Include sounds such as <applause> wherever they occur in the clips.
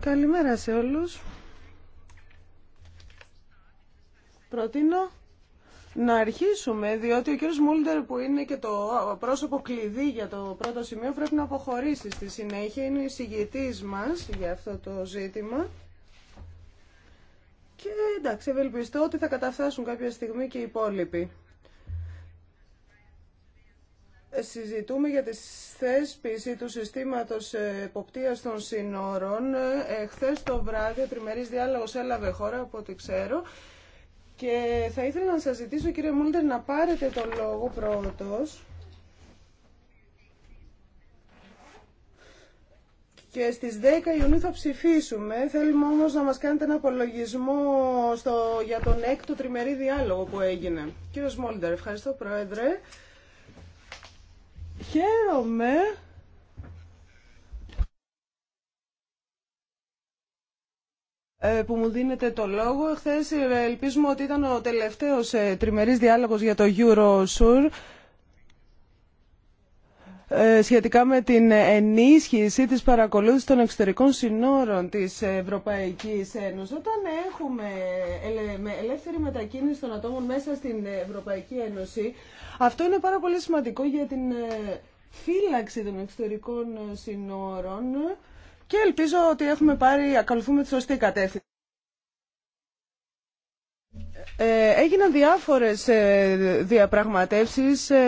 Καλημέρα σε όλους. Προτείνω να αρχίσουμε, διότι ο κύριος Μούλτερ που είναι και το πρόσωπο κλειδί για το πρώτο σημείο πρέπει να αποχωρήσει στη συνέχεια. Είναι εισηγητής μας για αυτό το ζήτημα. Και εντάξει, ευελπιστώ ότι θα καταφτάσουν κάποια στιγμή και οι υπόλοιποι συζητούμε για τη θέσπιση του συστήματος εποπτείας των σύνορων. Ε, χθες το βράδυ ο τριμερής διάλογος έλαβε χώρα από ό,τι ξέρω. Και θα ήθελα να σας ζητήσω κύριε Μούλτερ να πάρετε το λόγο πρώτος. Και στις 10 Ιουνίου θα ψηφίσουμε. Θέλουμε όμως να μας κάνετε ένα απολογισμό στο, για τον έκτο τριμερή διάλογο που έγινε. Κύριο Μόλντερ, ευχαριστώ Πρόεδρε χαίρομαι ε, που μου δίνετε το λόγο. Χθε ε, ελπίζουμε ότι ήταν ο τελευταίος ε, τριμερής διάλογος για το EuroSUR. Ε, σχετικά με την ενίσχυση της παρακολούθησης των εξωτερικών συνόρων της Ευρωπαϊκής Ένωσης. Όταν έχουμε ελεύθερη μετακίνηση των ατόμων μέσα στην Ευρωπαϊκή Ένωση, αυτό είναι πάρα πολύ σημαντικό για την ε, φύλαξη των εξωτερικών συνόρων και ελπίζω ότι έχουμε πάρει, ακολουθούμε τη σωστή κατεύθυνση. Ε, έγιναν διάφορες ε, διαπραγματεύσεις ε,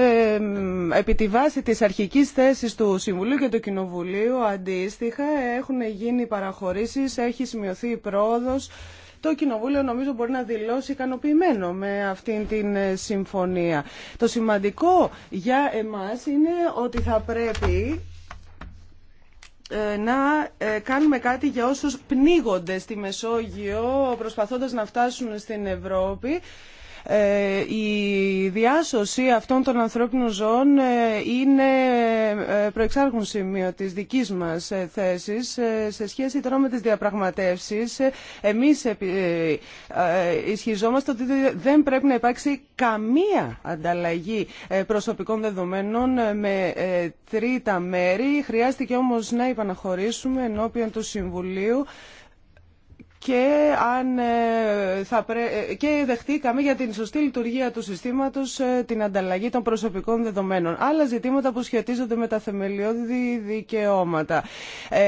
επί τη βάση της αρχικής θέσης του Συμβουλίου και του Κοινοβουλίου. Αντίστοιχα έχουν γίνει παραχωρήσεις, έχει σημειωθεί πρόοδος. Το Κοινοβούλιο νομίζω μπορεί να δηλώσει ικανοποιημένο με αυτήν την συμφωνία. Το σημαντικό για εμάς είναι ότι θα πρέπει ε, να ε, κάνουμε κάτι για όσους πνίγονται στη Μεσόγειο προσπαθώντας να φτάσουν στην Ευρώπη ε, η διάσωση αυτών των ανθρώπινων ζώων ε, είναι ε, προεξάρχον σημείο της δικής μας θέσης σε σχέση τώρα με τις διαπραγματεύσεις. Εμείς ισχυζόμαστε ότι δεν πρέπει να υπάρξει καμία ανταλλαγή προσωπικών δεδομένων με τρίτα μέρη. Χρειάστηκε όμως να υπαναχωρήσουμε ενώπιον του Συμβουλίου και, αν, ε, θα πρέ... Ε, και δεχτήκαμε για την σωστή λειτουργία του συστήματος ε, την ανταλλαγή των προσωπικών δεδομένων. Άλλα ζητήματα που σχετίζονται με τα θεμελιώδη δικαιώματα. Ε,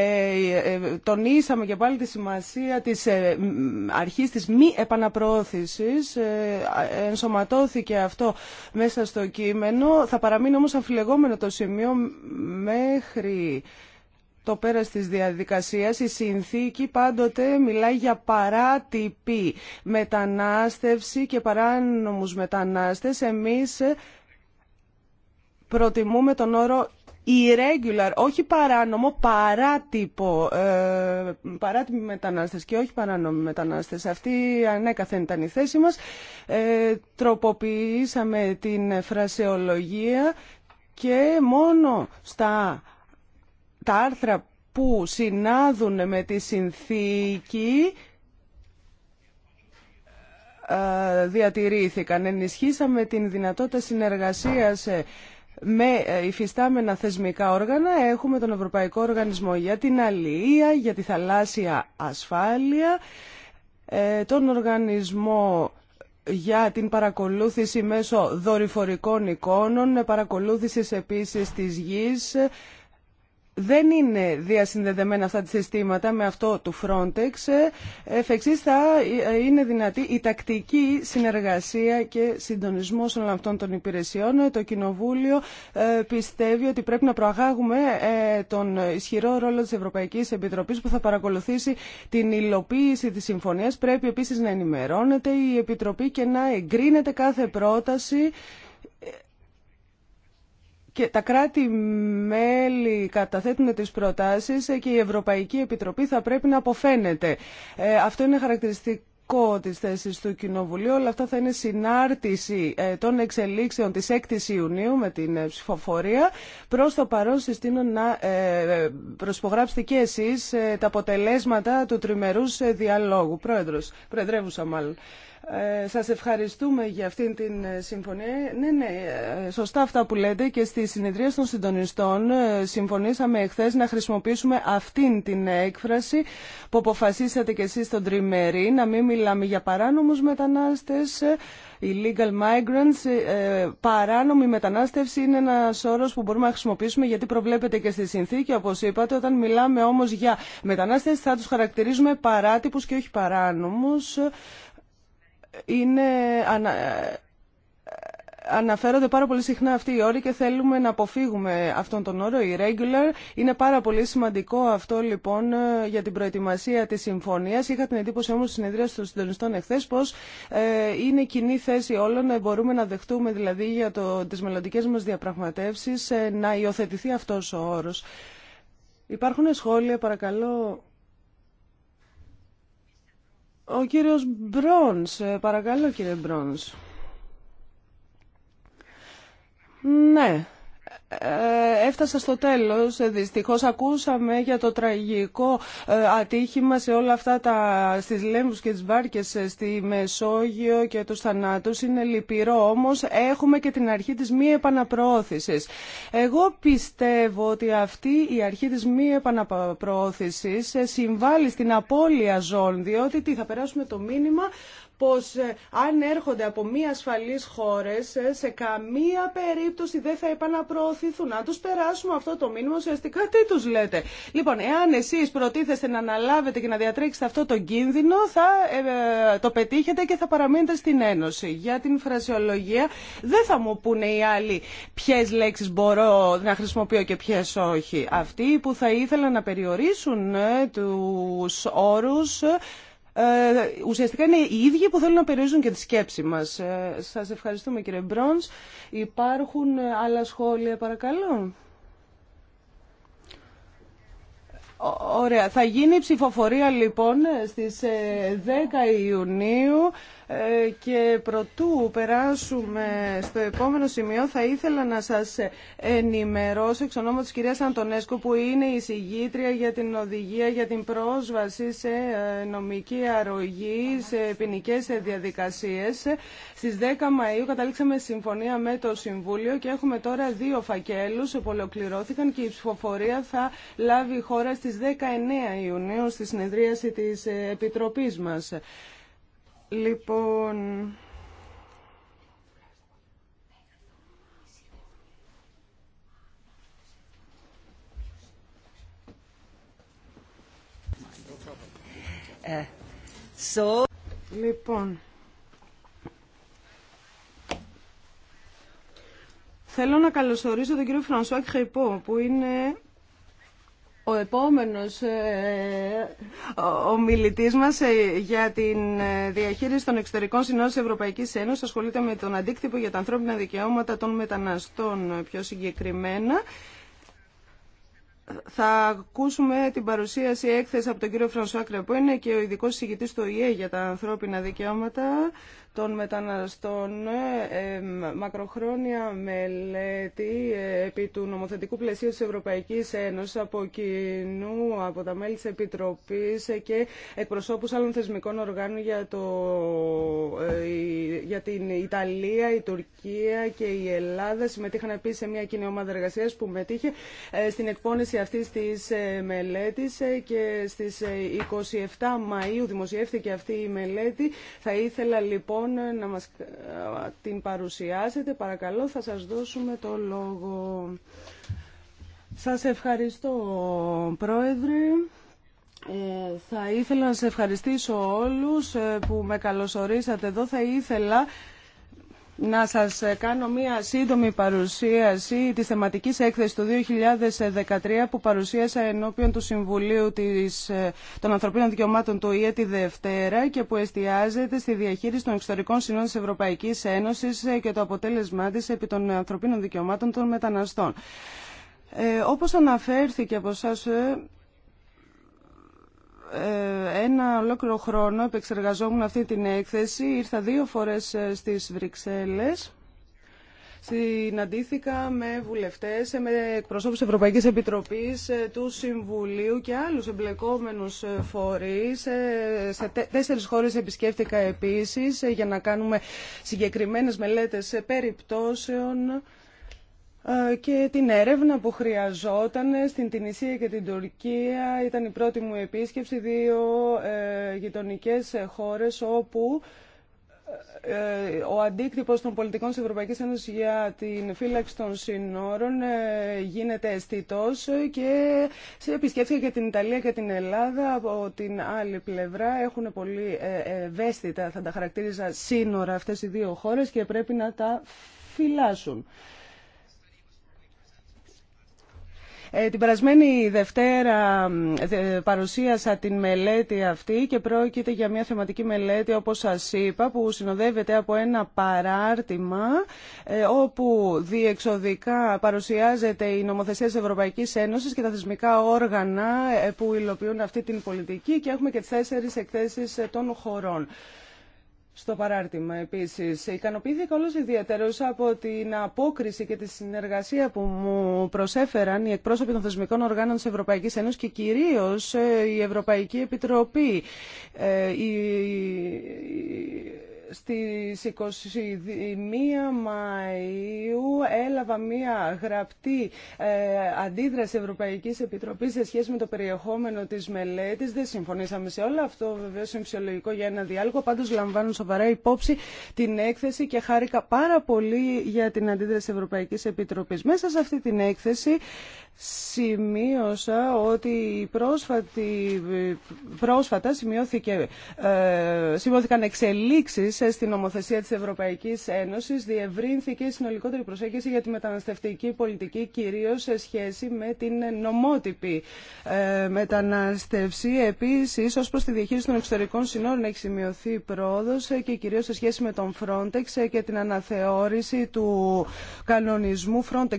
τονίσαμε και πάλι τη σημασία της αρχής της μη επαναπροώθησης. Ε, ενσωματώθηκε αυτό μέσα στο κείμενο. Θα παραμείνει όμως αφιλεγόμενο το σημείο μέχρι το πέρας της διαδικασίας η συνθήκη πάντοτε μιλάει για παράτυπη μετανάστευση και παράνομους μετανάστες. Εμείς προτιμούμε τον όρο irregular, όχι παράνομο, παράτυπο, ε, παράτυποι μετανάστες και όχι παράνομοι μετανάστες. Αυτή ανέκαθεν ήταν η θέση μας. Ε, τροποποιήσαμε την φρασεολογία και μόνο στα τα άρθρα που συνάδουν με τη συνθήκη ε, διατηρήθηκαν. Ενισχύσαμε την δυνατότητα συνεργασίας ε, με ε, υφιστάμενα θεσμικά όργανα. Έχουμε τον Ευρωπαϊκό Οργανισμό για την Αλληλεία, για τη Θαλάσσια Ασφάλεια, τον Οργανισμό για την παρακολούθηση μέσω δορυφορικών εικόνων, παρακολούθησης επίσης της γης, δεν είναι διασυνδεδεμένα αυτά τα συστήματα με αυτό του Frontex. Εφ' θα είναι δυνατή η τακτική συνεργασία και συντονισμός όλων αυτών των υπηρεσιών. Το Κοινοβούλιο ε, πιστεύει ότι πρέπει να προαγάγουμε ε, τον ισχυρό ρόλο της Ευρωπαϊκής Επιτροπής που θα παρακολουθήσει την υλοποίηση της συμφωνίας. Πρέπει επίση να ενημερώνεται η Επιτροπή και να εγκρίνεται κάθε πρόταση και τα κράτη-μέλη καταθέτουν τις προτάσεις και η Ευρωπαϊκή Επιτροπή θα πρέπει να αποφαίνεται. Ε, αυτό είναι χαρακτηριστικό τη θέση του Κοινοβουλίου. Όλα αυτά θα είναι συνάρτηση ε, των εξελίξεων της 6 ης Ιουνίου με την ε, ψηφοφορία. προς το παρόν συστήνω να προσπογράψετε και εσεί τα αποτελέσματα του τριμερούς διαλόγου. Πρόεδρος, προεδρεύουσα μάλλον. Ε, σας ευχαριστούμε για αυτήν την ε, συμφωνία. Ναι, ναι, ε, σωστά αυτά που λέτε και στη συνεδρία των συντονιστών ε, συμφωνήσαμε εχθές να χρησιμοποιήσουμε αυτήν την έκφραση που αποφασίσατε και εσείς στον τριμερή, να μην μιλάμε για παράνομους μετανάστες, illegal migrants, παράνομη μετανάστευση είναι ένα όρο που μπορούμε να χρησιμοποιήσουμε γιατί προβλέπεται και στη συνθήκη, όπω είπατε. Όταν μιλάμε όμω για μετανάστε, θα του χαρακτηρίζουμε παράτυπου και όχι παράνομου είναι ανα... Αναφέρονται πάρα πολύ συχνά αυτοί οι όροι και θέλουμε να αποφύγουμε αυτόν τον όρο, η regular. Είναι πάρα πολύ σημαντικό αυτό λοιπόν για την προετοιμασία της συμφωνίας. Είχα την εντύπωση όμως στη συνεδρία των συντονιστών εχθές πως ε, είναι κοινή θέση όλων, μπορούμε να δεχτούμε δηλαδή για το, τις μελλοντικές μας διαπραγματεύσεις ε, να υιοθετηθεί αυτός ο όρος. Υπάρχουν σχόλια παρακαλώ ο κύριος Μπρόνς, ε, παρακαλώ κύριε Μπρόνς. Ναι, ε, έφτασα στο τέλος. Δυστυχώς ακούσαμε για το τραγικό ε, ατύχημα σε όλα αυτά τα στις και τις Βάρκες ε, στη Μεσόγειο και τους θανάτους. Είναι λυπηρό όμως. Έχουμε και την αρχή της μη επαναπροώθησης. Εγώ πιστεύω ότι αυτή η αρχή της μη επαναπροώθησης συμβάλλει στην απώλεια ζών διότι τι, θα περάσουμε το μήνυμα πως ε, αν έρχονται από μη ασφαλείς χώρες ε, σε καμία περίπτωση δεν θα επαναπροωθηθούν. Αν τους περάσουμε αυτό το μήνυμα ουσιαστικά τι τους λέτε. Λοιπόν, εάν εσείς προτίθεστε να αναλάβετε και να διατρέξετε αυτό το κίνδυνο θα ε, το πετύχετε και θα παραμείνετε στην Ένωση. Για την φρασιολογία δεν θα μου πούνε οι άλλοι ποιες λέξεις μπορώ να χρησιμοποιώ και ποιες όχι. Αυτοί που θα ήθελαν να περιορίσουν τους όρους ε, ουσιαστικά είναι οι ίδιοι που θέλουν να περιορίζουν και τη σκέψη μας. Ε, σας ευχαριστούμε κύριε Μπρόντ. Υπάρχουν άλλα σχόλια παρακαλώ. Ωραία. Θα γίνει η ψηφοφορία λοιπόν στις 10 ε, Ιουνίου. Ε, και προτού περάσουμε στο επόμενο σημείο θα ήθελα να σας ενημερώσω εξ ονόματος της κυρίας Αντωνέσκου που είναι η συγγήτρια για την οδηγία για την πρόσβαση σε ε, νομική αρρωγή, σε ποινικέ διαδικασίες. Στις 10 Μαΐου καταλήξαμε συμφωνία με το Συμβούλιο και έχουμε τώρα δύο φακέλους που ολοκληρώθηκαν και η ψηφοφορία θα λάβει χώρα στις 19 Ιουνίου στη συνεδρίαση της ε, Επιτροπής μας. Λοιπόν... Ε, so... Λοιπόν... Θέλω να καλωσορίσω τον κύριο Φρανσουά Κχαϊπό, που είναι ο επόμενος ε, μιλητής μας ε, για την ε, διαχείριση των εξωτερικών συνόρων της Ευρωπαϊκής Ένωσης ασχολείται με τον αντίκτυπο για τα ανθρώπινα δικαιώματα των μεταναστών πιο συγκεκριμένα. Θα ακούσουμε την παρουσίαση έκθεση από τον κύριο Φρανσουά που είναι και ο ειδικός συγκητής του ΙΕ για τα ανθρώπινα δικαιώματα των μεταναστών ε, μακροχρόνια μελέτη ε, επί του νομοθετικού πλαισίου της Ευρωπαϊκής Ένωσης από κοινού, από τα μέλη της Επιτροπής ε, και εκπροσώπους άλλων θεσμικών οργάνων για, το, για την Ιταλία, η Τουρκία και η Ελλάδα. Συμμετείχαν επίσης σε μια κοινή ομάδα εργασίας που μετήχε στην εκπόνηση αυτής της μελέτης και στις 27 Μαΐου δημοσιεύθηκε αυτή η μελέτη. Θα ήθελα λοιπόν Λοιπόν, να μας την παρουσιάσετε. Παρακαλώ θα σας δώσουμε το λόγο. Σας ευχαριστώ Πρόεδρε. Ε, θα ήθελα να σε ευχαριστήσω όλους ε, που με καλωσορίσατε εδώ. Θα ήθελα να σας κάνω μία σύντομη παρουσίαση της θεματικής έκθεσης του 2013 που παρουσίασα ενώπιον του Συμβουλίου της, των Ανθρωπίνων Δικαιωμάτων του ΙΕ τη Δευτέρα και που εστιάζεται στη διαχείριση των εξωτερικών συνόρων της Ευρωπαϊκής Ένωσης και το αποτέλεσμά της επί των ανθρωπίνων δικαιωμάτων των μεταναστών. Ε, όπως αναφέρθηκε από σας, ε, ένα ολόκληρο χρόνο επεξεργαζόμουν αυτή την έκθεση. Ήρθα δύο φορές ε, στις Βρυξέλλες. Συναντήθηκα με βουλευτές, ε, με εκπροσώπους Ευρωπαϊκής Επιτροπής, του Συμβουλίου και άλλους εμπλεκόμενους φορείς. Σε τέσσερις χώρες επισκέφτηκα επίσης για να κάνουμε συγκεκριμένες μελέτες περιπτώσεων ε, και την έρευνα που χρειαζόταν στην Τινησία και την Τουρκία. Ήταν η πρώτη μου επίσκεψη, δύο ε, γειτονικές χώρες όπου ε, ο αντίκτυπος των πολιτικών της Ευρωπαϊκής Ένωσης για την φύλαξη των συνόρων γίνεται αισθητό και σε επισκέφθηκα και την Ιταλία και την Ελλάδα από την άλλη πλευρά έχουν πολύ ευαίσθητα θα τα χαρακτήριζα σύνορα αυτές οι δύο χώρες και πρέπει να τα φυλάσουν. Ε, την περασμένη Δευτέρα παρουσίασα την μελέτη αυτή και πρόκειται για μια θεματική μελέτη, όπως σας είπα, που συνοδεύεται από ένα παράρτημα ε, όπου διεξοδικά παρουσιάζεται η νομοθεσία της Ευρωπαϊκής Ένωσης και τα θεσμικά όργανα ε, που υλοποιούν αυτή την πολιτική και έχουμε και τέσσερις εκθέσεις των χωρών στο παράρτημα επίση. Ικανοποιήθηκα όλο ιδιαίτερω από την απόκριση και τη συνεργασία που μου προσέφεραν οι εκπρόσωποι των θεσμικών οργάνων τη Ευρωπαϊκή Ένωση και κυρίω ε, η Ευρωπαϊκή Επιτροπή. Ε, στις 21 Μαΐου έλαβα μία γραπτή ε, αντίδραση Ευρωπαϊκής Επιτροπής σε σχέση με το περιεχόμενο της μελέτης. Δεν συμφωνήσαμε σε όλα. Αυτό βεβαίως είναι φυσιολογικό για ένα διάλογο. Πάντως λαμβάνω σοβαρά υπόψη την έκθεση και χάρηκα πάρα πολύ για την αντίδραση Ευρωπαϊκής Επιτροπής. Μέσα σε αυτή την έκθεση σημείωσα ότι πρόσφατη, πρόσφατα σημειώθηκε, ε, σημειώθηκαν εξελίξεις ε, στην νομοθεσία της Ευρωπαϊκής Ένωσης διευρύνθηκε η συνολικότερη προσέγγιση για τη μεταναστευτική πολιτική κυρίως σε σχέση με την νομότυπη ε, μεταναστευσή. Επίσης, ως προς τη διαχείριση των εξωτερικών συνόρων έχει σημειωθεί πρόοδος ε, και κυρίως σε σχέση με τον Frontex και την αναθεώρηση του κανονισμού Frontex 2011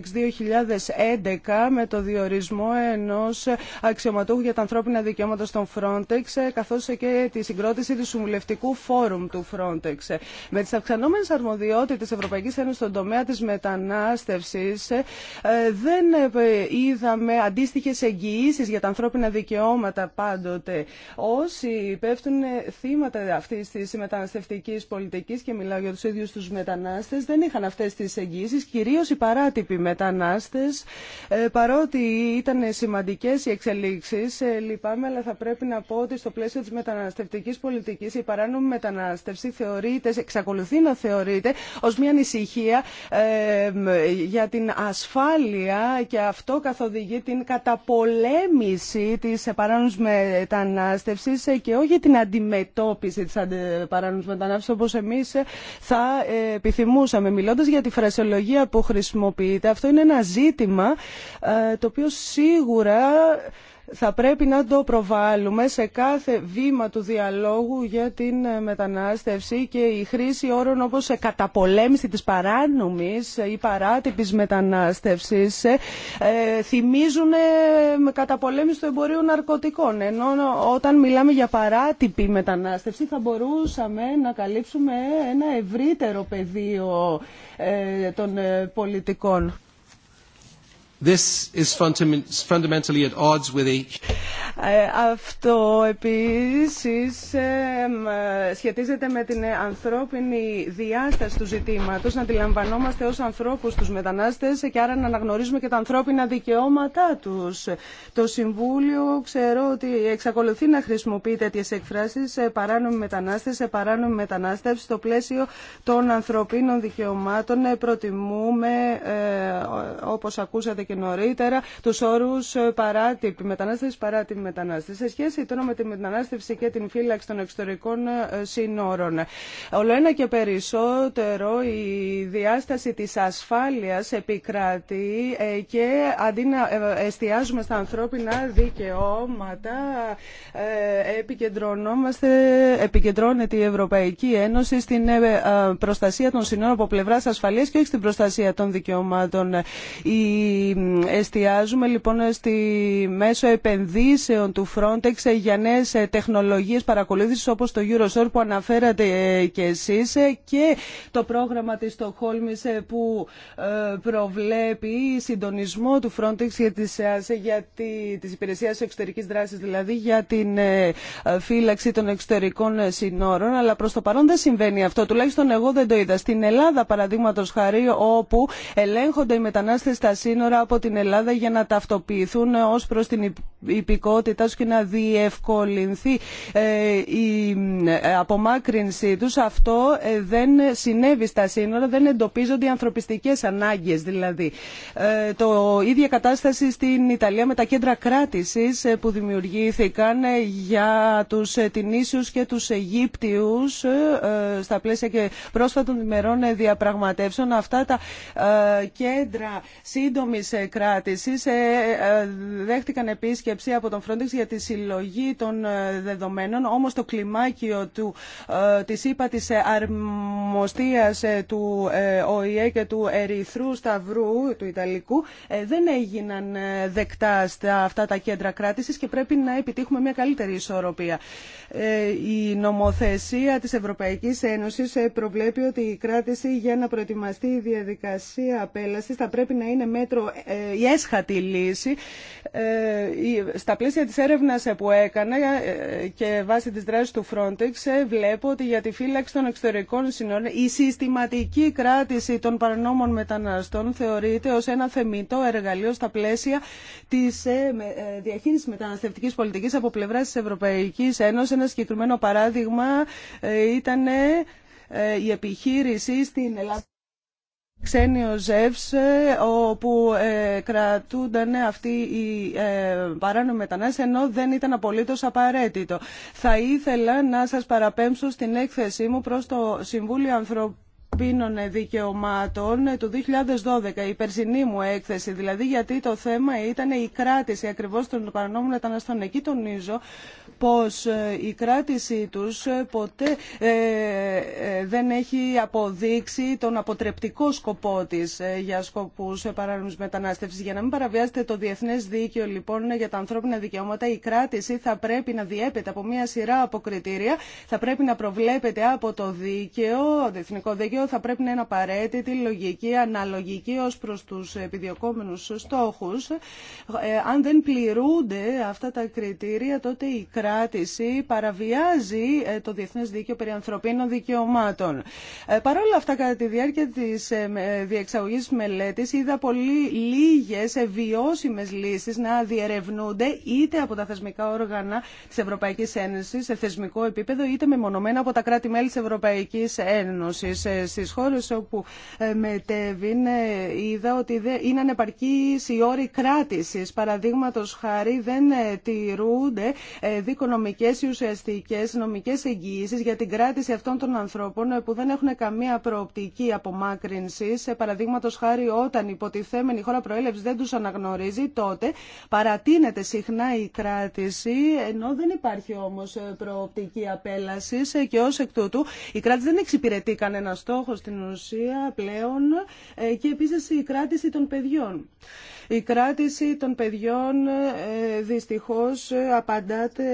με το διορισμό ενός αξιωματούχου για τα ανθρώπινα δικαιώματα στον Frontex καθώς και τη συγκρότηση του συμβουλευτικού φόρουμ του Frontex. Με τις αυξανόμενες αρμοδιότητες Ευρωπαϊκή Ένωση στον τομέα τη μετανάστευση ε, δεν ε, είδαμε αντίστοιχε εγγυήσει για τα ανθρώπινα δικαιώματα πάντοτε. Όσοι πέφτουν ε, θύματα αυτή τη μεταναστευτική πολιτική και μιλάω για του ίδιου του μετανάστε. δεν είχαν αυτέ τι εγγυήσει, Κυρίω οι παράτυποι μετανάστε. παρότι ήταν σημαντικέ οι εξελίξει, λυπάμαι αλλά θα πρέπει να πω ότι στο πλαίσιο τη μεταναστευτική πολιτική, η παράνομη μετανάστευση θεωρείται θεωρείται, εξακολουθεί να θεωρείται ως μια ανησυχία για την ασφάλεια και αυτό καθοδηγεί την καταπολέμηση της παράνομης μετανάστευσης και όχι την αντιμετώπιση της παράνομης μετανάστευσης όπως εμείς θα επιθυμούσαμε. Μιλώντας για τη φρασιολογία που χρησιμοποιείται, αυτό είναι ένα ζήτημα ε, το οποίο σίγουρα θα πρέπει να το προβάλλουμε σε κάθε βήμα του διαλόγου για την ε, μετανάστευση και η χρήση όρων όπως ε, καταπολέμηση της παράνομης ή παράτυπης μετανάστευσης ε, θυμίζουν καταπολέμηση του εμπορίου ναρκωτικών. Ενώ όταν μιλάμε για παράτυπη μετανάστευση θα μπορούσαμε να καλύψουμε ένα ευρύτερο πεδίο των πολιτικών. Ε, αυτό επίσης ε, σχετίζεται με την ανθρώπινη διάσταση του ζητήματος, να αντιλαμβανόμαστε ως ανθρώπους τους μετανάστες και άρα να αναγνωρίζουμε και τα ανθρώπινα δικαιώματά τους. Το Συμβούλιο ξέρω ότι εξακολουθεί να χρησιμοποιεί τέτοιε εκφράσεις σε παράνομη μετανάστες, σε παράνομη μετανάστευση στο πλαίσιο των ανθρωπίνων δικαιωμάτων. Ε, προτιμούμε, όπως ακούσατε και νωρίτερα, του όρου ε, παράτυπη μετανάστευση, παράτυπη μετανάστευση. Σε σχέση τώρα με τη μετανάστευση και την φύλαξη των εξωτερικών ε, συνόρων. Όλο ένα και περισσότερο η διάσταση τη ασφάλεια επικρατεί ε, και αντί να εστιάζουμε στα ανθρώπινα δικαιώματα, επικεντρωνόμαστε, επικεντρώνεται η Ευρωπαϊκή Ένωση στην προστασία των συνόρων από πλευρά ασφαλεία και όχι στην προστασία των δικαιωμάτων. Η εστιάζουμε λοιπόν στη μέσο επενδύσεων του Frontex για νέες ε, τεχνολογίες παρακολούθησης όπως το Eurosur που αναφέρατε ε, και εσείς ε, και το πρόγραμμα της Στοχόλμης που προβλέπει συντονισμό του Frontex για τις, για τις υπηρεσίες εξωτερικής δράσης δηλαδή για την φύλαξη των εξωτερικών συνόρων αλλά προς το παρόν δεν συμβαίνει αυτό τουλάχιστον εγώ δεν το είδα. Στην Ελλάδα παραδείγματος χαρή όπου ελέγχονται οι μετανάστες στα σύνορα από την Ελλάδα για να ταυτοποιηθούν ως προς την υπηκότητά τους και να διευκολυνθεί ε, η ε, απομάκρυνσή τους. Αυτό ε, δεν συνέβη στα σύνορα, δεν εντοπίζονται οι ανθρωπιστικές ανάγκες δηλαδή. Το ίδια κατάσταση στην Ιταλία με τα κέντρα κράτησης που δημιουργήθηκαν για τους Τινήσιους και τους Αιγύπτιους στα πλαίσια και πρόσφατων ημερών διαπραγματεύσεων. Αυτά τα κέντρα σύντομης κράτησης ε, δέχτηκαν επίσκεψη από τον Frontex για τη συλλογή των ε, δεδομένων, όμως το κλιμάκιο του, ε, της ΥΠΑ της αρμοστίας του ΟΗΕ και του Ερυθρού Σταυρού, του Ιταλικού, δεν έγιναν δεκτά στα αυτά τα κέντρα κράτηση και πρέπει να επιτύχουμε μια καλύτερη ισορροπία. Η νομοθεσία της Ευρωπαϊκής Ένωσης προβλέπει ότι η κράτηση για να προετοιμαστεί η διαδικασία απέλασης θα πρέπει να είναι μέτρο ε, η έσχατη λύση. Ε, στα πλαίσια της έρευνας που έκανα ε, και βάσει της δράσης του Frontex βλέπω ότι για τη φύλαξη των εξωτερικών συνόρων η συστηματική κράτηση των παρανόμων μεταναστών θεωρείται ως ένα θεμητό εργαλείο στα πλαίσια της διαχείρισης μεταναστευτικής πολιτικής από πλευράς της Ευρωπαϊκής Ένωσης. Ένα συγκεκριμένο παράδειγμα ήταν η επιχείρηση στην Ελλάδα ο Ζεύς, ε, όπου ε, κρατούνταν αυτοί οι ε, παράνομοι μετανάστες, ενώ δεν ήταν απολύτως απαραίτητο. Θα ήθελα να σας παραπέμψω στην έκθεσή μου προς το Συμβούλιο Ανθρωπίνων δικαιωμάτων ε, του 2012, η περσινή μου έκθεση, δηλαδή γιατί το θέμα ήταν η κράτηση ακριβώς των παρανόμων μεταναστών. Εκεί τονίζω πως ε, η κράτησή τους ε, ποτέ ε, δεν έχει αποδείξει τον αποτρεπτικό σκοπό της για σκοπούς παράνομης μετανάστευσης. Για να μην παραβιάζεται το διεθνές δίκαιο λοιπόν για τα ανθρώπινα δικαιώματα, η κράτηση θα πρέπει να διέπεται από μια σειρά από κριτήρια, θα πρέπει να προβλέπεται από το δίκαιο, το διεθνικό δίκαιο, θα πρέπει να είναι απαραίτητη, λογική, αναλογική ως προς τους επιδιωκόμενους στόχους. αν δεν πληρούνται αυτά τα κριτήρια, τότε η κράτηση παραβιάζει ε, το Διεθνές Δίκαιο περί ανθρωπίνων δικαιωμάτων. Ε, Παρ' όλα αυτά, κατά τη διάρκεια της ε, διεξαγωγής μελέτης, είδα πολύ λίγες βιώσιμε λύσει να διερευνούνται είτε από τα θεσμικά όργανα της Ευρωπαϊκής Ένωσης σε θεσμικό επίπεδο, είτε μεμονωμένα από τα κράτη-μέλη της Ευρωπαϊκής Ένωσης. Στι χώρες όπου μετέβην, είδα ότι είναι ανεπαρκή οι όροι κράτηση. Παραδείγματο χάρη δεν τηρούνται οικονομικές ή ουσιαστικέ νομικές εγγυήσεις για την κράτηση αυτών των ανθρώπων ε, που δεν έχουν καμία προοπτική απομάκρυνσης. Παραδείγματο χάρη όταν υποτιθέμενη χώρα προέλευση δεν του αναγνωρίζει, τότε παρατείνεται συχνά η κράτηση, ενώ δεν υπάρχει όμως ε, προοπτική απέλαση ε, και ω εκ τούτου η κράτηση δεν εξυπηρετεί κανένα στόχο στην ουσία πλέον και επίση η κράτηση των παιδιών. Η κράτηση των παιδιών ε, δυστυχώς απαντάται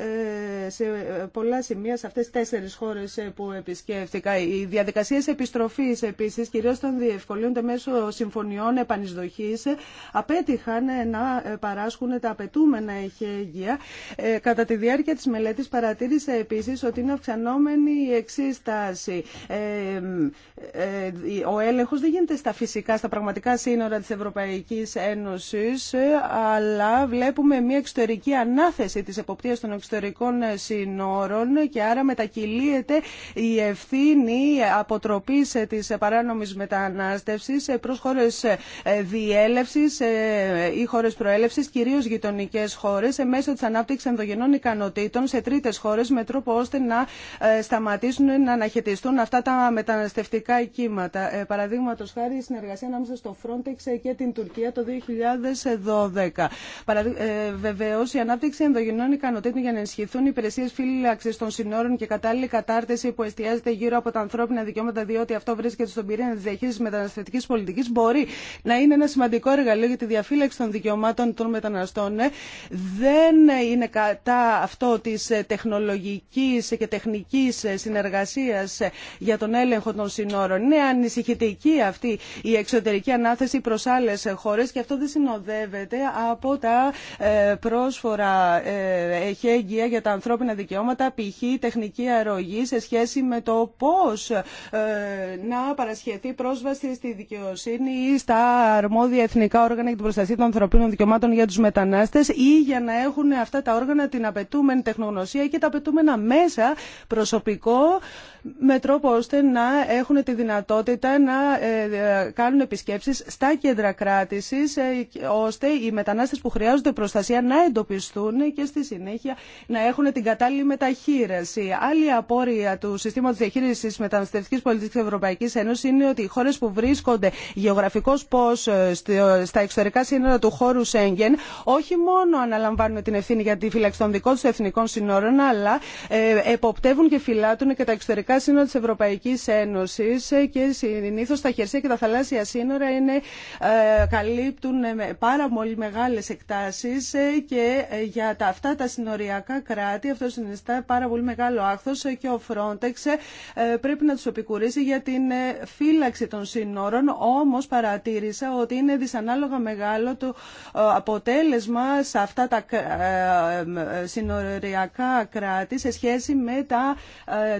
ε, σε πολλά σημεία σε αυτές τις τέσσερις χώρες ε, που επισκέφθηκα. Οι διαδικασίες επιστροφής επίσης, κυρίως των διευκολύνονται μέσω συμφωνιών επανεισδοχής, απέτυχαν ε, να παράσχουν τα απαιτούμενα ηχεία. Κατά τη διάρκεια της μελέτης παρατήρησε επίσης ότι είναι αυξανόμενη η εξίσταση. Ο έλεγχος δεν γίνεται στα φυσικά, στα πραγματικά σύνορα της Ευρωπαϊκής Ένωσης, αλλά βλέπουμε μια εξωτερική ανάθεση της εποπτείας των εξωτερικών ε, συνόρων και άρα μετακυλίεται η ευθύνη αποτροπή ε, της ε, παράνομης μετανάστευσης προς χώρες διέλευσης ή χώρες προέλευσης, κυρίως γειτονικές χώρες, μέσω της ανάπτυξης ενδογενών ικανοτήτων σε τρίτες χώρες με τρόπο ώστε να σταματήσουν να αναχαιτιστούν αυτά τα μεταναστευτικά κύματα. Παραδείγματο χάρη η συνεργασία ανάμεσα στο Frontex και την Τουρκία το 2012. Βεβαίω, η ανάπτυξη ενδογενών ικανοτήτων για ενισχυθούν οι υπηρεσίε φύλαξη των συνόρων και κατάλληλη κατάρτιση που εστιάζεται γύρω από τα ανθρώπινα δικαιώματα, διότι αυτό βρίσκεται στον πυρήνα τη διαχείριση μεταναστευτική πολιτική, μπορεί να είναι ένα σημαντικό εργαλείο για τη διαφύλαξη των δικαιωμάτων των μεταναστών. Ε, δεν είναι κατά αυτό τη ε, τεχνολογική και τεχνική ε, συνεργασία για τον έλεγχο των συνόρων. Είναι ανησυχητική αυτή η εξωτερική ανάθεση προ άλλε χώρε και αυτό δεν συνοδεύεται από τα πρόσφορα εγγύα για τα ανθρώπινα δικαιώματα, π.χ. τεχνική αρρωγή σε σχέση με το πώς ε, να παρασχεθεί πρόσβαση στη δικαιοσύνη ή στα αρμόδια εθνικά όργανα για την προστασία των ανθρωπίνων δικαιωμάτων για του μετανάστες ή για να έχουν αυτά τα όργανα την απαιτούμενη τεχνογνωσία και τα απαιτούμενα μέσα προσωπικό με τρόπο ώστε να έχουν τη δυνατότητα να ε, ε, κάνουν επισκέψεις στα κέντρα κράτησης ε, ώστε οι μετανάστες που χρειάζονται προστασία να εντοπιστούν και στη συνέχεια να έχουν την κατάλληλη μεταχείριση. Άλλη απόρρια του συστήματος διαχείρισης μεταναστευτικής πολιτικής Ευρωπαϊκής Ένωσης είναι ότι οι χώρες που βρίσκονται γεωγραφικώς πώς στα εξωτερικά σύνορα του χώρου Σέγγεν όχι μόνο αναλαμβάνουν την ευθύνη για τη φύλαξη των δικών του εθνικών συνόρων αλλά εποπτεύουν και φυλάτουν και τα εξωτερικά σύνορα της Ευρωπαϊκής Ένωσης και συνήθω τα χερσαία και τα θαλάσσια σύνορα είναι, ε, καλύπτουν πάρα πολύ μεγάλες εκτάσεις ε, και ε, για τα, αυτά τα συνοριακά κράτη αυτό συνιστά πάρα πολύ μεγάλο άχθος και ο Frontex πρέπει να τους επικουρήσει για την φύλαξη των σύνορων όμως παρατήρησα ότι είναι δυσανάλογα μεγάλο το αποτέλεσμα σε αυτά τα συνοριακά κράτη σε σχέση με τα,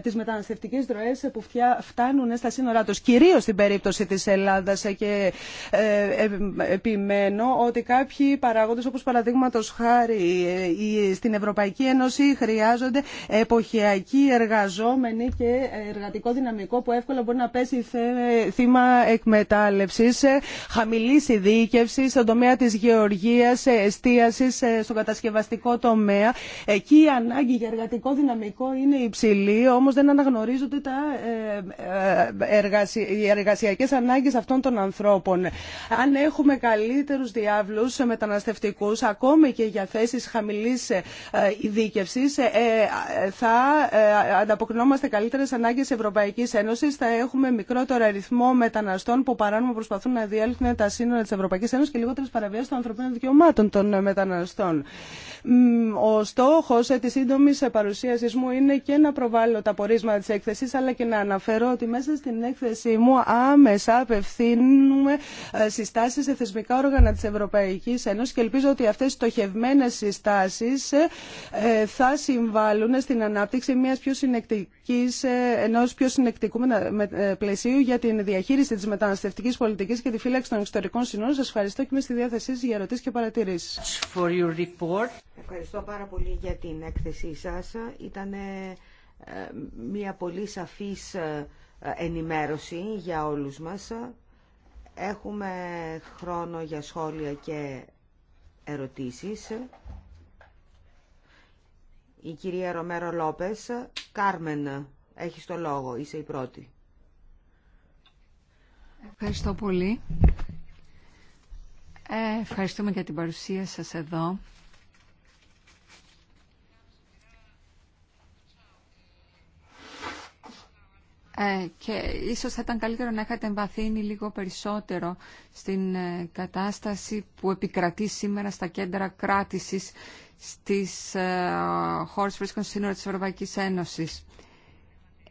τις μεταναστευτικές δροές που φτάνουν στα σύνορά τους, κυρίως στην περίπτωση της Ελλάδας και ε, ε, επιμένω ότι κάποιοι παράγοντες όπως παραδείγματο χάρη ε, στην Ευρωπαϊκή Ένωση χρειάζονται εποχιακοί εργαζόμενοι και εργατικό δυναμικό που εύκολα μπορεί να πέσει θύμα εκμετάλλευσης, χαμηλής ειδίκευση στον τομέα της γεωργίας, εστίασης στον κατασκευαστικό τομέα. Εκεί η ανάγκη για εργατικό δυναμικό είναι υψηλή, όμως δεν αναγνωρίζεται τα, ε, ε, οι εργασιακές ανάγκες αυτών των ανθρώπων. Αν έχουμε καλύτερους διάβλους μεταναστευτικούς, ακόμη και για θέσεις χαμηλής ε, ειδίκευσης, θα ανταποκρινόμαστε καλύτερες ανάγκες Ευρωπαϊκής Ένωσης, θα έχουμε μικρότερο αριθμό μεταναστών που παράνομα προσπαθούν να διέλθουν τα σύνορα της Ευρωπαϊκής Ένωσης και λιγότερες παραβιάσεις των ανθρωπίνων δικαιωμάτων των μεταναστών. Ο στόχος της σύντομη παρουσίασης μου είναι και να προβάλλω τα πορίσματα της αλλά και να αναφέρω ότι μέσα στην έκθεσή μου άμεσα απευθύνουμε ε, συστάσει σε θεσμικά όργανα τη Ευρωπαϊκή Ένωση. και ελπίζω ότι αυτέ οι στοχευμένε συστάσει ε, ε, θα συμβάλλουν στην ανάπτυξη μιας πιο ενός πιο συνεκτικού πλαισίου για την διαχείριση τη μεταναστευτική πολιτική και τη φύλαξη των εξωτερικών συνόρων. Σα ευχαριστώ και είμαι στη διάθεσή σα για ερωτήσει και παρατηρήσει. Ευχαριστώ πάρα πολύ για την έκθεσή σα. Ήταν μια πολύ σαφής ε, ενημέρωση για όλους μας. Έχουμε χρόνο για σχόλια και ερωτήσεις. Η κυρία Ρομέρο Λόπες, Κάρμεν, έχεις το λόγο, είσαι η πρώτη. Ευχαριστώ πολύ. Ε, ευχαριστούμε για την παρουσία σας εδώ. Ε, και ίσως θα ήταν καλύτερο να είχατε εμβαθύνει λίγο περισσότερο στην ε, κατάσταση που επικρατεί σήμερα στα κέντρα κράτησης στις ε, χώρες που βρίσκονται σύνορα της Ευρωπαϊκής Ένωσης.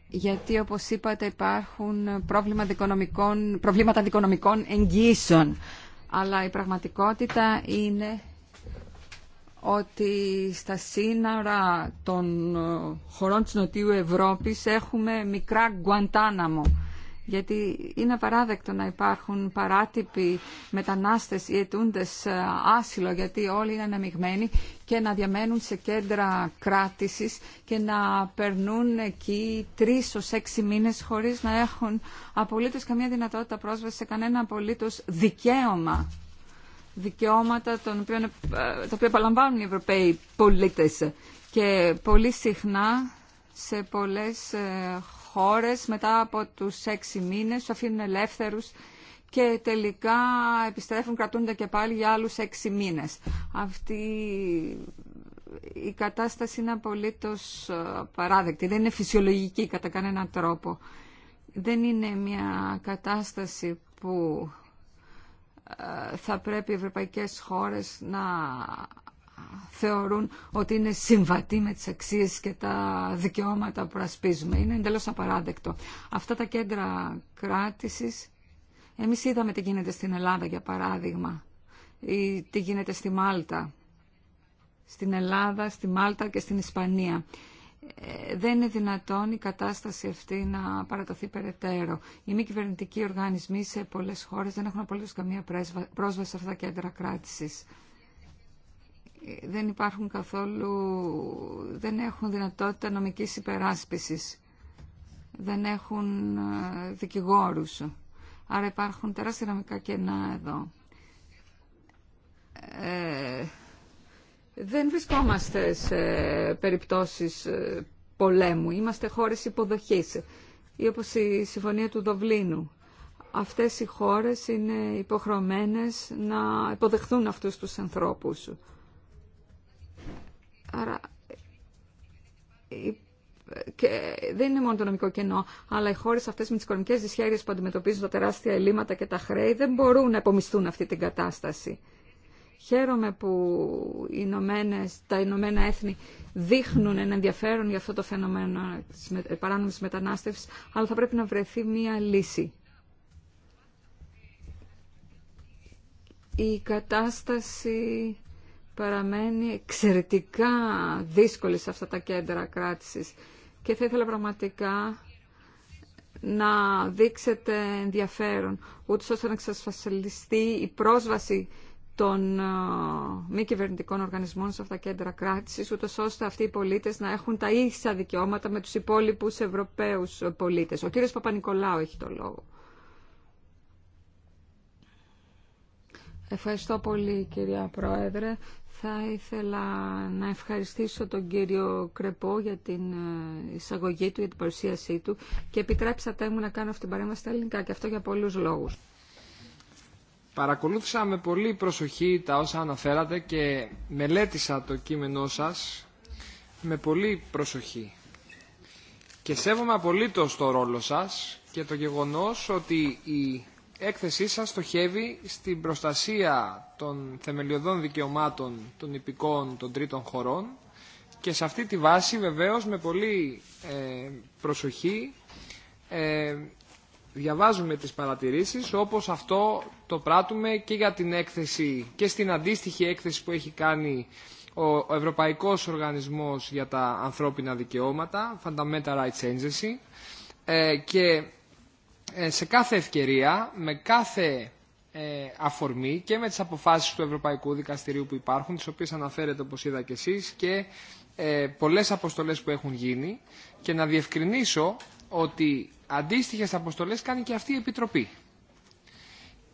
Γιατί, όπως είπατε, υπάρχουν προβλήματα προβλήματα δικονομικών εγγύσεων. Αλλά η πραγματικότητα είναι ότι στα σύνορα των ε, χωρών της Νοτιού Ευρώπης έχουμε μικρά γκουαντάναμο γιατί είναι απαράδεκτο να υπάρχουν παράτυποι μετανάστες ή αιτούντες ε, άσυλο γιατί όλοι είναι αναμειγμένοι και να διαμένουν σε κέντρα κράτησης και να περνούν εκεί τρεις ως έξι μήνες χωρίς να έχουν απολύτως καμία δυνατότητα πρόσβαση σε κανένα απολύτως δικαίωμα δικαιώματα ε, τα οποία παλαμβάνουν οι Ευρωπαίοι πολίτες. Και πολύ συχνά σε πολλές ε, χώρες μετά από τους έξι μήνες τους αφήνουν ελεύθερους και τελικά επιστρέφουν, κρατούνται και πάλι για άλλους έξι μήνες. Αυτή η κατάσταση είναι απολύτως ε, παράδεκτη. Δεν είναι φυσιολογική κατά κανέναν τρόπο. Δεν είναι μια κατάσταση που θα πρέπει οι ευρωπαϊκές χώρες να θεωρούν ότι είναι συμβατή με τις αξίες και τα δικαιώματα που ασπίζουμε. Είναι εντελώς απαράδεκτο. Αυτά τα κέντρα κράτησης, εμείς είδαμε τι γίνεται στην Ελλάδα για παράδειγμα ή τι γίνεται στη Μάλτα. Στην Ελλάδα, στη Μάλτα και στην Ισπανία. Ε, δεν είναι δυνατόν η κατάσταση αυτή να παραταθεί περαιτέρω. Οι μη κυβερνητικοί οργανισμοί σε πολλέ χώρε δεν έχουν απολύτω καμία πρόσβαση σε αυτά τα κέντρα κράτηση. Ε, δεν υπάρχουν καθόλου, δεν έχουν δυνατότητα νομικής υπεράσπιση. Δεν έχουν ε, δικηγόρους. Άρα υπάρχουν τεράστια νομικά κενά εδώ δεν βρισκόμαστε σε περιπτώσεις ε, πολέμου. Είμαστε χώρες υποδοχής ή όπως η Συμφωνία του Δοβλίνου. Αυτές οι χώρες είναι υποχρεωμένες να υποδεχθούν αυτούς τους ανθρώπους. Άρα δεν είναι μόνο το νομικό κενό, αλλά οι χώρες αυτές με τις οικονομικές δυσχέρειες που αντιμετωπίζουν τα τεράστια ελλείμματα και τα χρέη δεν μπορούν να υπομισθούν αυτή την κατάσταση. Χαίρομαι που οι τα Ηνωμένα Έθνη δείχνουν ένα ενδιαφέρον για αυτό το φαινόμενο της ε, παράνομης μετανάστευσης, αλλά θα πρέπει να βρεθεί μία λύση. Η κατάσταση παραμένει εξαιρετικά δύσκολη σε αυτά τα κέντρα κράτησης και θα ήθελα πραγματικά να δείξετε ενδιαφέρον, ούτως ώστε να εξασφαλιστεί η πρόσβαση των ε, μη κυβερνητικών οργανισμών σε αυτά τα κέντρα κράτηση, ούτω ώστε αυτοί οι πολίτε να έχουν τα ίσα δικαιώματα με του υπόλοιπου Ευρωπαίου πολίτε. Ο κύριο Παπα-Νικολάου έχει το λόγο. Ευχαριστώ πολύ κυρία Πρόεδρε. Θα ήθελα να ευχαριστήσω τον κύριο Κρεπό για την ε, εισαγωγή του, για την παρουσίασή του και επιτρέψατε μου να κάνω αυτή την παρέμβαση στα ελληνικά και αυτό για πολλούς λόγους. Παρακολούθησα με πολύ προσοχή τα όσα αναφέρατε και μελέτησα το κείμενό σας με πολύ προσοχή. Και σέβομαι απολύτως το ρόλο σας και το γεγονός ότι η έκθεσή σας στοχεύει στην προστασία των θεμελιωδών δικαιωμάτων των υπηκών των τρίτων χωρών και σε αυτή τη βάση βεβαίως με πολύ ε, προσοχή ε, διαβάζουμε τις παρατηρήσεις όπως αυτό το πράττουμε και για την έκθεση και στην αντίστοιχη έκθεση που έχει κάνει ο Ευρωπαϊκός Οργανισμός για τα Ανθρώπινα Δικαιώματα, Fundamental Rights Agency, ε, και ε, σε κάθε ευκαιρία, με κάθε ε, αφορμή και με τις αποφάσεις του Ευρωπαϊκού Δικαστηρίου που υπάρχουν, τις οποίες αναφέρετε όπως είδα και εσείς, και πολλές αποστολές που έχουν γίνει, και να διευκρινίσω ότι αντίστοιχε αποστολέ κάνει και αυτή η Επιτροπή.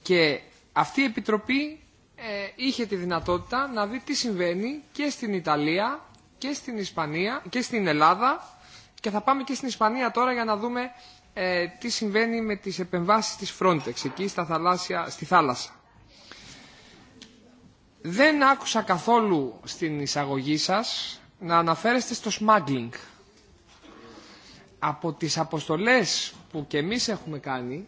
Και αυτή η Επιτροπή ε, είχε τη δυνατότητα να δει τι συμβαίνει και στην Ιταλία και στην Ισπανία και στην Ελλάδα και θα πάμε και στην Ισπανία τώρα για να δούμε ε, τι συμβαίνει με τις επεμβάσεις της Frontex εκεί στα θαλάσσια, στη θάλασσα. Δεν άκουσα καθόλου στην εισαγωγή σας να αναφέρεστε στο smuggling από τις αποστολές που και εμείς έχουμε κάνει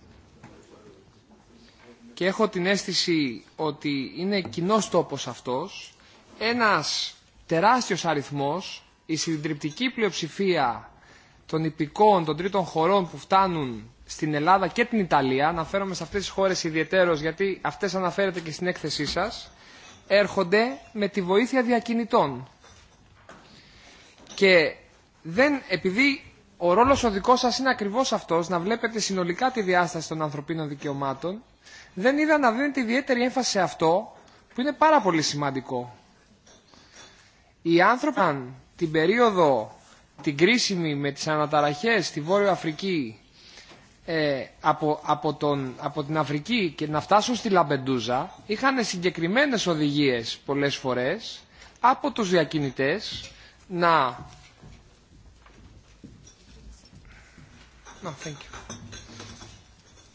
και έχω την αίσθηση ότι είναι κοινό τόπος αυτός ένας τεράστιος αριθμός η συντριπτική πλειοψηφία των υπηκών των τρίτων χωρών που φτάνουν στην Ελλάδα και την Ιταλία αναφέρομαι σε αυτές τις χώρες ιδιαιτέρως γιατί αυτές αναφέρεται και στην έκθεσή σας έρχονται με τη βοήθεια διακινητών και δεν, επειδή ο ρόλος ο δικός σας είναι ακριβώς αυτός, να βλέπετε συνολικά τη διάσταση των ανθρωπίνων δικαιωμάτων, δεν είδα να δίνετε ιδιαίτερη έμφαση σε αυτό, που είναι πάρα πολύ σημαντικό. Οι άνθρωποι την περίοδο, την κρίσιμη με τις αναταραχές στη Βόρεια Αφρική ε, από, τον, από την Αφρική και να φτάσουν στη Λαμπεντούζα είχαν συγκεκριμένες οδηγίες πολλές φορές από τους διακινητές να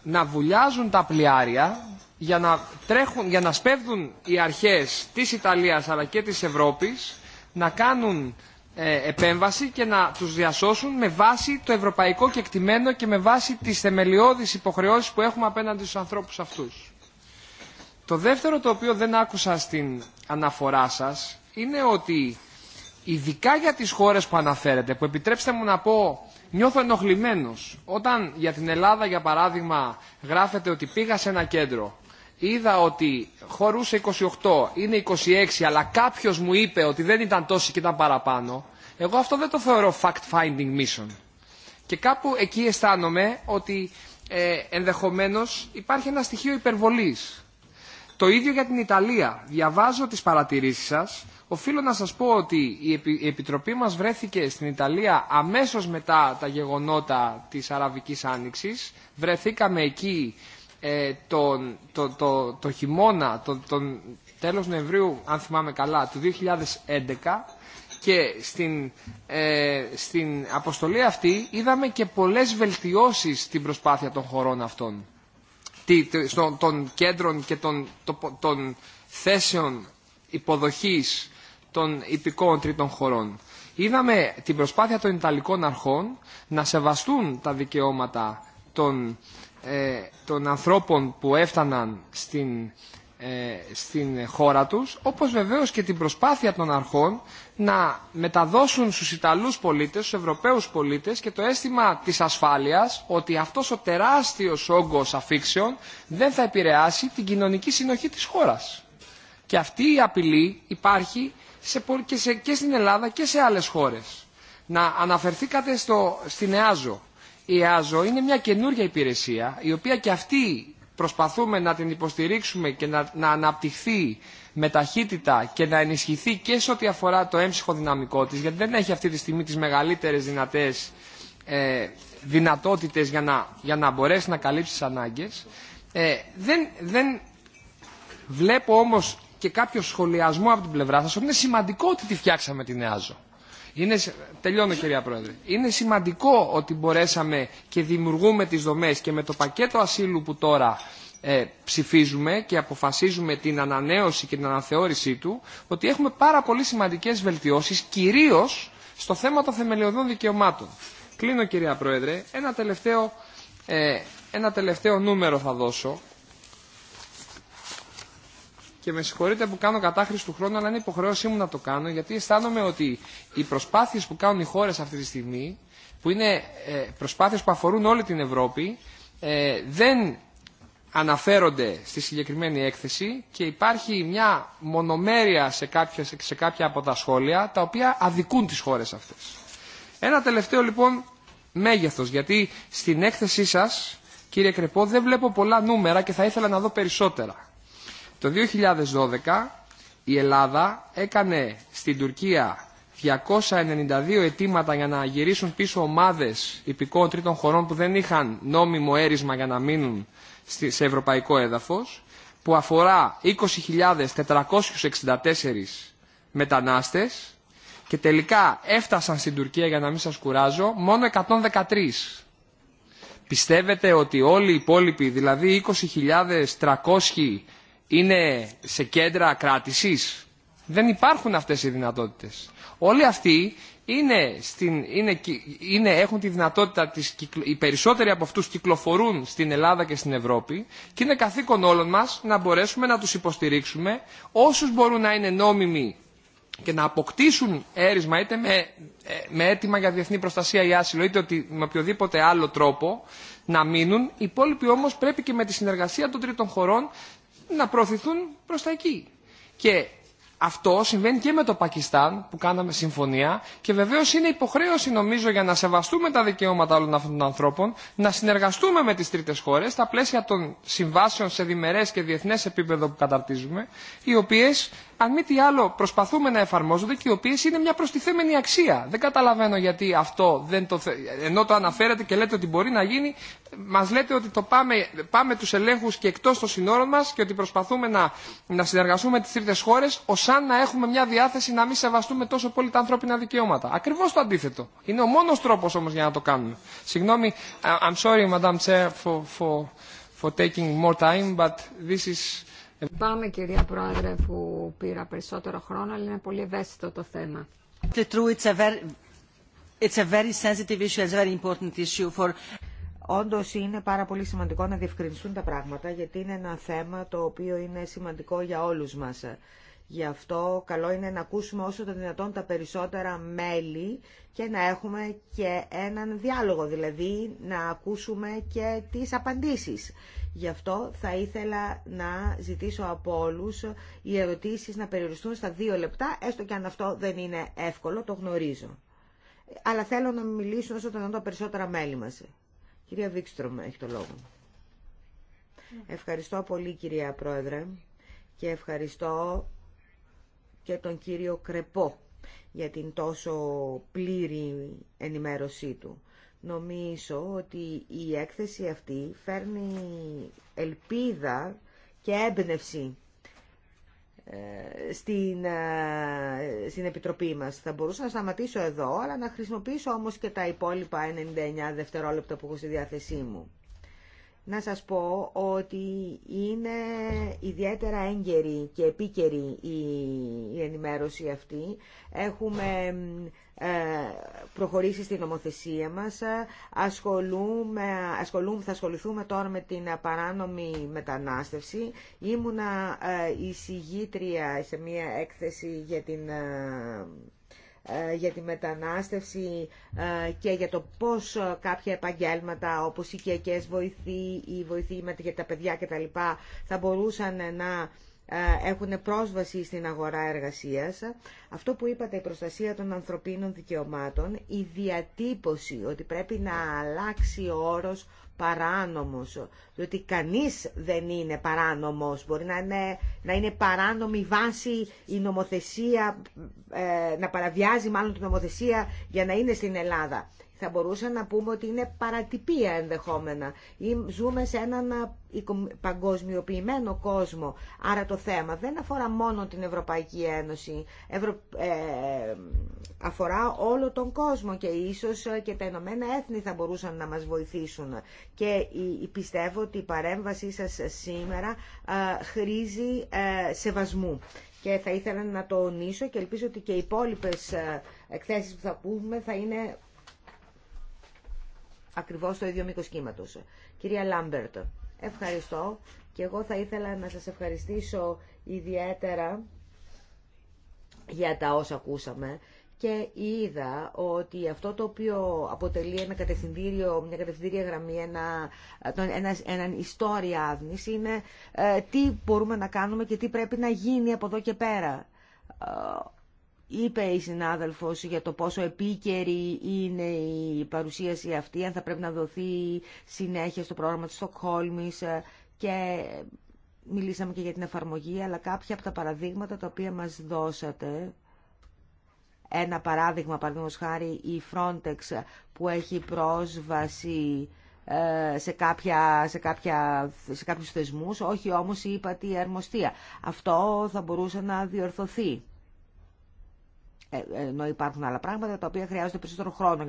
Να βουλιάζουν τα πλοιάρια για να, τρέχουν, για να σπέβδουν οι αρχές της Ιταλίας αλλά και της Ευρώπης να κάνουν ε, επέμβαση και να τους διασώσουν με βάση το ευρωπαϊκό κεκτημένο και με βάση τις θεμελιώδεις υποχρεώσεις που έχουμε απέναντι στους ανθρώπους αυτούς. Το δεύτερο το οποίο δεν άκουσα στην αναφορά σας είναι ότι ειδικά για τις χώρες που αναφέρετε, που επιτρέψτε μου να πω Νιώθω ενοχλημένος όταν για την Ελλάδα, για παράδειγμα, γράφεται ότι πήγα σε ένα κέντρο, είδα ότι χωρούσε 28, είναι 26, αλλά κάποιο μου είπε ότι δεν ήταν τόσοι και ήταν παραπάνω. Εγώ αυτό δεν το θεωρώ fact-finding mission. Και κάπου εκεί αισθάνομαι ότι ε, ενδεχομένως υπάρχει ένα στοιχείο υπερβολής. Το ίδιο για την Ιταλία. Διαβάζω τι παρατηρήσει σα. Οφείλω να σας πω ότι η Επιτροπή μας βρέθηκε στην Ιταλία αμέσως μετά τα γεγονότα της Αραβικής Άνοιξης. Βρεθήκαμε εκεί ε, τον, το, το, το χειμώνα, τον, τον τέλος Νοεμβρίου, αν θυμάμαι καλά, του 2011 και στην, ε, στην αποστολή αυτή είδαμε και πολλές βελτιώσεις στην προσπάθεια των χωρών αυτών, Τι, των, των κέντρων και των, των θέσεων υποδοχής των υπηκών τρίτων χωρών. Είδαμε την προσπάθεια των Ιταλικών αρχών να σεβαστούν τα δικαιώματα των, ε, ανθρώπων που έφταναν στην, ε, στην χώρα τους, όπως βεβαίως και την προσπάθεια των αρχών να μεταδώσουν στους Ιταλούς πολίτες, στους Ευρωπαίους πολίτες και το αίσθημα της ασφάλειας ότι αυτός ο τεράστιος όγκος αφήξεων δεν θα επηρεάσει την κοινωνική συνοχή της χώρας. Και αυτή η απειλή υπάρχει σε, και, και στην Ελλάδα και σε άλλες χώρες. Να αναφερθήκατε στο, στην ΕΑΖΟ. Η ΕΑΖΟ είναι μια καινούργια υπηρεσία, η οποία και αυτή προσπαθούμε να την υποστηρίξουμε και να, να αναπτυχθεί με ταχύτητα και να ενισχυθεί και σε ό,τι αφορά το έμψυχο δυναμικό της, γιατί δεν έχει αυτή τη στιγμή τις μεγαλύτερες δυνατές ε, δυνατότητες για να, για να μπορέσει να καλύψει τις ανάγκες. Ε, δεν, δεν βλέπω όμως και κάποιο σχολιασμό από την πλευρά σας ότι είναι σημαντικό ότι τη φτιάξαμε την ΕΑΖΟ. Είναι, τελειώνω κυρία Πρόεδρε. Είναι σημαντικό ότι μπορέσαμε και δημιουργούμε τις δομές και με το πακέτο ασύλου που τώρα ε, ψηφίζουμε και αποφασίζουμε την ανανέωση και την αναθεώρησή του ότι έχουμε πάρα πολύ σημαντικές βελτιώσεις κυρίως στο θέμα των θεμελιωδών δικαιωμάτων. Κλείνω κυρία Πρόεδρε. Ένα τελευταίο, ε, ένα τελευταίο νούμερο θα δώσω και με συγχωρείτε που κάνω κατάχρηση του χρόνου, αλλά είναι υποχρέωσή μου να το κάνω, γιατί αισθάνομαι ότι οι προσπάθειες που κάνουν οι χώρες αυτή τη στιγμή, που είναι ε, προσπάθειες που αφορούν όλη την Ευρώπη, ε, δεν αναφέρονται στη συγκεκριμένη έκθεση και υπάρχει μια μονομέρεια σε κάποια, σε κάποια από τα σχόλια, τα οποία αδικούν τις χώρες αυτές. Ένα τελευταίο λοιπόν μέγεθος, γιατί στην έκθεσή σας, κύριε Κρεπό, δεν βλέπω πολλά νούμερα και θα ήθελα να δω περισσότερα. Το 2012 η Ελλάδα έκανε στην Τουρκία 292 αιτήματα για να γυρίσουν πίσω ομάδες υπηκόων τρίτων χωρών που δεν είχαν νόμιμο έρισμα για να μείνουν σε ευρωπαϊκό έδαφος, που αφορά 20.464 μετανάστες και τελικά έφτασαν στην Τουρκία, για να μην σας κουράζω, μόνο 113. Πιστεύετε ότι όλοι οι υπόλοιποι, δηλαδή 20.300 είναι σε κέντρα κράτησης. Δεν υπάρχουν αυτές οι δυνατότητες. Όλοι αυτοί είναι στην, είναι, έχουν τη δυνατότητα, της, οι περισσότεροι από αυτούς κυκλοφορούν στην Ελλάδα και στην Ευρώπη και είναι καθήκον όλων μας να μπορέσουμε να τους υποστηρίξουμε όσους μπορούν να είναι νόμιμοι και να αποκτήσουν έρισμα είτε με, ε, με αίτημα για διεθνή προστασία ή άσυλο είτε ότι, με οποιοδήποτε άλλο τρόπο να μείνουν. Οι υπόλοιποι όμως πρέπει και με τη συνεργασία των τρίτων χωρών να προωθηθούν προ τα εκεί. Και αυτό συμβαίνει και με το Πακιστάν που κάναμε συμφωνία και βεβαίως είναι υποχρέωση νομίζω για να σεβαστούμε τα δικαιώματα όλων αυτών των ανθρώπων, να συνεργαστούμε με τις τρίτες χώρες στα πλαίσια των συμβάσεων σε διμερές και διεθνές επίπεδο που καταρτίζουμε, οι οποίες αν μη τι άλλο προσπαθούμε να εφαρμόζονται και οι οποίε είναι μια προστιθέμενη αξία. Δεν καταλαβαίνω γιατί αυτό δεν το θε... ενώ το αναφέρετε και λέτε ότι μπορεί να γίνει, μα λέτε ότι το πάμε, πάμε του ελέγχου και εκτό των συνόρων μα και ότι προσπαθούμε να, συνεργαστούμε με τι τρίτε χώρε, ω αν να έχουμε μια διάθεση να μην σεβαστούμε τόσο πολύ τα ανθρώπινα δικαιώματα. Ακριβώ το αντίθετο. Είναι ο μόνο τρόπο όμω για να το κάνουμε. Συγγνώμη, I'm sorry, Madam Chair, for, for, for taking more time, but this is Πάμε κυρία Πρόεδρε που πήρα περισσότερο χρόνο, αλλά είναι πολύ ευαίσθητο το θέμα. Όντω είναι πάρα πολύ σημαντικό να διευκρινιστούν τα πράγματα, γιατί είναι ένα θέμα το οποίο είναι σημαντικό για όλους μας. Γι' αυτό καλό είναι να ακούσουμε όσο το δυνατόν τα περισσότερα μέλη και να έχουμε και έναν διάλογο, δηλαδή να ακούσουμε και τις απαντήσεις. Γι' αυτό θα ήθελα να ζητήσω από όλους οι ερωτήσεις να περιοριστούν στα δύο λεπτά, έστω και αν αυτό δεν είναι εύκολο, το γνωρίζω. Αλλά θέλω να μιλήσουν όσο το να περισσότερα μέλη μας. Κυρία Βίξτρομ έχει το λόγο. Ευχαριστώ πολύ κυρία Πρόεδρε και ευχαριστώ και τον κύριο Κρεπό για την τόσο πλήρη ενημέρωσή του. Νομίζω ότι η έκθεση αυτή φέρνει ελπίδα και έμπνευση ε, στην, ε, στην Επιτροπή μας. Θα μπορούσα να σταματήσω εδώ, αλλά να χρησιμοποιήσω όμως και τα υπόλοιπα 99 δευτερόλεπτα που έχω στη διάθεσή μου. Να σας πω ότι είναι ιδιαίτερα έγκαιρη και επίκαιρη η, η ενημέρωση αυτή. Έχουμε ε, προχωρήσει στην νομοθεσία μας. Ασχολούμε, θα ασχοληθούμε τώρα με την παράνομη μετανάστευση. Ήμουνα ε, εισηγήτρια σε μία έκθεση για την ε, για τη μετανάστευση και για το πώς κάποια επαγγέλματα όπως οι οικιακές βοηθοί, ή βοηθήματα για τα παιδιά κτλ. θα μπορούσαν να έχουν πρόσβαση στην αγορά εργασίας. Αυτό που είπατε, η προστασία των ανθρωπίνων δικαιωμάτων, η διατύπωση ότι πρέπει να αλλάξει ο όρος παράνομος, διότι κανείς δεν είναι παράνομος, μπορεί να είναι, να είναι παράνομη βάση η νομοθεσία, ε, να παραβιάζει μάλλον την νομοθεσία για να είναι στην Ελλάδα. Θα μπορούσε να πούμε ότι είναι παρατυπία ενδεχόμενα ή ζούμε σε έναν παγκοσμιοποιημένο κόσμο. Άρα το θέμα δεν αφορά μόνο την Ευρωπαϊκή Ένωση, Ευρω... Ε, αφορά όλο τον κόσμο και ίσως ε, και τα Ηνωμένα Έθνη θα μπορούσαν να μας βοηθήσουν. Και πιστεύω ότι η παρέμβασή σας σήμερα χρήζει ε, σεβασμού και θα ήθελα να τονίσω και ελπίζω ότι και οι υπόλοιπε εκθέσεις που θα πούμε θα είναι ακριβώς το ίδιο μήκος κύματος. Κυρία Λάμπερτ, ευχαριστώ και εγώ θα ήθελα να σας ευχαριστήσω ιδιαίτερα για τα όσα ακούσαμε και είδα ότι αυτό το οποίο αποτελεί ένα κατευθυντήριο, μια κατευθυντήρια γραμμή, ένα, ένα, έναν ιστορία άδνης είναι ε, τι μπορούμε να κάνουμε και τι πρέπει να γίνει από εδώ και πέρα. Ε, είπε η συνάδελφος για το πόσο επίκαιρη είναι η παρουσίαση αυτή, αν θα πρέπει να δοθεί συνέχεια στο πρόγραμμα της Στοκχόλμης ε, και μιλήσαμε και για την εφαρμογή, αλλά κάποια από τα παραδείγματα τα οποία μας δώσατε, ένα παράδειγμα, παραδείγματος χάρη, η Frontex που έχει πρόσβαση ε, σε, κάποια, σε, κάποια, σε κάποιους θεσμούς, όχι όμως η υπατή αρμοστία. Αυτό θα μπορούσε να διορθωθεί. Ε, ενώ υπάρχουν άλλα πράγματα τα οποία χρειάζονται περισσότερο χρόνο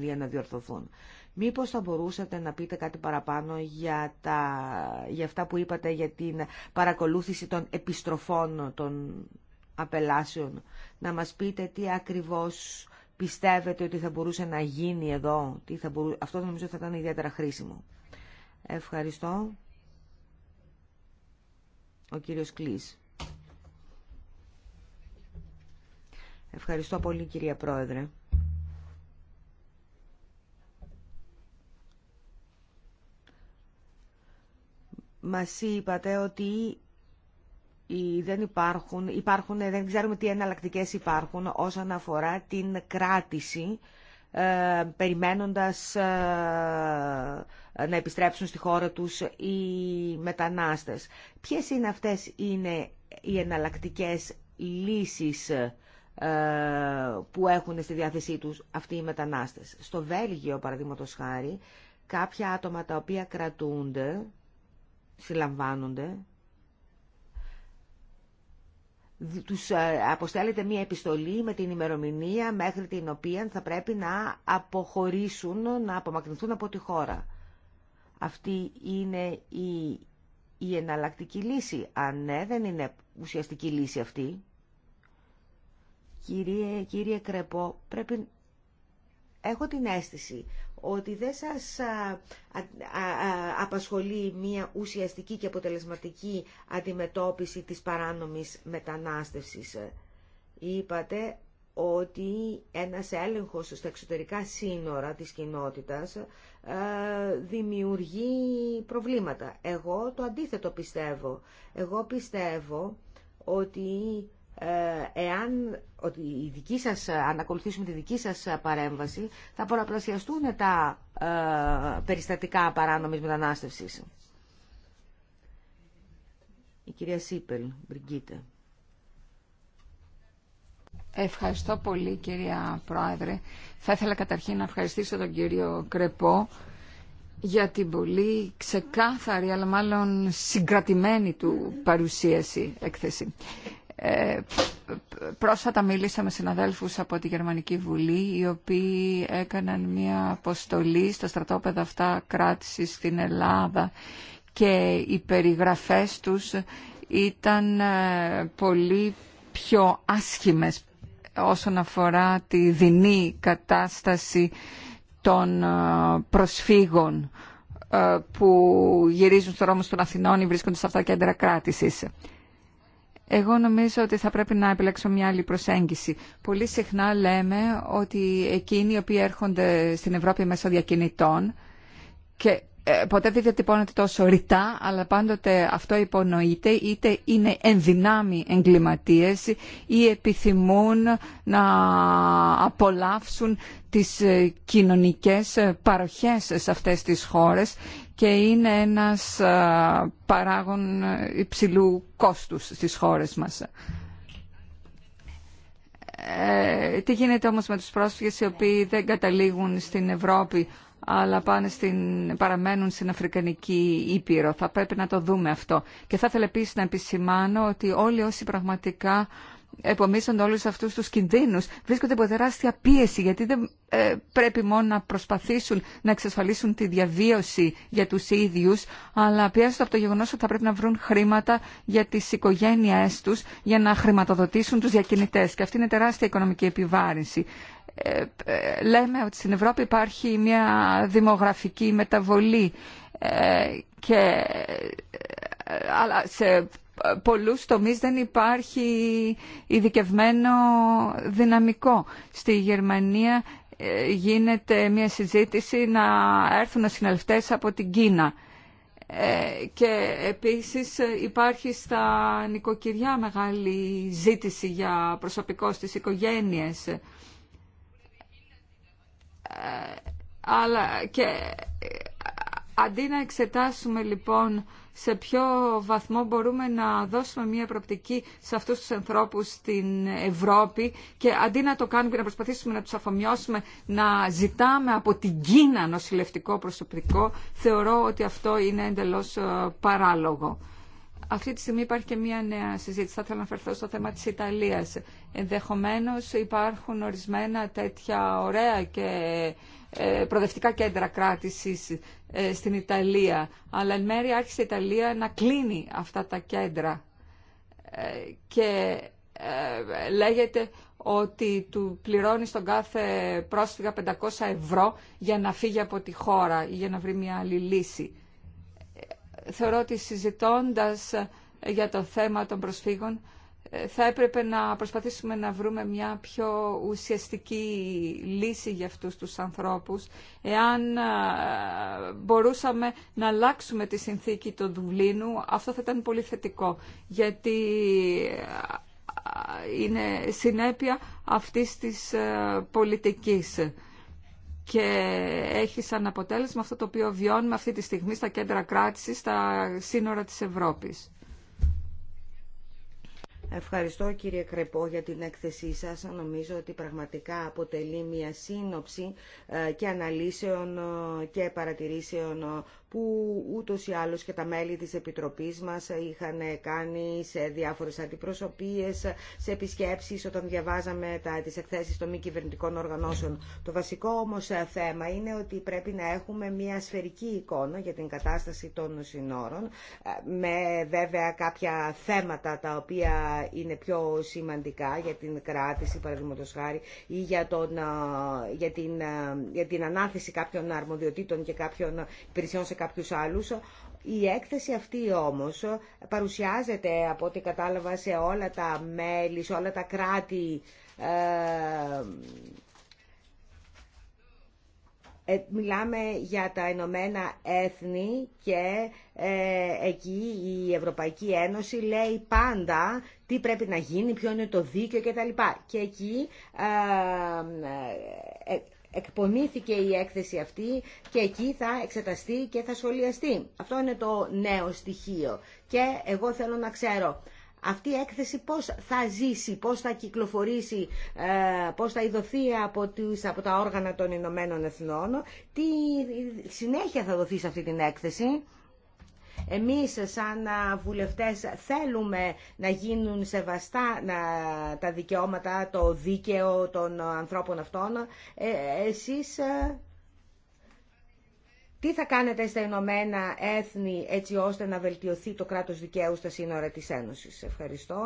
για να διορθωθούν. Μήπως θα μπορούσατε να πείτε κάτι παραπάνω για, τα, για αυτά που είπατε για την παρακολούθηση των επιστροφών των απελάσεων. Να μας πείτε τι ακριβώς πιστεύετε ότι θα μπορούσε να γίνει εδώ. Τι θα Αυτό νομίζω θα ήταν ιδιαίτερα χρήσιμο. Ευχαριστώ. Ο κύριος Κλής. Ευχαριστώ πολύ κυρία Πρόεδρε. Μας είπατε ότι δεν υπάρχουν, υπάρχουν, δεν ξέρουμε τι εναλλακτικέ υπάρχουν όσον αφορά την κράτηση ε, περιμένοντας ε, να επιστρέψουν στη χώρα τους οι μετανάστες. Ποιες είναι αυτές είναι οι εναλλακτικέ λύσεις ε, που έχουν στη διάθεσή τους αυτοί οι μετανάστες. Στο Βέλγιο, παραδείγματο χάρη, κάποια άτομα τα οποία κρατούνται, συλλαμβάνονται, τους ε, αποστέλλεται μία επιστολή με την ημερομηνία μέχρι την οποία θα πρέπει να αποχωρήσουν, να απομακρυνθούν από τη χώρα. Αυτή είναι η, η εναλλακτική λύση. Αν ναι, δεν είναι ουσιαστική λύση αυτή. Κύριε, κύριε Κρεπό, πρέπει... έχω την αίσθηση ότι δεν σας απασχολεί μια ουσιαστική και αποτελεσματική αντιμετώπιση της παράνομης μετανάστευσης. Είπατε ότι ένας έλεγχος στα εξωτερικά σύνορα της κοινότητας δημιουργεί προβλήματα. Εγώ το αντίθετο πιστεύω. Εγώ πιστεύω ότι ε, εάν ότι η δική σας, αν ακολουθήσουμε τη δική σας παρέμβαση, θα πολλαπλασιαστούν τα ε, περιστατικά παράνομης μετανάστευσης. Η κυρία Σίπελ, Μπριγκίτε. Ευχαριστώ πολύ κυρία Πρόεδρε. Θα ήθελα καταρχήν να ευχαριστήσω τον κύριο Κρεπό για την πολύ ξεκάθαρη αλλά μάλλον συγκρατημένη του παρουσίαση έκθεση. Ε, πρόσφατα μίλησα με συναδέλφους από τη Γερμανική Βουλή οι οποίοι έκαναν μια αποστολή στα στρατόπεδα αυτά κράτησης στην Ελλάδα και οι περιγραφές τους ήταν ε, πολύ πιο άσχημες όσον αφορά τη δεινή κατάσταση των ε, προσφύγων που γυρίζουν στο δρόμο των Αθηνών ή βρίσκονται σε αυτά τα κέντρα κράτησης. Εγώ νομίζω ότι θα πρέπει να επιλέξω μια άλλη προσέγγιση. Πολύ συχνά λέμε ότι εκείνοι οι οποίοι έρχονται στην Ευρώπη μέσω διακινητών και ε, ποτέ δεν διατυπώνεται τόσο ρητά, αλλά πάντοτε αυτό υπονοείται, είτε είναι ενδυνάμοι εγκληματίες ή επιθυμούν να απολαύσουν τις ε, κοινωνικές παροχές σε αυτές τις χώρες και είναι ένας παράγων υψηλού κόστους στις χώρες μας. Ε, τι γίνεται όμως με τους πρόσφυγες οι οποίοι δεν καταλήγουν στην Ευρώπη αλλά πάνε στην, παραμένουν στην Αφρικανική Ήπειρο. Θα πρέπει να το δούμε αυτό. Και θα ήθελα επίσης να επισημάνω ότι όλοι όσοι πραγματικά επομίσονται όλους αυτούς τους κινδύνους, βρίσκονται υπό τεράστια πίεση γιατί δεν ε, πρέπει μόνο να προσπαθήσουν να εξασφαλίσουν τη διαβίωση για τους ίδιους, αλλά πιέζονται από το γεγονός ότι θα πρέπει να βρουν χρήματα για τις οικογένειές τους για να χρηματοδοτήσουν τους διακινητές. Και αυτή είναι τεράστια οικονομική επιβάρυνση. Ε, ε, λέμε ότι στην Ευρώπη υπάρχει μια δημογραφική μεταβολή και πολλούς τομείς δεν υπάρχει ειδικευμένο δυναμικό. Στη Γερμανία ε, γίνεται μια συζήτηση να έρθουν συναλλευτές από την Κίνα. Ε, και επίσης ε, υπάρχει στα νοικοκυριά μεγάλη ζήτηση για προσωπικό στις οικογένειες. Αλλά και αντί να εξετάσουμε λοιπόν σε ποιο βαθμό μπορούμε να δώσουμε μια προπτική σε αυτούς τους ανθρώπους στην Ευρώπη και αντί να το κάνουμε και να προσπαθήσουμε να τους αφομοιώσουμε, να ζητάμε από την Κίνα νοσηλευτικό προσωπικό, θεωρώ ότι αυτό είναι εντελώς ε, παράλογο. Αυτή τη στιγμή υπάρχει και μία νέα συζήτηση. Θα ήθελα να αφαιρθώ στο θέμα της Ιταλίας. Ενδεχομένως υπάρχουν ορισμένα τέτοια ωραία και ε, προοδευτικά κέντρα κράτησης ε, στην Ιταλία. Αλλά εν μέρει άρχισε η Ιταλία να κλείνει αυτά τα κέντρα ε, και λέγεται ότι του πληρώνει στον κάθε πρόσφυγα 500 ευρώ για να φύγει από τη χώρα ή για να βρει μια άλλη λύση. Θεωρώ ότι συζητώντας για το θέμα των προσφύγων ε, θα έπρεπε να προσπαθήσουμε να βρούμε μια πιο ουσιαστική λύση για αυτούς τους ανθρώπους εάν ε, μπορούσαμε να αλλάξουμε τη συνθήκη του Δουβλίνου αυτό θα ήταν πολύ θετικό γιατί ε, είναι συνέπεια αυτής της πολιτικής και έχει σαν αποτέλεσμα αυτό το οποίο βιώνουμε αυτή τη στιγμή στα κέντρα κράτησης στα σύνορα της Ευρώπης. Ευχαριστώ κύριε Κρεπό για την έκθεσή σας. Νομίζω ότι πραγματικά αποτελεί μια σύνοψη ε, και αναλύσεων ε, και παρατηρήσεων που ούτως ή άλλως και τα μέλη της Επιτροπής μας είχαν κάνει σε διάφορες αντιπροσωπείες, σε επισκέψεις όταν διαβάζαμε τα, τις εκθέσεις των μη κυβερνητικών οργανώσεων. Το βασικό όμως ε, θέμα είναι ότι πρέπει να έχουμε μια σφαιρική εικόνα για την κατάσταση των συνόρων, ε, με βέβαια κάποια θέματα τα οποία είναι πιο σημαντικά για την κράτηση, παραδείγματο χάρη, ή για, τον, ε, για, την, για την ανάθεση κάποιων αρμοδιοτήτων και κάποιων υπηρεσιών σε κάποιους άλλους. Η έκθεση αυτή όμως παρουσιάζεται από ό,τι κατάλαβα σε όλα τα μέλη, σε όλα τα κράτη ε, ε, μιλάμε για τα Ηνωμένα Έθνη και ε, εκεί η Ευρωπαϊκή Ένωση λέει πάντα τι πρέπει να γίνει, ποιο είναι το δίκαιο κτλ. Και εκεί ε, εκπονήθηκε η έκθεση αυτή και εκεί θα εξεταστεί και θα σχολιαστεί. Αυτό είναι το νέο στοιχείο και εγώ θέλω να ξέρω αυτή η έκθεση πώς θα ζήσει, πώς θα κυκλοφορήσει, ε, πώς θα ειδωθεί από, τις, από τα όργανα των Ηνωμένων Εθνών, τι συνέχεια θα δοθεί σε αυτή την έκθεση εμείς σαν βουλευτές θέλουμε να γίνουν σεβαστά να, τα δικαιώματα, το δίκαιο των ανθρώπων αυτών. Ε, εσείς τι θα κάνετε στα Ηνωμένα Έθνη έτσι ώστε να βελτιωθεί το κράτος δικαίου στα σύνορα της Ένωσης. Ευχαριστώ.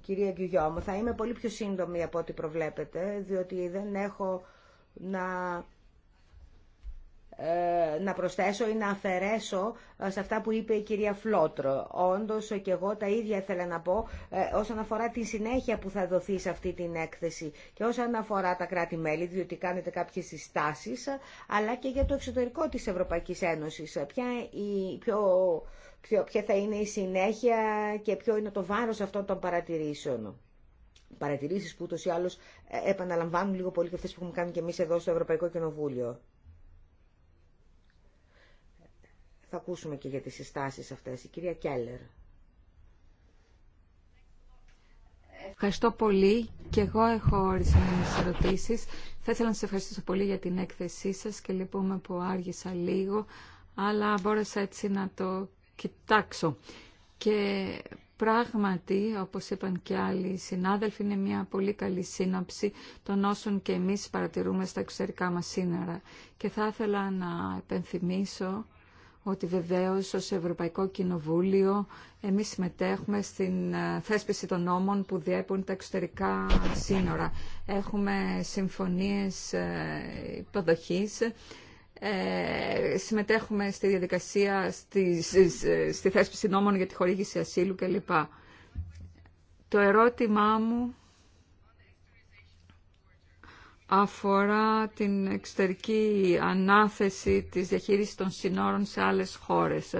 Κυρία Γκυγιώμου, θα είμαι πολύ πιο σύντομη από ό,τι προβλέπετε, διότι δεν έχω να ε, να προσθέσω ή να αφαιρέσω ε, σε αυτά που είπε η κυρία Φλότρο. Όντως ε, και εγώ τα ίδια ήθελα να πω όσον αφορά τη συνέχεια που θα δοθεί σε αυτή την έκθεση και όσον αφορά τα κράτη-μέλη, διότι κάνετε κάποιες συστάσεις, αλλά και για το εξωτερικό της Ευρωπαϊκής Ένωσης. Ποια, η, ποιο, ποιο, ποια θα είναι η συνέχεια και ποιο είναι το βάρος αυτών των παρατηρήσεων παρατηρήσεις που ούτως ή άλλως επαναλαμβάνουν λίγο πολύ και αυτές που έχουμε κάνει και εμείς εδώ στο Ευρωπαϊκό Κοινοβούλιο. θα ακούσουμε και για τις συστάσεις αυτές. Η κυρία Κέλλερ. Ευχαριστώ πολύ και εγώ έχω ορισμένες ερωτήσεις. Θα ήθελα να σας ευχαριστήσω πολύ για την έκθεσή σας και λυπούμε που άργησα λίγο, αλλά μπόρεσα έτσι να το κοιτάξω. Και πράγματι, όπως είπαν και άλλοι συνάδελφοι, είναι μια πολύ καλή σύνοψη των όσων και εμείς παρατηρούμε στα εξωτερικά μας σύνορα. Και θα ήθελα να επενθυμίσω ότι βεβαίως ως Ευρωπαϊκό Κοινοβούλιο εμείς συμμετέχουμε στην ε, θέσπιση των νόμων που διέπουν τα εξωτερικά σύνορα. Έχουμε συμφωνίες ε, υποδοχής, ε, συμμετέχουμε στη διαδικασία, στη, στη θέσπιση νόμων για τη χορήγηση ασύλου κλπ. Το ερώτημά μου αφορά την εξωτερική ανάθεση της διαχείρισης των συνόρων σε άλλες χώρες.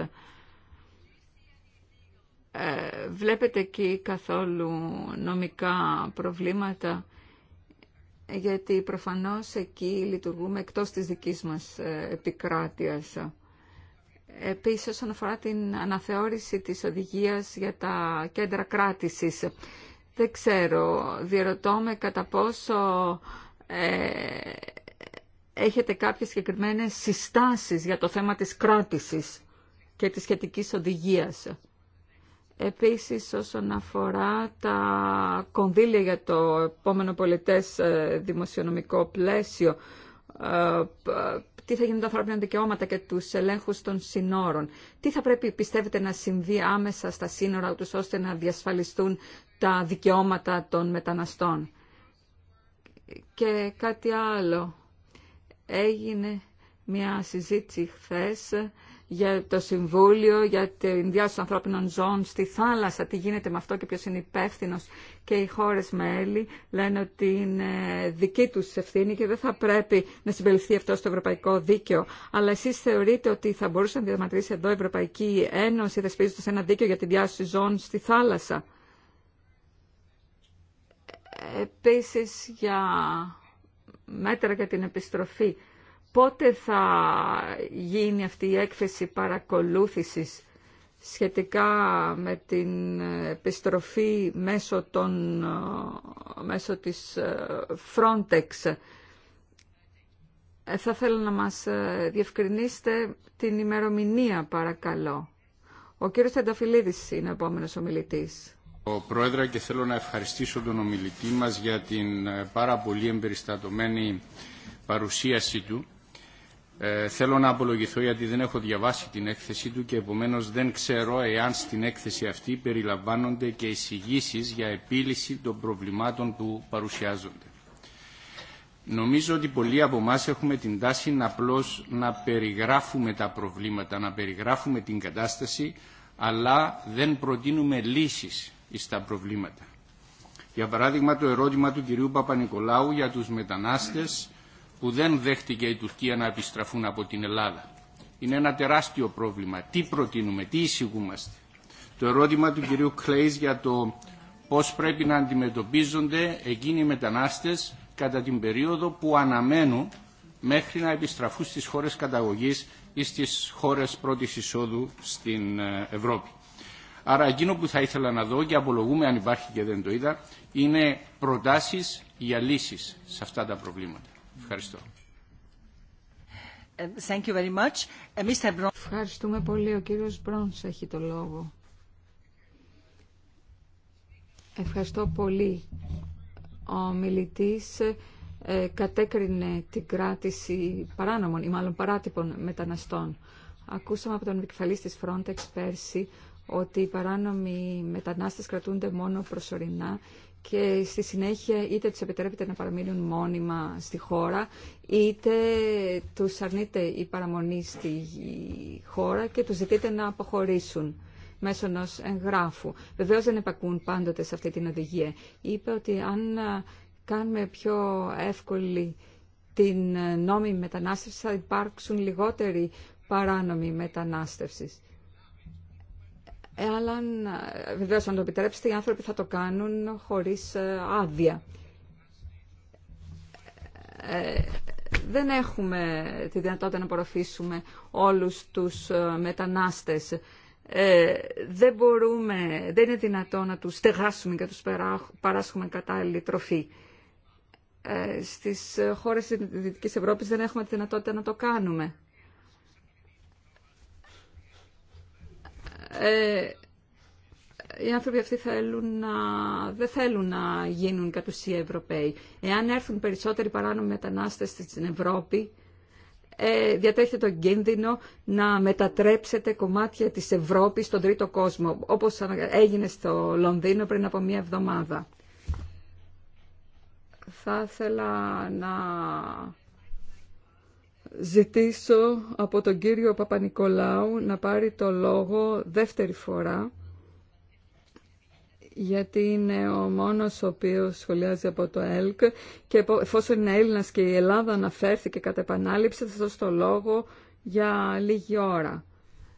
Ε, βλέπετε εκεί καθόλου νομικά προβλήματα, γιατί προφανώς εκεί λειτουργούμε εκτός της δικής μας ε, επικράτειας. Επίσης, όσον αφορά την αναθεώρηση της οδηγίας για τα κέντρα κράτησης, δεν ξέρω, διερωτώ με κατά πόσο ε, έχετε κάποιες συγκεκριμένες συστάσεις για το θέμα της κράτησης και της σχετικής οδηγίας. Επίσης, όσον αφορά τα κονδύλια για το επόμενο πολιτές ε, δημοσιονομικό πλαίσιο, ε, τι θα γίνει τα ανθρώπινα δικαιώματα και τους ελέγχους των συνόρων. Τι θα πρέπει, πιστεύετε, να συμβεί άμεσα στα σύνορα, τους, ώστε να διασφαλιστούν τα δικαιώματα των μεταναστών. Και κάτι άλλο. Έγινε μια συζήτηση χθε για το Συμβούλιο, για την διάσωση ανθρώπινων ζώων στη θάλασσα, τι γίνεται με αυτό και ποιος είναι υπεύθυνο. Και οι χώρες μέλη λένε ότι είναι δική τους ευθύνη και δεν θα πρέπει να συμπεριφθεί αυτό στο ευρωπαϊκό δίκαιο. Αλλά εσείς θεωρείτε ότι θα μπορούσε να διαδηματρήσει εδώ η Ευρωπαϊκή Ένωση, θεσπίζοντας ένα δίκαιο για τη διάσωση ζώων στη θάλασσα. Επίσης για μέτρα για την επιστροφή. Πότε θα γίνει αυτή η έκθεση παρακολούθησης σχετικά με την επιστροφή μέσω, των, μέσω της ε, Frontex. Ε, θα θέλω να μας ε, διευκρινίσετε την ημερομηνία, παρακαλώ. Ο κύριος Τενταφυλίδης είναι ο επόμενος ομιλητής. Ο Πρόεδρε και θέλω να ευχαριστήσω τον ομιλητή μας για την ε, πάρα πολύ εμπεριστατωμένη παρουσίασή του. Ε, θέλω να απολογηθώ γιατί δεν έχω διαβάσει την έκθεσή του και επομένως δεν ξέρω εάν στην έκθεση αυτή περιλαμβάνονται και εισηγήσει για επίλυση των προβλημάτων που παρουσιάζονται. Νομίζω ότι πολλοί από εμά έχουμε την τάση να απλώς να περιγράφουμε τα προβλήματα, να περιγράφουμε την κατάσταση, αλλά δεν προτείνουμε λύσεις στα προβλήματα. Για παράδειγμα το ερώτημα του κυρίου για τους μετανάστες που δεν δέχτηκε η Τουρκία να επιστραφούν από την Ελλάδα. Είναι ένα τεράστιο πρόβλημα. Τι προτείνουμε, τι εισηγούμαστε. Το ερώτημα του κυρίου Κλέης για το πώς πρέπει να αντιμετωπίζονται εκείνοι οι μετανάστες κατά την περίοδο που αναμένουν μέχρι να επιστραφούν στις χώρες καταγωγής ή στις χώρες πρώτης εισόδου στην ε, Ευρώπη. Άρα εκείνο που θα ήθελα να δω και απολογούμε αν υπάρχει και δεν το είδα είναι προτάσεις για λύσεις σε αυτά τα προβλήματα. Ευχαριστώ. Ε, thank you very much. Ε, Mr. Ευχαριστούμε πολύ. Ο κύριος Μπρόνς έχει το λόγο. Ευχαριστώ πολύ. Ο μιλητής ε, κατέκρινε την κράτηση παράνομων ή μάλλον παράτυπων μεταναστών. Ακούσαμε από τον επικεφαλής της Frontex πέρσι ότι οι παράνομοι μετανάστες κρατούνται μόνο προσωρινά και στη συνέχεια είτε τους επιτρέπεται να παραμείνουν μόνιμα στη χώρα, είτε τους αρνείται η παραμονή στη χώρα και τους ζητείται να αποχωρήσουν μέσω ενό εγγράφου. Βεβαίω δεν επακούν πάντοτε σε αυτή την οδηγία. Είπε ότι αν κάνουμε πιο εύκολη την νόμιμη μετανάστευση θα υπάρξουν λιγότεροι παράνομοι μετανάστευσης αλλά βεβαίω αν το επιτρέψετε οι άνθρωποι θα το κάνουν χωρίς ε, άδεια. Ε, δεν έχουμε τη δυνατότητα να απορροφήσουμε όλους τους ε, μετανάστες. δεν μπορούμε, δεν είναι δυνατό να τους στεγάσουμε και τους παράσχουμε κατάλληλη τροφή. στις χώρες της Δυτικής Ευρώπης δεν έχουμε τη δυνατότητα να το κάνουμε. ε, οι άνθρωποι αυτοί θέλουν να, δεν θέλουν να γίνουν κατ' ουσία Ευρωπαίοι. Εάν έρθουν περισσότεροι παράνομοι μετανάστες στην Ευρώπη, ε, το τον κίνδυνο να μετατρέψετε κομμάτια της Ευρώπης στον τρίτο κόσμο, όπως έγινε στο Λονδίνο πριν από μία εβδομάδα. Θα ήθελα να ζητήσω από τον κύριο Παπανικολάου να πάρει το λόγο δεύτερη φορά γιατί είναι ο μόνος ο οποίος σχολιάζει από το ΕΛΚ και εφόσον είναι Έλληνας και η Ελλάδα αναφέρθηκε κατά επανάληψη θα δώσω το λόγο για λίγη ώρα.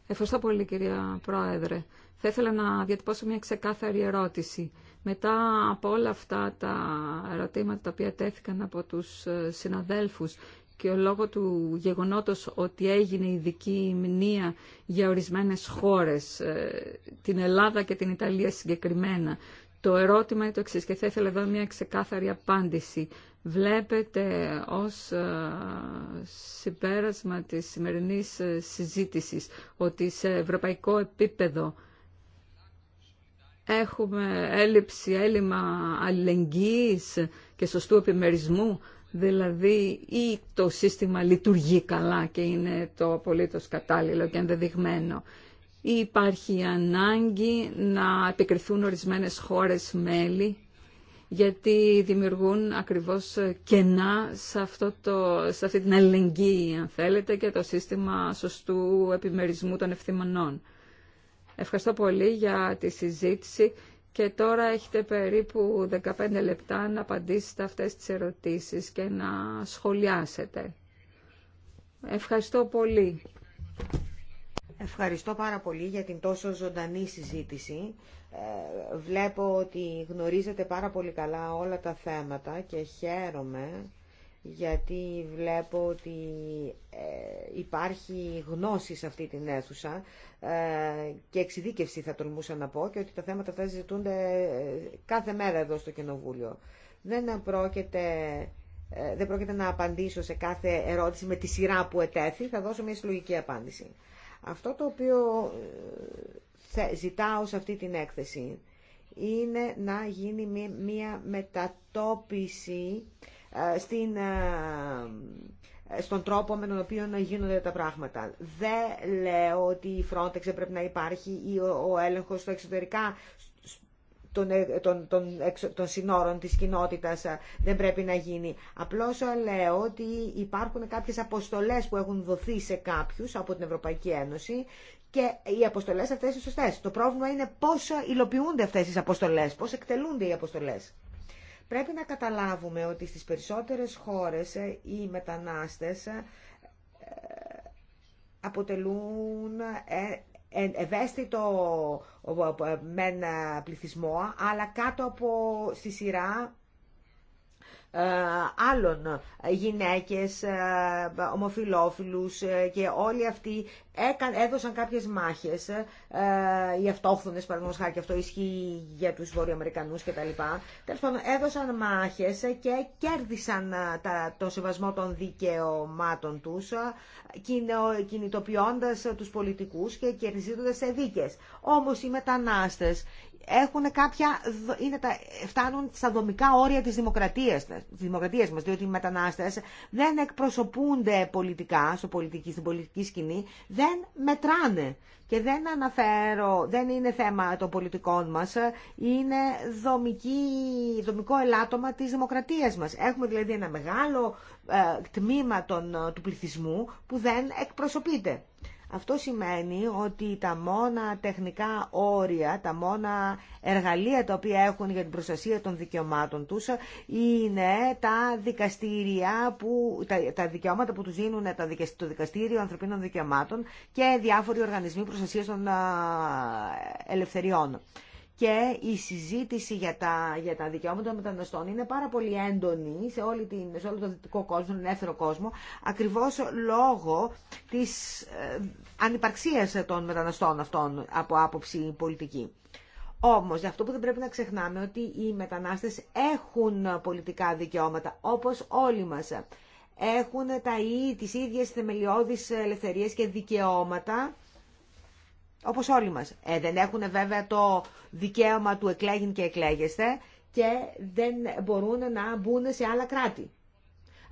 Ευχαριστώ πολύ κυρία Πρόεδρε. Θα ήθελα να διατυπώσω μια ξεκάθαρη ερώτηση. Μετά από όλα αυτά τα ερωτήματα τα οποία τέθηκαν από τους συναδέλφους και λόγω του γεγονότος ότι έγινε ειδική μνήα για ορισμένες χώρες, ε, την Ελλάδα και την Ιταλία συγκεκριμένα, το ερώτημα είναι το εξής και θα ήθελα εδώ μια ξεκάθαρη απάντηση. Βλέπετε ως ε, συμπέρασμα της σημερινής ε, συζήτησης ότι σε ευρωπαϊκό επίπεδο έχουμε έλλειψη, έλλειμμα αλληλεγγύης και σωστού επιμερισμού. Δηλαδή ή το σύστημα λειτουργεί καλά και είναι το απολύτως κατάλληλο και ενδεδειγμένο ή υπάρχει ανάγκη να επικριθούν ορισμένες χώρες μέλη γιατί δημιουργούν ακριβώς κενά σε, αυτό το, σε αυτή την ελεγγύη, αν θέλετε, και το σύστημα σωστού επιμερισμού των ευθυμονών. Ευχαριστώ πολύ για τη συζήτηση και τώρα έχετε περίπου 15 λεπτά να απαντήσετε αυτές τις ερωτήσεις και να σχολιάσετε. Ευχαριστώ πολύ. Ευχαριστώ πάρα πολύ για την τόσο ζωντανή συζήτηση. Ε, βλέπω ότι γνωρίζετε πάρα πολύ καλά όλα τα θέματα και χαίρομαι γιατί βλέπω ότι ε, υπάρχει γνώση σε αυτή την αίθουσα ε, και εξειδίκευση θα τολμούσα να πω και ότι τα θέματα αυτά ζητούνται ε, κάθε μέρα εδώ στο Κοινοβούλιο. Δεν πρόκειται, δεν πρόκειται να απαντήσω σε κάθε ερώτηση με τη σειρά που ετέθη, θα δώσω μια συλλογική απάντηση. Αυτό το οποίο ζητάω σε αυτή την έκθεση είναι να γίνει μια μετατόπιση ε, ε, στον τρόπο με τον οποίο να γίνονται τα πράγματα. Δεν λέω ότι η Frontex πρέπει να υπάρχει ή ο έλεγχος στο εξωτερικά ε, των, των, των, των συνόρων της κοινότητας δεν πρέπει να γίνει. Απλώς λέω ότι υπάρχουν κάποιες αποστολές που έχουν δοθεί σε κάποιους από την Ευρωπαϊκή Ένωση και οι αποστολές αυτές είναι σωστές. Το πρόβλημα είναι πώς υλοποιούνται αυτές τις αποστολές, πώς εκτελούνται οι αποστολές. Πρέπει να καταλάβουμε ότι στις περισσότερες χώρες ε, οι μετανάστες ε, αποτελούν ε, ευαίσθητο μεν πληθυσμό, αλλά κάτω από στη σειρά ε, άλλων γυναίκες, ε, ομοφιλόφιλους ε, και όλοι αυτοί έδωσαν κάποιες μάχες, οι αυτόχθονες παραδείγματος χάρη και αυτό ισχύει για τους Βορειοαμερικανούς και τα λοιπά, τέλος πάντων έδωσαν μάχες και κέρδισαν τα, το σεβασμό των δικαιωμάτων τους, κινητοποιώντας τους πολιτικούς και κερδίζοντας σε δίκες. Όμως οι μετανάστες έχουν κάποια, είναι τα, φτάνουν στα δομικά όρια της δημοκρατίας, της δημοκρατίας μας, διότι οι μετανάστες δεν εκπροσωπούνται πολιτικά, στο πολιτική, στην πολιτική σκηνή, δεν μετράνε. Και δεν αναφέρω, δεν είναι θέμα των πολιτικών μας, είναι δομική, δομικό ελάττωμα της δημοκρατίας μας. Έχουμε δηλαδή ένα μεγάλο ε, τμήμα των, του πληθυσμού που δεν εκπροσωπείται. Αυτό σημαίνει ότι τα μόνα τεχνικά όρια, τα μόνα εργαλεία τα οποία έχουν για την προστασία των δικαιωμάτων τους είναι τα δικαστήρια που, τα, δικαιώματα που τους δίνουν τα, το Δικαστήριο Ανθρωπίνων Δικαιωμάτων και διάφοροι οργανισμοί προστασίας των ελευθεριών και η συζήτηση για τα, για τα δικαιώματα των μεταναστών είναι πάρα πολύ έντονη σε, όλη την, σε όλο τον δυτικό κόσμο, τον ελεύθερο κόσμο, ακριβώς λόγω της ε, ανυπαρξίας των μεταναστών αυτών από άποψη πολιτική. Όμως, αυτό που δεν πρέπει να ξεχνάμε ότι οι μετανάστες έχουν πολιτικά δικαιώματα, όπως όλοι μας. Έχουν τα, τις ίδιες θεμελιώδεις ελευθερίες και δικαιώματα όπως όλοι μας. Ε, δεν έχουν βέβαια το δικαίωμα του εκλέγην και εκλέγεστε και δεν μπορούν να μπουν σε άλλα κράτη.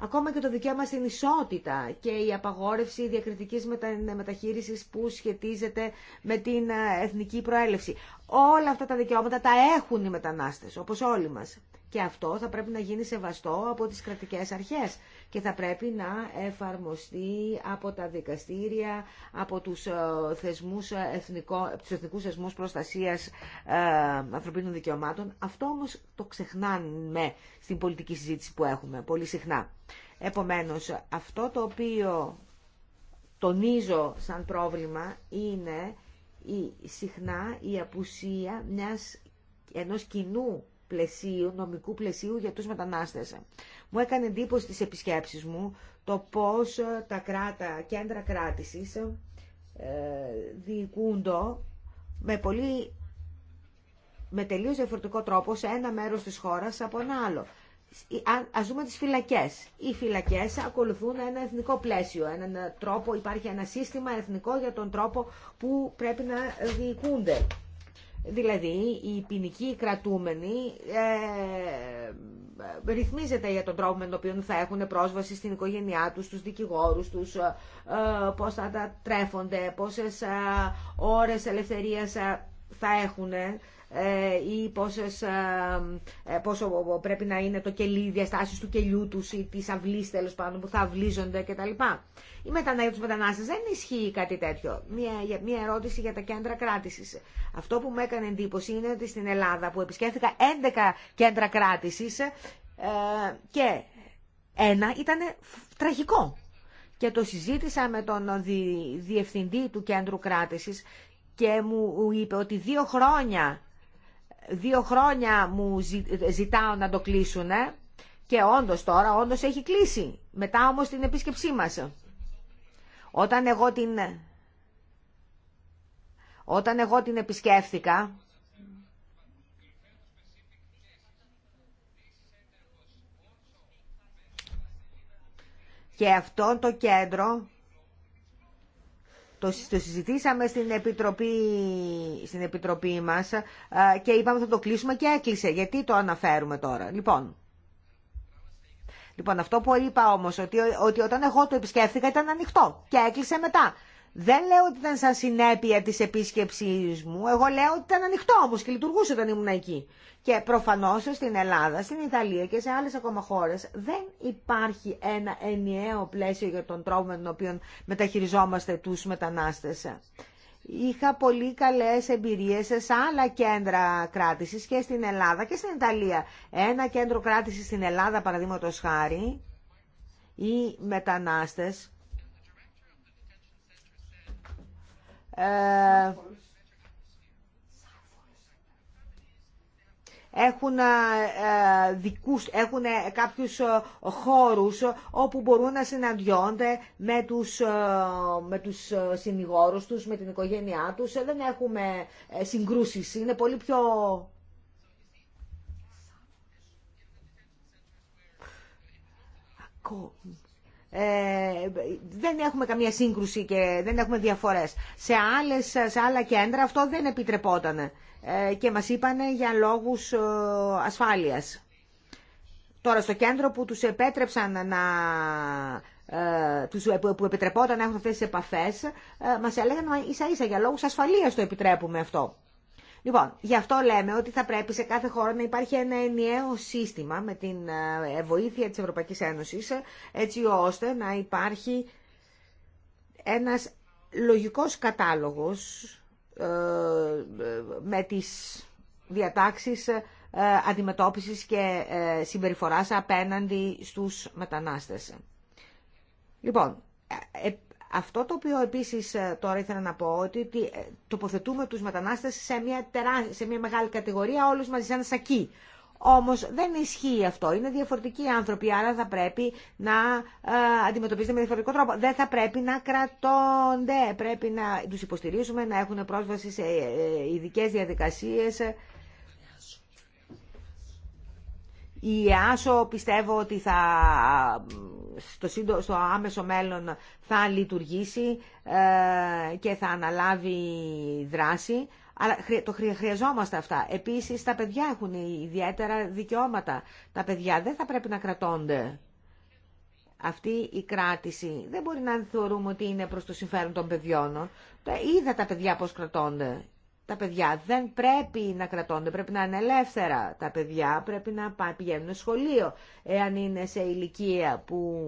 Ακόμα και το δικαίωμα στην ισότητα και η απαγόρευση διακριτικής μεταχείρισης που σχετίζεται με την ε, εθνική προέλευση. Όλα αυτά τα δικαιώματα τα έχουν οι μετανάστες, όπως όλοι μας. Και αυτό θα πρέπει να γίνει σεβαστό από τις κρατικές αρχές και θα πρέπει να εφαρμοστεί από τα δικαστήρια, από τους, ε, θεσμούς ε, εθνικό, τους εθνικούς προστασίας ε, ανθρωπίνων δικαιωμάτων. Αυτό όμως το ξεχνάμε στην πολιτική συζήτηση που έχουμε πολύ συχνά. Επομένως, αυτό το οποίο τονίζω σαν πρόβλημα είναι η, συχνά η απουσία μιας, ενός κοινού πλαισίου, νομικού πλαισίου για τους μετανάστες. Μου έκανε εντύπωση στις επισκέψεις μου το πώς ε, τα κράτα, κέντρα κράτησης ε, διοικούνται με πολύ με τελείως διαφορετικό τρόπο σε ένα μέρος της χώρας από ένα άλλο. Α δούμε τις φυλακές. Οι φυλακές ακολουθούν ένα εθνικό πλαίσιο, έναν ε, τρόπο, υπάρχει ένα σύστημα εθνικό για τον τρόπο που πρέπει να ε, διοικούνται Δηλαδή, η ποινική κρατούμενη ε, ρυθμίζεται για τον τρόπο με τον οποίο θα έχουν πρόσβαση στην οικογένειά τους, στους δικηγόρους τους, ε, ε, πώς θα τα τρέφονται, πόσες ε, ώρες ελευθερίας ε, θα έχουν ε, ή ε, ε, πόσο πρέπει να είναι το κελί, οι του κελιού τους ή της αυλής τέλο πάντων που θα αυλίζονται κτλ. Η μετανάγκες του μετανάστες δεν ισχύει κάτι τέτοιο. Μια, μια ερώτηση για τα κέντρα κράτηση. Αυτό που μου έκανε εντύπωση είναι ότι στην Ελλάδα που επισκέφθηκα 11 κέντρα ε, και ένα ήταν τραγικό. Και το συζήτησα με τον διευθυντή του κέντρου Κράτηση και μου είπε ότι δύο χρόνια δύο χρόνια μου ζητάω να το κλείσουν και όντως τώρα όντως έχει κλείσει. Μετά όμως την επίσκεψή μας. Όταν εγώ την, όταν εγώ την επισκέφθηκα, και αυτό το κέντρο το, συζητήσαμε στην επιτροπή, στην επιτροπή μας και είπαμε θα το κλείσουμε και έκλεισε. Γιατί το αναφέρουμε τώρα. Λοιπόν, λοιπόν αυτό που είπα όμως ότι, ότι όταν εγώ το επισκέφθηκα ήταν ανοιχτό και έκλεισε μετά. Δεν λέω ότι ήταν σαν συνέπεια τη επίσκεψή μου, εγώ λέω ότι ήταν ανοιχτό όμω και λειτουργούσε όταν ήμουν εκεί. Και προφανώ στην Ελλάδα, στην Ιταλία και σε άλλε ακόμα χώρε. δεν υπάρχει ένα ενιαίο πλαίσιο για τον τρόπο με τον οποίο μεταχειριζόμαστε του μετανάστες. Είχα πολύ καλέ εμπειρίε σε άλλα κέντρα κράτηση και στην Ελλάδα και στην Ιταλία. Ένα κέντρο κράτηση στην Ελλάδα, παραδείγματο χάρη, οι μετανάστες Ε, έχουν, ε, δικούς, έχουν ε, κάποιους χώρους όπου μπορούν να συναντιόνται με τους, με τους συνηγόρους τους, με την οικογένειά τους. Δεν έχουμε συγκρούσεις, είναι πολύ πιο... Ε, δεν έχουμε καμία σύγκρουση και δεν έχουμε διαφορές. Σε, άλλες, σε άλλα κέντρα αυτό δεν επιτρεπόταν ε, και μας είπανε για λόγους ε, ασφάλειας. Τώρα στο κέντρο που τους επέτρεψαν να που επιτρεπόταν να έχουν αυτές τις επαφές μας έλεγαν ίσα ίσα για λόγους ασφαλείας το επιτρέπουμε αυτό. Λοιπόν, γι' αυτό λέμε ότι θα πρέπει σε κάθε χώρα να υπάρχει ένα ενιαίο σύστημα με την ε, βοήθεια της Ευρωπαϊκής Ένωσης, ε, έτσι ώστε να υπάρχει ένας λογικός κατάλογος ε, με τις διατάξεις αντιμετώπισης και συμπεριφοράς απέναντι στους μετανάστες. Λοιπόν, αυτό το οποίο επίσης ε, τώρα ήθελα να πω, ότι ε, τοποθετούμε τους μετανάστες σε μια, σε μια μεγάλη κατηγορία όλους μαζί σαν σακί. Όμως δεν ισχύει αυτό. Είναι διαφορετικοί άνθρωποι, άρα θα πρέπει να ε, αντιμετωπίζονται με διαφορετικό τρόπο. Δεν θα πρέπει να κρατώνται. Πρέπει να τους υποστηρίζουμε, να έχουν πρόσβαση σε ειδικέ διαδικασίες. Η πιστεύω ότι θα στο, στο άμεσο μέλλον θα λειτουργήσει ε, και θα αναλάβει δράση. Αλλά το χρειαζόμαστε αυτά. Επίσης τα παιδιά έχουν ιδιαίτερα δικαιώματα. Τα παιδιά δεν θα πρέπει να κρατώνται. Αυτή η κράτηση δεν μπορεί να θεωρούμε ότι είναι προς το συμφέρον των παιδιών. είδα τα παιδιά πώς κρατώνται τα παιδιά δεν πρέπει να κρατώνται, πρέπει να είναι ελεύθερα. Τα παιδιά πρέπει να πηγαίνουν σχολείο, εάν είναι σε ηλικία που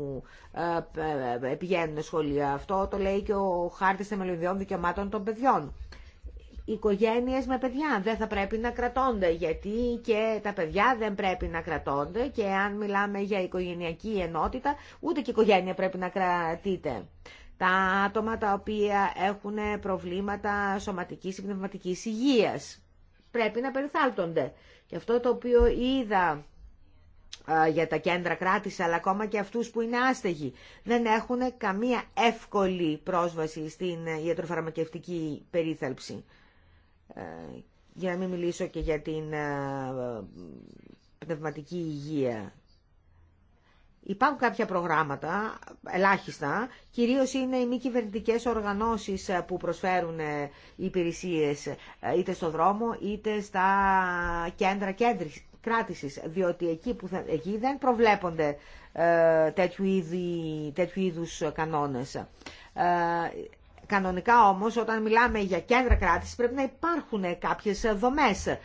ε, πηγαίνουν σχολείο. Αυτό το λέει και ο χάρτης θεμελιωδιών δικαιωμάτων των παιδιών. Οικογένειες με παιδιά δεν θα πρέπει να κρατώνται, γιατί και τα παιδιά δεν πρέπει να κρατώνται και αν μιλάμε για οικογενειακή ενότητα, ούτε και η οικογένεια πρέπει να κρατείται τα άτομα τα οποία έχουν προβλήματα σωματικής ή πνευματικής υγείας. Πρέπει να περιθάλτονται. Και αυτό το οποίο είδα για τα κέντρα κράτηση, αλλά ακόμα και αυτούς που είναι άστεγοι. Δεν έχουν καμία εύκολη πρόσβαση στην ιατροφαρμακευτική περίθαλψη. Ε, για να μην μιλήσω και για την πνευματική υγεία. Υπάρχουν κάποια προγράμματα, ελάχιστα, κυρίως είναι οι μη κυβερνητικέ οργανώσεις ε, που προσφέρουν ε, υπηρεσίες ε, είτε στο δρόμο είτε στα κέντρα κράτησης, διότι εκεί, που θα, εκεί δεν προβλέπονται ε, τέτοιου, είδη, τέτοιου είδους κανόνες. Κανονικά όμως όταν μιλάμε για κέντρα κράτηση πρέπει να υπάρχουν κάποιες δομές, ε,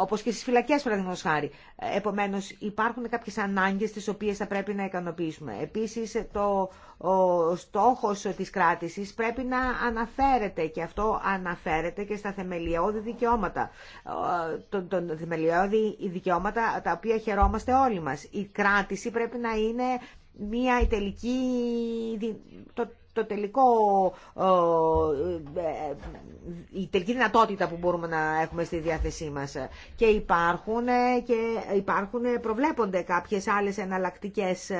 όπως και στις φυλακές παραδείγματος χάρη. Επομένως υπάρχουν κάποιες ανάγκες τις οποίες θα πρέπει να ικανοποιήσουμε. Επίσης το, ο στόχος της κράτησης πρέπει να αναφέρεται και αυτό αναφέρεται και στα θεμελιώδη δικαιώματα. Τον, θεμελιώδη δικαιώματα τα οποία χαιρόμαστε όλοι μας. Η κράτηση πρέπει να είναι μια τελική, το το τελικό, ε, η τελική δυνατότητα που μπορούμε να έχουμε στη διάθεσή μας. Και υπάρχουν, ε, και υπάρχουν ε, προβλέπονται κάποιες άλλες εναλλακτικές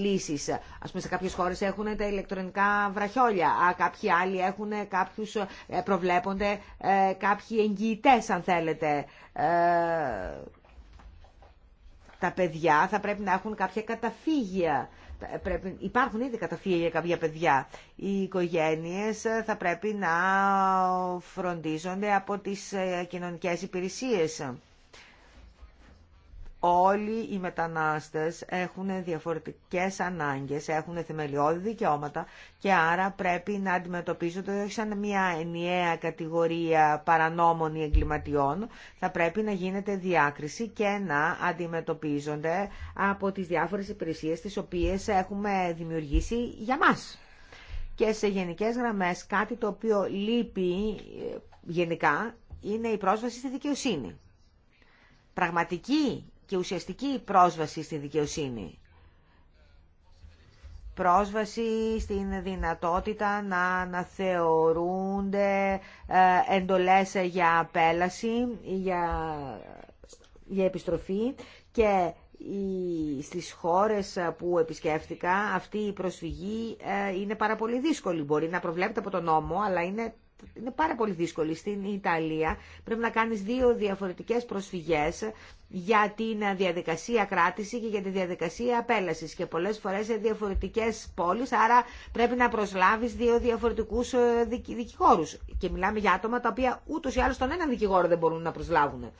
λύσεις. Ας πούμε σε κάποιες χώρες έχουν τα ηλεκτρονικά βραχιόλια, α, κάποιοι άλλοι έχουν κάποιους, προβλέπονται κάποιοι εγγυητές αν θέλετε. Τα παιδιά θα πρέπει να έχουν κάποια καταφύγια πρέπει, υπάρχουν ήδη καταφύγια για κάποια παιδιά. Οι οικογένειες ε, θα πρέπει να φροντίζονται από τις ε, κοινωνικές υπηρεσίες όλοι οι μετανάστες έχουν διαφορετικές ανάγκες, έχουν θεμελιώδη δικαιώματα και άρα πρέπει να αντιμετωπίζονται όχι σαν μια ενιαία κατηγορία παρανόμων ή εγκληματιών, θα πρέπει να γίνεται διάκριση και να αντιμετωπίζονται από τις διάφορες υπηρεσίες τις οποίες έχουμε δημιουργήσει για μας. Και σε γενικές γραμμές κάτι το οποίο λείπει ε, γενικά είναι η πρόσβαση στη δικαιοσύνη. Πραγματική και ουσιαστική πρόσβαση στη δικαιοσύνη. Πρόσβαση στην δυνατότητα να, αναθεωρούνται ε, εντολές για απέλαση, για, για επιστροφή και στις χώρες που επισκέφτηκα αυτή η προσφυγή ε, είναι πάρα πολύ δύσκολη. Μπορεί να προβλέπεται από τον νόμο, αλλά είναι είναι πάρα πολύ δύσκολη στην Ιταλία. Πρέπει να κάνεις δύο διαφορετικές προσφυγές για την διαδικασία κράτηση και για τη διαδικασία απέλασης και πολλές φορές σε διαφορετικές πόλεις, άρα πρέπει να προσλάβεις δύο διαφορετικούς ε, δικηγόρους. Και μιλάμε για άτομα τα οποία ούτως ή άλλως τον έναν δικηγόρο δεν μπορούν να προσλάβουν.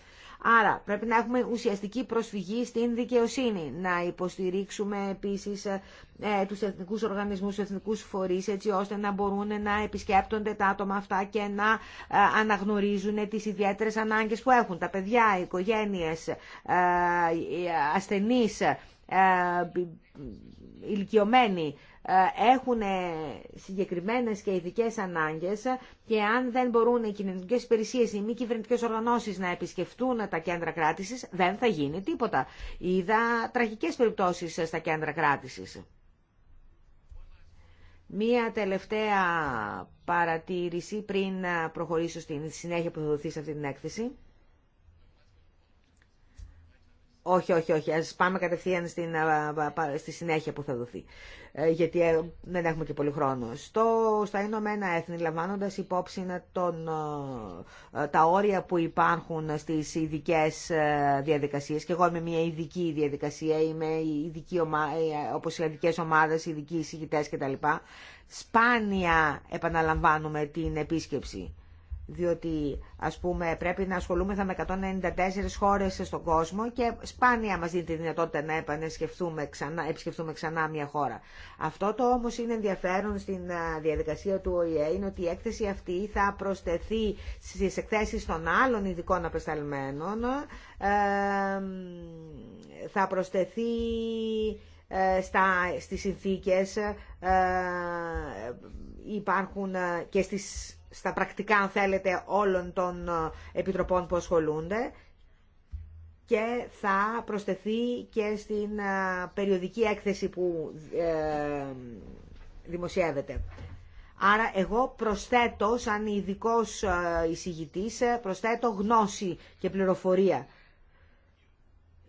Άρα πρέπει να έχουμε ουσιαστική προσφυγή στην δικαιοσύνη, να υποστηρίξουμε επίσης ε, ε, τους εθνικούς οργανισμούς, τους εθνικούς φορείς, έτσι ώστε να μπορούν να επισκέπτονται τα άτομα αυτά και να ε, αναγνωρίζουν τις ιδιαίτερες ανάγκες που έχουν τα παιδιά, οι οικογένειες, ε, ασθενείς, ε, ηλικιωμένοι. Ε, έχουν συγκεκριμένες και ειδικέ ανάγκες και αν δεν μπορούν οι κοινωνικέ υπηρεσίε ή μη κυβερνητικέ οργανώσεις να επισκεφτούν τα κέντρα κράτησης, δεν θα γίνει τίποτα. Είδα τραγικές περιπτώσεις στα κέντρα κράτησης. Μία τελευταία παρατήρηση πριν προχωρήσω στην συνέχεια που θα δοθεί σε αυτή την έκθεση. Όχι, όχι, όχι. Ας πάμε κατευθείαν στη συνέχεια που θα δοθεί. Ε, γιατί ε, δεν έχουμε και πολύ χρόνο. Στο, στα Ηνωμένα Έθνη, λαμβάνοντας υπόψη τον, ε, τα όρια που υπάρχουν στις ειδικέ διαδικασίες, και εγώ είμαι μια ειδική διαδικασία, είμαι ειδική ομα, όπως οι ειδικές ομάδες, ειδικοί εισηγητές κτλ. Σπάνια επαναλαμβάνουμε την επίσκεψη διότι ας πούμε πρέπει να ασχολούμεθα με 194 χώρες στον κόσμο και σπάνια μας δίνει τη δυνατότητα να επισκεφθούμε ξανά, επισκεφτούμε ξανά μια χώρα. Αυτό το όμως είναι ενδιαφέρον στην διαδικασία του ΟΗΕ είναι ότι η έκθεση αυτή θα προσθεθεί στις εκθέσεις των άλλων ειδικών απεσταλμένων, ε, θα προσθεθεί ε, στις συνθήκες, ε, υπάρχουν και στις στα πρακτικά, αν θέλετε, όλων των ε, επιτροπών που ασχολούνται και θα προσθεθεί και στην ε, περιοδική έκθεση που ε, δημοσιεύεται. Άρα εγώ προσθέτω, σαν ειδικό εισηγητής, προσθέτω γνώση και πληροφορία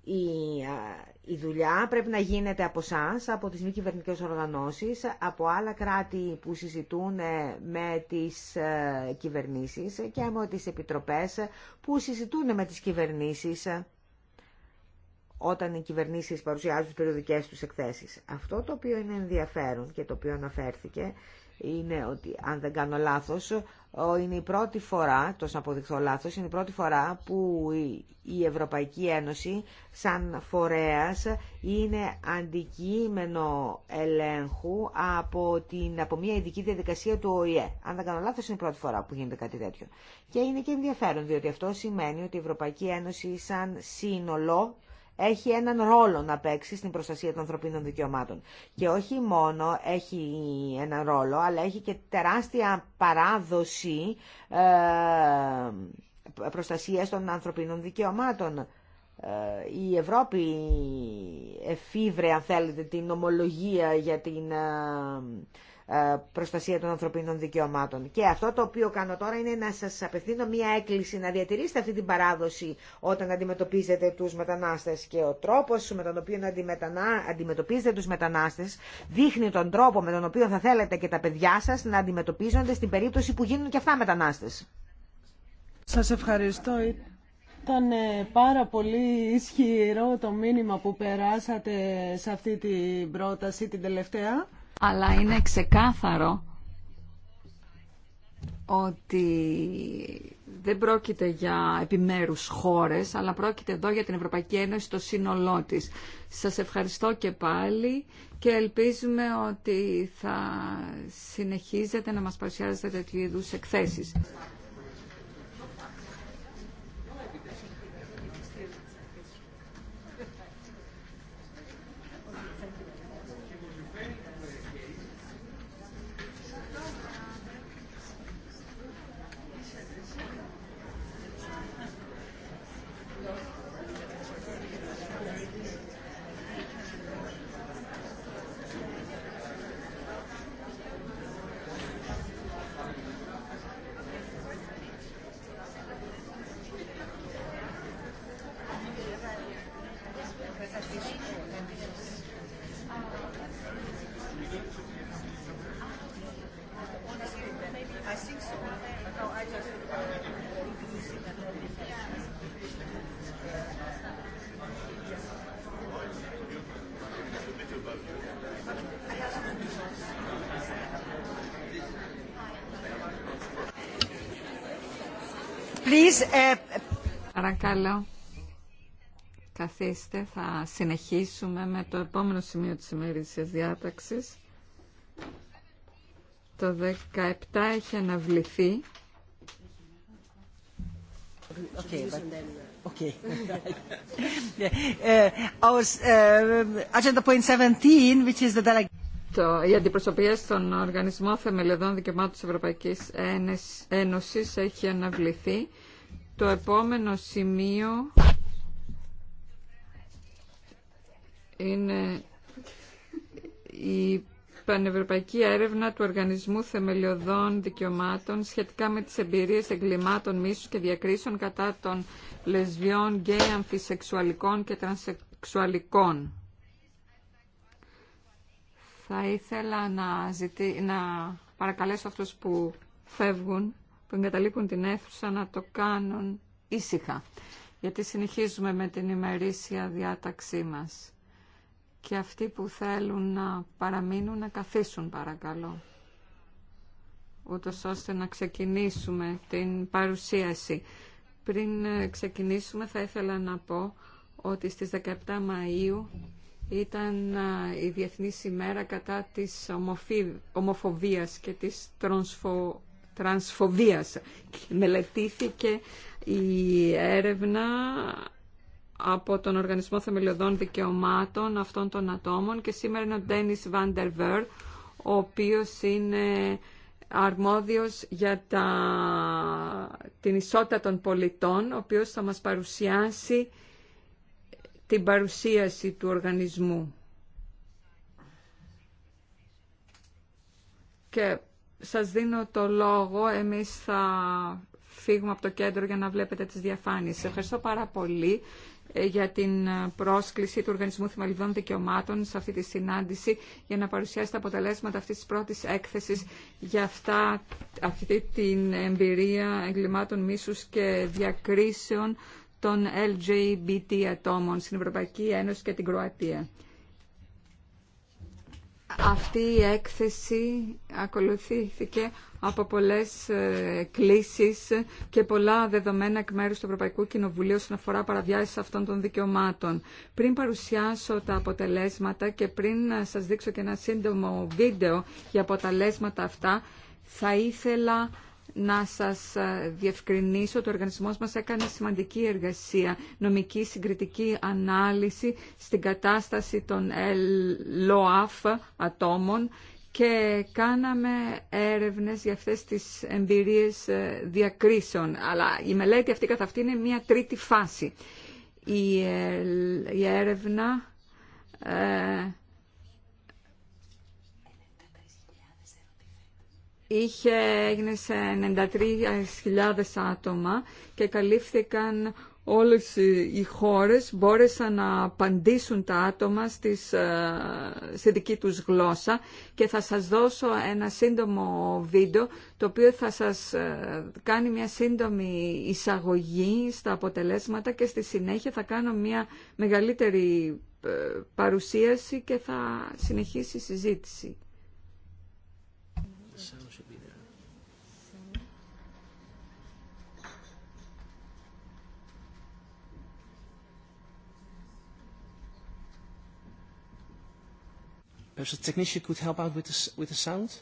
η, η δουλειά πρέπει να γίνεται από εσά, από τις μη κυβερνητικές οργανώσεις, από άλλα κράτη που συζητούν ε, με τις ε, κυβερνήσεις και από τις επιτροπές που συζητούν με τις κυβερνήσεις ε, όταν οι κυβερνήσεις παρουσιάζουν περιοδικές τους εκθέσεις. Αυτό το οποίο είναι ενδιαφέρον και το οποίο αναφέρθηκε είναι ότι, αν δεν κάνω λάθος, είναι η πρώτη φορά, το να αποδειχθώ λάθος, είναι η πρώτη φορά που η Ευρωπαϊκή Ένωση σαν φορέας είναι αντικείμενο ελέγχου από, την, από μια ειδική διαδικασία του ΟΗΕ. Αν δεν κάνω λάθος είναι η πρώτη φορά που γίνεται κάτι τέτοιο. Και είναι και ενδιαφέρον διότι αυτό σημαίνει ότι η Ευρωπαϊκή Ένωση σαν σύνολο έχει έναν ρόλο να παίξει στην προστασία των ανθρωπίνων δικαιωμάτων. Και όχι μόνο έχει έναν ρόλο, αλλά έχει και τεράστια παράδοση ε, προστασίας των ανθρωπίνων δικαιωμάτων. Ε, η Ευρώπη εφήβρε, αν θέλετε, την ομολογία για την ε, ε, προστασία των ανθρωπίνων δικαιωμάτων. Και αυτό το οποίο κάνω τώρα είναι να σας απευθύνω μία έκκληση να διατηρήσετε αυτή την παράδοση όταν αντιμετωπίζετε τους μετανάστες και ο τρόπος με τον οποίο αντιμετωπίζετε τους μετανάστες δείχνει τον τρόπο με τον οποίο θα θέλετε και τα παιδιά σας να αντιμετωπίζονται στην περίπτωση που γίνουν και αυτά μετανάστες. Σας ευχαριστώ. Ήταν ε, πάρα πολύ ισχυρό το μήνυμα που περάσατε σε αυτή την πρόταση την τελευταία αλλά είναι ξεκάθαρο ότι δεν πρόκειται για επιμέρους χώρες, αλλά πρόκειται εδώ για την Ευρωπαϊκή Ένωση το σύνολό της. Σας ευχαριστώ και πάλι και ελπίζουμε ότι θα συνεχίζετε να μας παρουσιάζετε τέτοιου είδου εκθέσεις. Παρακαλώ. Καθίστε, θα συνεχίσουμε με το επόμενο σημείο της ημερήσιας διάταξης. Το 17 έχει αναβληθεί. Okay, <laughs> uh, point which is the Το, η αντιπροσωπεία στον Οργανισμό Θεμελιωδών Δικαιωμάτων της Ευρωπαϊκής Ένωσης έχει αναβληθεί. Το επόμενο σημείο είναι η πανευρωπαϊκή έρευνα του Οργανισμού Θεμελιωδών Δικαιωμάτων σχετικά με τις εμπειρίες εγκλημάτων μίσους και διακρίσεων κατά των λεσβιών, γκέι, αμφισεξουαλικών και τρανσεξουαλικών. Θα ήθελα να, ζητή, να παρακαλέσω αυτούς που φεύγουν που εγκαταλείπουν την αίθουσα να το κάνουν ήσυχα. Γιατί συνεχίζουμε με την ημερήσια διάταξή μας. Και αυτοί που θέλουν να παραμείνουν να καθίσουν παρακαλώ. Ούτως ώστε να ξεκινήσουμε την παρουσίαση. Πριν ε, ξεκινήσουμε θα ήθελα να πω ότι στις 17 Μαΐου ήταν ε, η Διεθνής ημέρα κατά της ομοφοβίας και της τρονσφο τρανσφοβίας. Μελετήθηκε η έρευνα από τον Οργανισμό Θεμελιωδών Δικαιωμάτων αυτών των ατόμων και σήμερα είναι ο Ντένις Βάντερβερ ο οποίος είναι αρμόδιος για την ισότητα των πολιτών, ο οποίος θα μας παρουσιάσει την παρουσίαση του οργανισμού. Και σας δίνω το λόγο. Εμείς θα φύγουμε από το κέντρο για να βλέπετε τις διαφάνειες. Ευχαριστώ πάρα πολύ ε, για την ε, πρόσκληση του Οργανισμού Θεμελιδών Δικαιωμάτων σε αυτή τη συνάντηση για να παρουσιάσει τα αποτελέσματα αυτής της πρώτης έκθεσης για αυτά, αυτή την εμπειρία εγκλημάτων μίσους και διακρίσεων των LGBT ατόμων στην Ευρωπαϊκή Ένωση και την Κροατία. Αυτή η έκθεση ακολουθήθηκε από πολλές ε, κλήσεις και πολλά δεδομένα εκ μέρους του Ευρωπαϊκού Κοινοβουλίου όσον αφορά παραβιάσεις αυτών των δικαιωμάτων. Πριν παρουσιάσω τα αποτελέσματα και πριν ε, σας δείξω και ένα σύντομο βίντεο για αποτελέσματα αυτά, θα ήθελα να σας ε, διευκρινίσω ότι ο οργανισμός μας έκανε σημαντική εργασία, νομική συγκριτική ανάλυση στην κατάσταση των ΛΟΑΦ ατόμων και κάναμε έρευνες για αυτές τις εμπειρίες ε, διακρίσεων. Αλλά η μελέτη αυτή καθ' αυτή είναι μια τρίτη φάση. Η, ε, έρευνα... είχε, έγινε σε 93.000 άτομα και καλύφθηκαν όλες οι χώρες μπόρεσαν να απαντήσουν τα άτομα στις, ε, στη δική τους γλώσσα και θα σας δώσω ένα σύντομο βίντεο το οποίο θα σας ε, κάνει μια σύντομη εισαγωγή στα αποτελέσματα και στη συνέχεια θα κάνω μια μεγαλύτερη ε, παρουσίαση και θα συνεχίσει η συζήτηση. Perhaps a technician could help out with the, with the sound.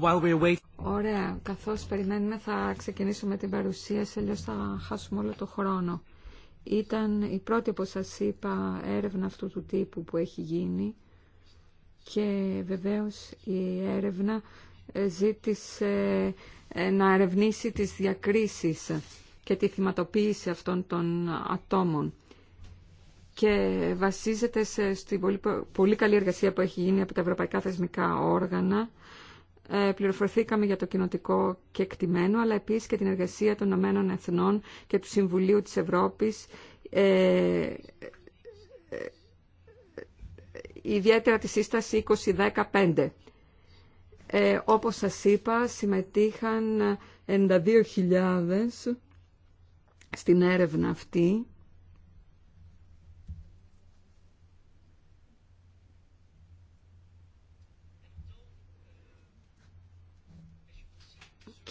While waiting... Ωραία. Καθώς περιμένουμε θα ξεκινήσουμε την παρουσίαση, αλλιώς θα χάσουμε όλο το χρόνο. Ήταν η πρώτη, όπως σας είπα, έρευνα αυτού του τύπου που έχει γίνει και βεβαίως η έρευνα ε, ζήτησε ε, να ερευνήσει τις διακρίσεις και τη θυματοποίηση αυτών των ατόμων και βασίζεται σε, στην πολύ, πολύ καλή εργασία που έχει γίνει από τα ευρωπαϊκά θεσμικά όργανα ε, πληροφορηθήκαμε για το κοινοτικό κεκτημένο, αλλά επίσης και την εργασία των Ηνωμένων Εθνών και του Συμβουλίου της Ευρώπης, ε, ε, ε ιδιαίτερα τη σύσταση 2015. Ε, όπως σας είπα, συμμετείχαν 92.000 στην έρευνα αυτή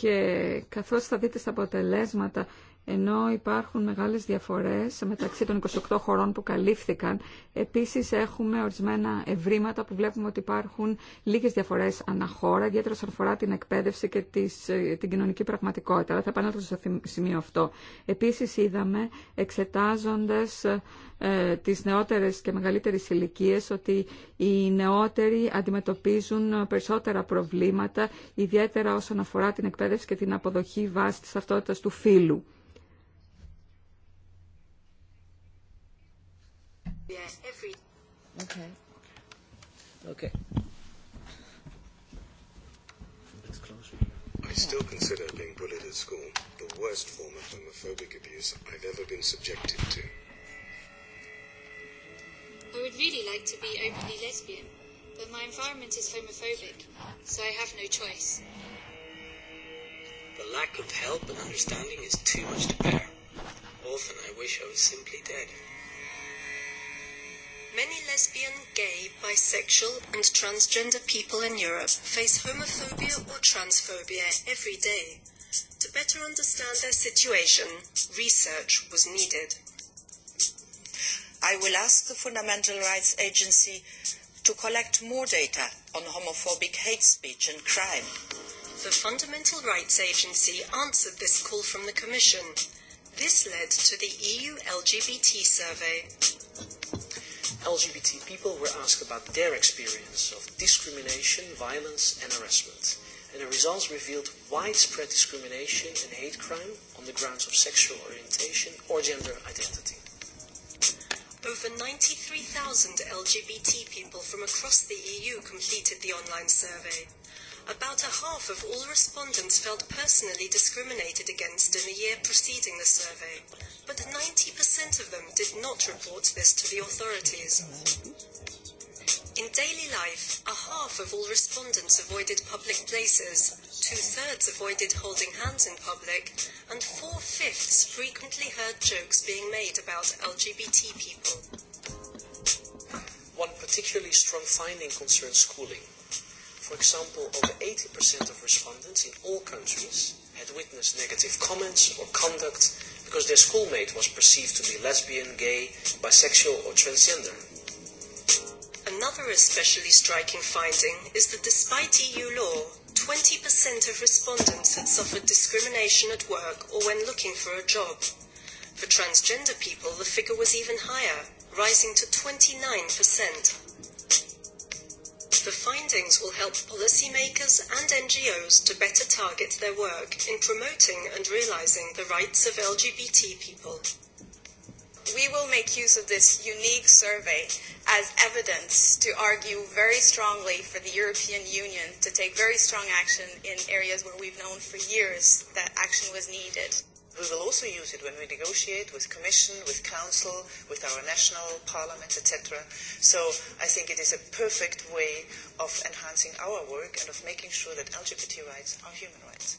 και καθώς θα δείτε στα αποτελέσματα ενώ υπάρχουν μεγάλες διαφορές μεταξύ των 28 χωρών που καλύφθηκαν. Επίσης έχουμε ορισμένα ευρήματα που βλέπουμε ότι υπάρχουν λίγες διαφορές αναχώρα, ιδιαίτερα όσον αφορά την εκπαίδευση και ε, την κοινωνική πραγματικότητα. Αλλά θα επανέλθω στο σημείο αυτό. Επίσης είδαμε, εξετάζοντας ε, τις νεότερες και μεγαλύτερες ηλικίε ότι οι νεότεροι αντιμετωπίζουν περισσότερα προβλήματα, ιδιαίτερα όσον αφορά την εκπαίδευση και την αποδοχή βάσης της ταυτότητας του φύλου. Yeah, every. Okay. Okay. I still consider being bullied at school the worst form of homophobic abuse I've ever been subjected to. I would really like to be openly lesbian, but my environment is homophobic, so I have no choice. The lack of help and understanding is too much to bear. Often I wish I was simply dead. Many lesbian, gay, bisexual, and transgender people in Europe face homophobia or transphobia every day. To better understand their situation, research was needed. I will ask the Fundamental Rights Agency to collect more data on homophobic hate speech and crime. The Fundamental Rights Agency answered this call from the Commission. This led to the EU LGBT survey. LGBT people were asked about their experience of discrimination, violence and harassment, and the results revealed widespread discrimination and hate crime on the grounds of sexual orientation or gender identity. Over 93,000 LGBT people from across the EU completed the online survey. About a half of all respondents felt personally discriminated against in the year preceding the survey, but 90% of them did not report this to the authorities. In daily life, a half of all respondents avoided public places, two-thirds avoided holding hands in public, and four-fifths frequently heard jokes being made about LGBT people. One particularly strong finding concerns schooling For example, over 80% of respondents in all countries had witnessed negative comments or conduct because their schoolmate was perceived to be lesbian, gay, bisexual or transgender. Another especially striking finding is that despite EU law, 20% of respondents had suffered discrimination at work or when looking for a job. For transgender people, the figure was even higher, rising to 29%. The findings will help policymakers and NGOs to better target their work in promoting and realizing the rights of LGBT people. We will make use of this unique survey as evidence to argue very strongly for the European Union to take very strong action in areas where we've known for years that action was needed. We will also use it when we negotiate with Commission, with Council, with our national parliaments, etc. So I think it is a perfect way of enhancing our work and of making sure that LGBT rights are human rights.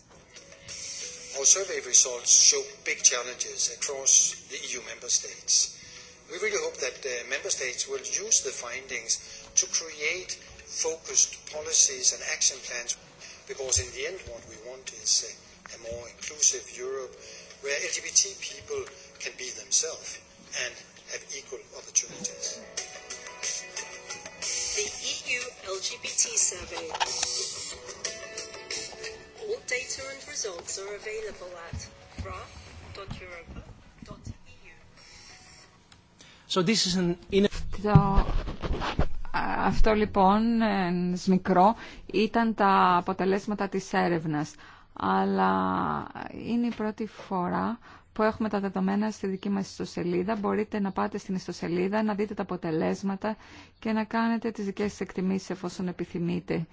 Our survey results show big challenges across the EU member states. We really hope that the member states will use the findings to create focused policies and action plans because in the end what we want is a more inclusive Europe where LGBT people can be themselves and have equal opportunities. The EU LGBT survey. All data and results are available at fra.europa.eu. So this is an Αυτό λοιπόν, μικρό, ήταν τα αποτελέσματα της έρευνας αλλά είναι η πρώτη φορά που έχουμε τα δεδομένα στη δική μας ιστοσελίδα. Μπορείτε να πάτε στην ιστοσελίδα, να δείτε τα αποτελέσματα και να κάνετε τις δικές σας εκτιμήσεις εφόσον επιθυμείτε.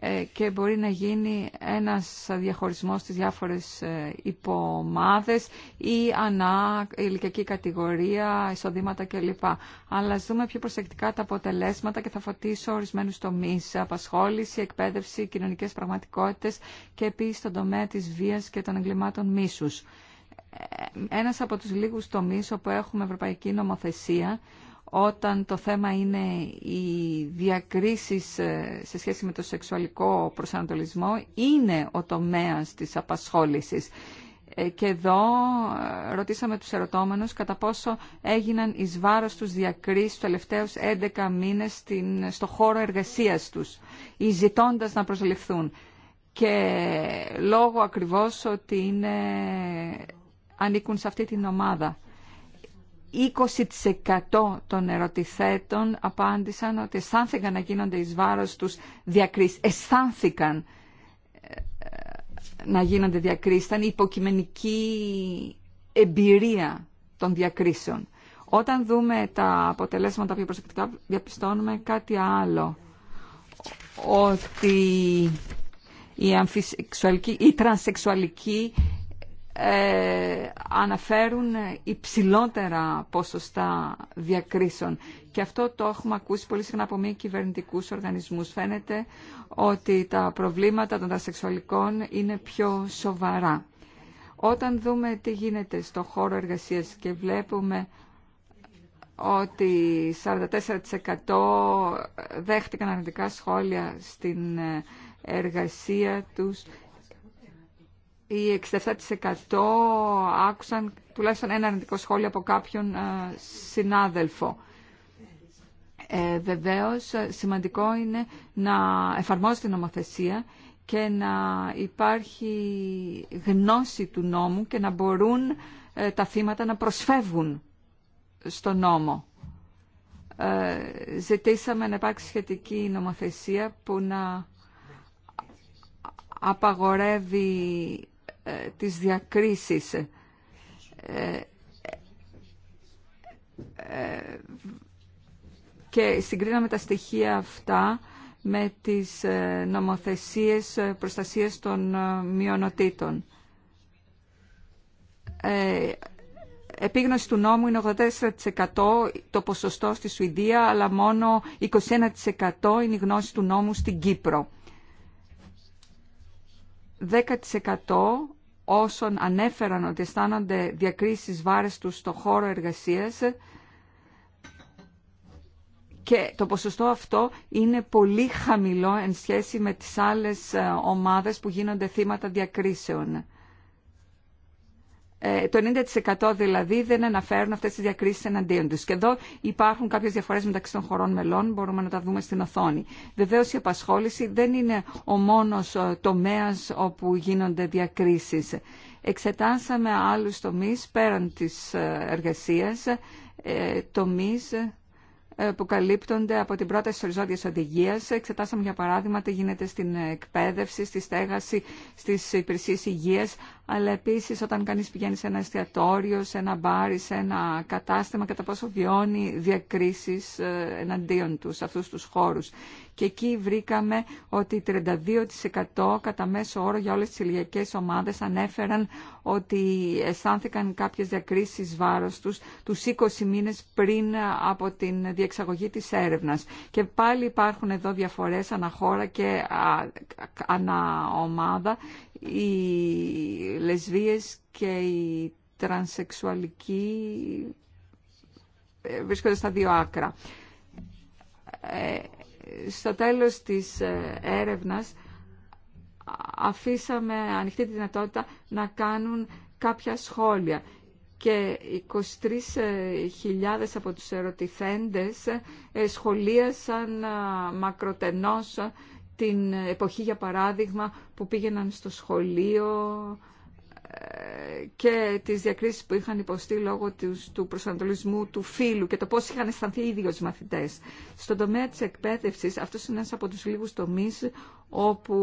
Ε, και μπορεί να γίνει ένας διαχωρισμός στις διάφορες ε, υπομάδες ή ανά ηλικιακή κατηγορία, εισοδήματα κλπ. Αλλά ας δούμε πιο προσεκτικά τα αποτελέσματα και θα φωτίσω ορισμένους τομείς, απασχόληση, εκπαίδευση, κοινωνικές πραγματικότητες και επίσης τον τομέα της βίας και των εγκλημάτων μίσους. Ε, ένας από τους λίγους τομείς όπου έχουμε ευρωπαϊκή νομοθεσία όταν το θέμα είναι οι διακρίσεις ε, σε σχέση με το σεξουαλικό προσανατολισμό είναι ο τομέας της απασχόλησης. Ε, και εδώ ε, ρωτήσαμε τους ερωτώμενους κατά πόσο έγιναν εις βάρος τους διακρίσεις τους τελευταίους 11 μήνες στο χώρο εργασίας τους, ή ζητώντας να προσληφθούν. Και λόγω ακριβώς ότι είναι, ανήκουν σε αυτή την ομάδα. 20% των ερωτηθέτων απάντησαν ότι αισθάνθηκαν να γίνονται εις βάρος τους διακρίσεις. Αισθάνθηκαν ε, να γίνονται διακρίσεις. Ήταν υποκειμενική εμπειρία των διακρίσεων. Όταν δούμε τα αποτελέσματα πιο προσεκτικά διαπιστώνουμε κάτι άλλο. Ότι η, η τρανσεξουαλική ε, αναφέρουν υψηλότερα ποσοστά διακρίσεων. Και αυτό το έχουμε ακούσει πολύ συχνά από μη κυβερνητικού οργανισμούς. Φαίνεται ότι τα προβλήματα των τασεξουαλικών είναι πιο σοβαρά. Όταν δούμε τι γίνεται στο χώρο εργασίας και βλέπουμε ότι 44% δέχτηκαν αρνητικά σχόλια στην ε, εργασία τους οι 67% άκουσαν τουλάχιστον ένα αρνητικό σχόλιο από κάποιον ε, συνάδελφο. Ε, βεβαίως, σημαντικό είναι να εφαρμόζεται την νομοθεσία και να υπάρχει γνώση του νόμου και να μπορούν ε, τα θύματα να προσφεύγουν στο νόμο. Ε, ζητήσαμε να υπάρξει σχετική νομοθεσία που να απαγορεύει ε, τις διακρίσεις. Ε, ε, και συγκρίναμε τα στοιχεία αυτά με τις νομοθεσίες προστασίας των μειονοτήτων. Επίγνωση του νόμου είναι 84% το ποσοστό στη Σουηδία, αλλά μόνο 21% είναι η γνώση του νόμου στην Κύπρο. 10% όσων ανέφεραν ότι αισθάνονται διακρίσεις βάρες τους στο χώρο εργασίας και το ποσοστό αυτό είναι πολύ χαμηλό εν σχέση με τις άλλες ε, ομάδες που γίνονται θύματα διακρίσεων. Ε, το 90% δηλαδή δεν αναφέρουν αυτές τις διακρίσεις εναντίον τους. Και εδώ υπάρχουν κάποιες διαφορές μεταξύ των χωρών μελών, μπορούμε να τα δούμε στην οθόνη. Βεβαίως η απασχόληση δεν είναι ο μόνος ε, τομέας όπου γίνονται διακρίσεις. Εξετάσαμε άλλους τομείς πέραν της ε, εργασίας, τομείς ε, που καλύπτονται από την πρόταση οριζόντιας οδηγία. Εξετάσαμε για παράδειγμα τι γίνεται στην εκπαίδευση, στη στέγαση, στι υπηρεσίε υγεία, αλλά επίσης όταν κανείς πηγαίνει σε ένα εστιατόριο, σε ένα μπάρι, σε ένα κατάστημα, κατά πόσο βιώνει διακρίσει ε, εναντίον του σε αυτούς τους χώρους και εκεί βρήκαμε ότι 32% κατά μέσο όρο για όλες τις ηλιακέ ομάδες ανέφεραν ότι αισθάνθηκαν κάποιες διακρίσεις βάρος τους τους 20 μήνες πριν από την διεξαγωγή της έρευνας. Και πάλι υπάρχουν εδώ διαφορές αναχώρα και αναομάδα. Οι λεσβίες και οι τρανσεξουαλικοί ε, βρίσκονται στα δύο άκρα. Ε, στο τέλος της ε, έρευνας αφήσαμε ανοιχτή τη δυνατότητα να κάνουν κάποια σχόλια και 23.000 από τους ερωτηθέντες ε, σχολίασαν ε, μακροτενώς την εποχή για παράδειγμα που πήγαιναν στο σχολείο και τις διακρίσεις που είχαν υποστεί λόγω του προσανατολισμού του φίλου και το πώς είχαν αισθανθεί οι ίδιοι μαθητές. Στον τομέα της εκπαίδευσης, αυτός είναι ένας από τους λίγους τομείς όπου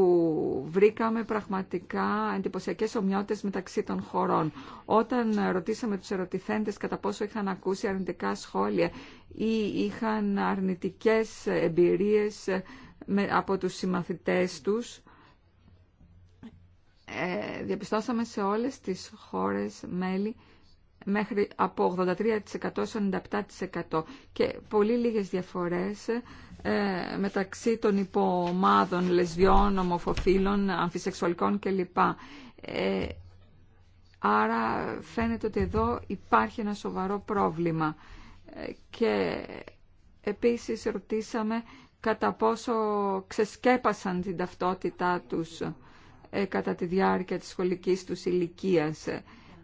βρήκαμε πραγματικά εντυπωσιακέ ομοιότητες μεταξύ των χωρών. Όταν ρωτήσαμε τους ερωτηθέντες κατά πόσο είχαν ακούσει αρνητικά σχόλια ή είχαν αρνητικές εμπειρίες από του συμμαθητές τους, ε, διαπιστώσαμε σε όλες τις χώρες μέλη μέχρι από 83% σε 97% και πολύ λίγες διαφορές ε, μεταξύ των υποομάδων λεσβιών, ομοφοφίλων, αμφισεξουαλικών κλπ. Ε, άρα φαίνεται ότι εδώ υπάρχει ένα σοβαρό πρόβλημα ε, και επίσης ρωτήσαμε κατά πόσο ξεσκέπασαν την ταυτότητά τους ε, κατά τη διάρκεια της σχολικής τους ηλικίας.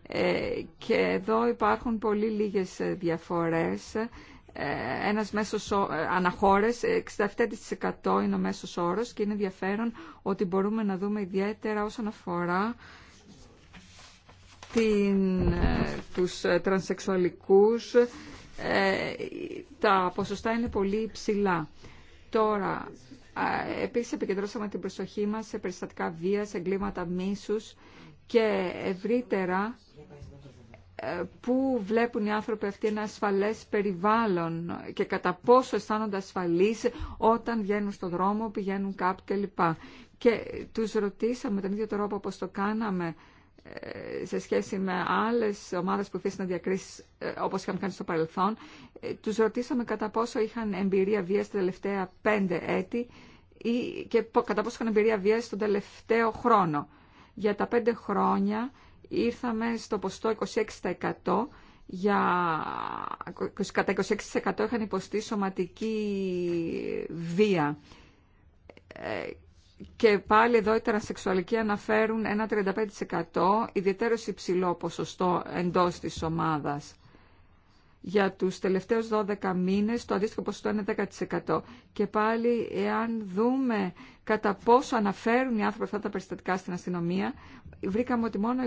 Ε, και εδώ υπάρχουν πολύ λίγες διαφορές. Ε, ένας μέσος αναχώρες, 67% είναι ο μέσος όρος και είναι ενδιαφέρον ότι μπορούμε να δούμε ιδιαίτερα όσον αφορά την, τους τρανσεξουαλικούς τα ποσοστά είναι πολύ υψηλά. Τώρα, Επίσης επικεντρώσαμε την προσοχή μας σε περιστατικά βίας, εγκλήματα μίσους και ευρύτερα ε, πού βλέπουν οι άνθρωποι αυτοί ένα ασφαλές περιβάλλον και κατά πόσο αισθάνονται ασφαλείς όταν βγαίνουν στον δρόμο, πηγαίνουν κάπου κλπ. Και τους ρωτήσαμε τον ίδιο τρόπο όπως το κάναμε σε σχέση με άλλε ομάδε που να διακρίσει ε, όπως είχαν κάνει στο παρελθόν, ε, τους ρωτήσαμε κατά πόσο είχαν εμπειρία βία τα τελευταία πέντε έτη ή και κατά πόσο είχαν εμπειρία βία τον τελευταίο χρόνο. Για τα πέντε χρόνια ήρθαμε στο ποστό 26% για κατά 26% είχαν υποστεί σωματική βία ε, και πάλι εδώ οι τρανσεξουαλικοί αναφέρουν ένα 35% ιδιαίτερο υψηλό ποσοστό εντός της ομάδας. Για τους τελευταίους 12 μήνες το αντίστοιχο ποσοστό είναι 10%. Και πάλι εάν δούμε κατά πόσο αναφέρουν οι άνθρωποι αυτά τα περιστατικά στην αστυνομία, βρήκαμε ότι μόνο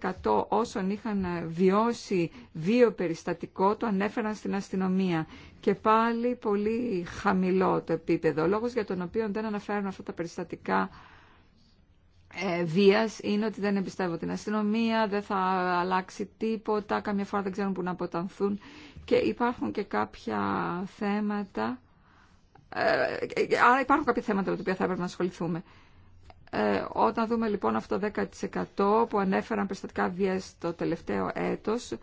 22% όσων είχαν βιώσει βίο περιστατικό το ανέφεραν στην αστυνομία. Και πάλι πολύ χαμηλό το επίπεδο. Ο λόγος για τον οποίο δεν αναφέρουν αυτά τα περιστατικά ε, βίας είναι ότι δεν εμπιστεύω την αστυνομία, δεν θα αλλάξει τίποτα, καμιά φορά δεν ξέρουν που να αποτανθούν και υπάρχουν και κάποια θέματα ε, ε, ε, άρα υπάρχουν κάποια θέματα με τα οποία θα έπρεπε να ασχοληθούμε. Ε, όταν δούμε λοιπόν αυτό το 10% που ανέφεραν περιστατικά βία το τελευταίο έτος,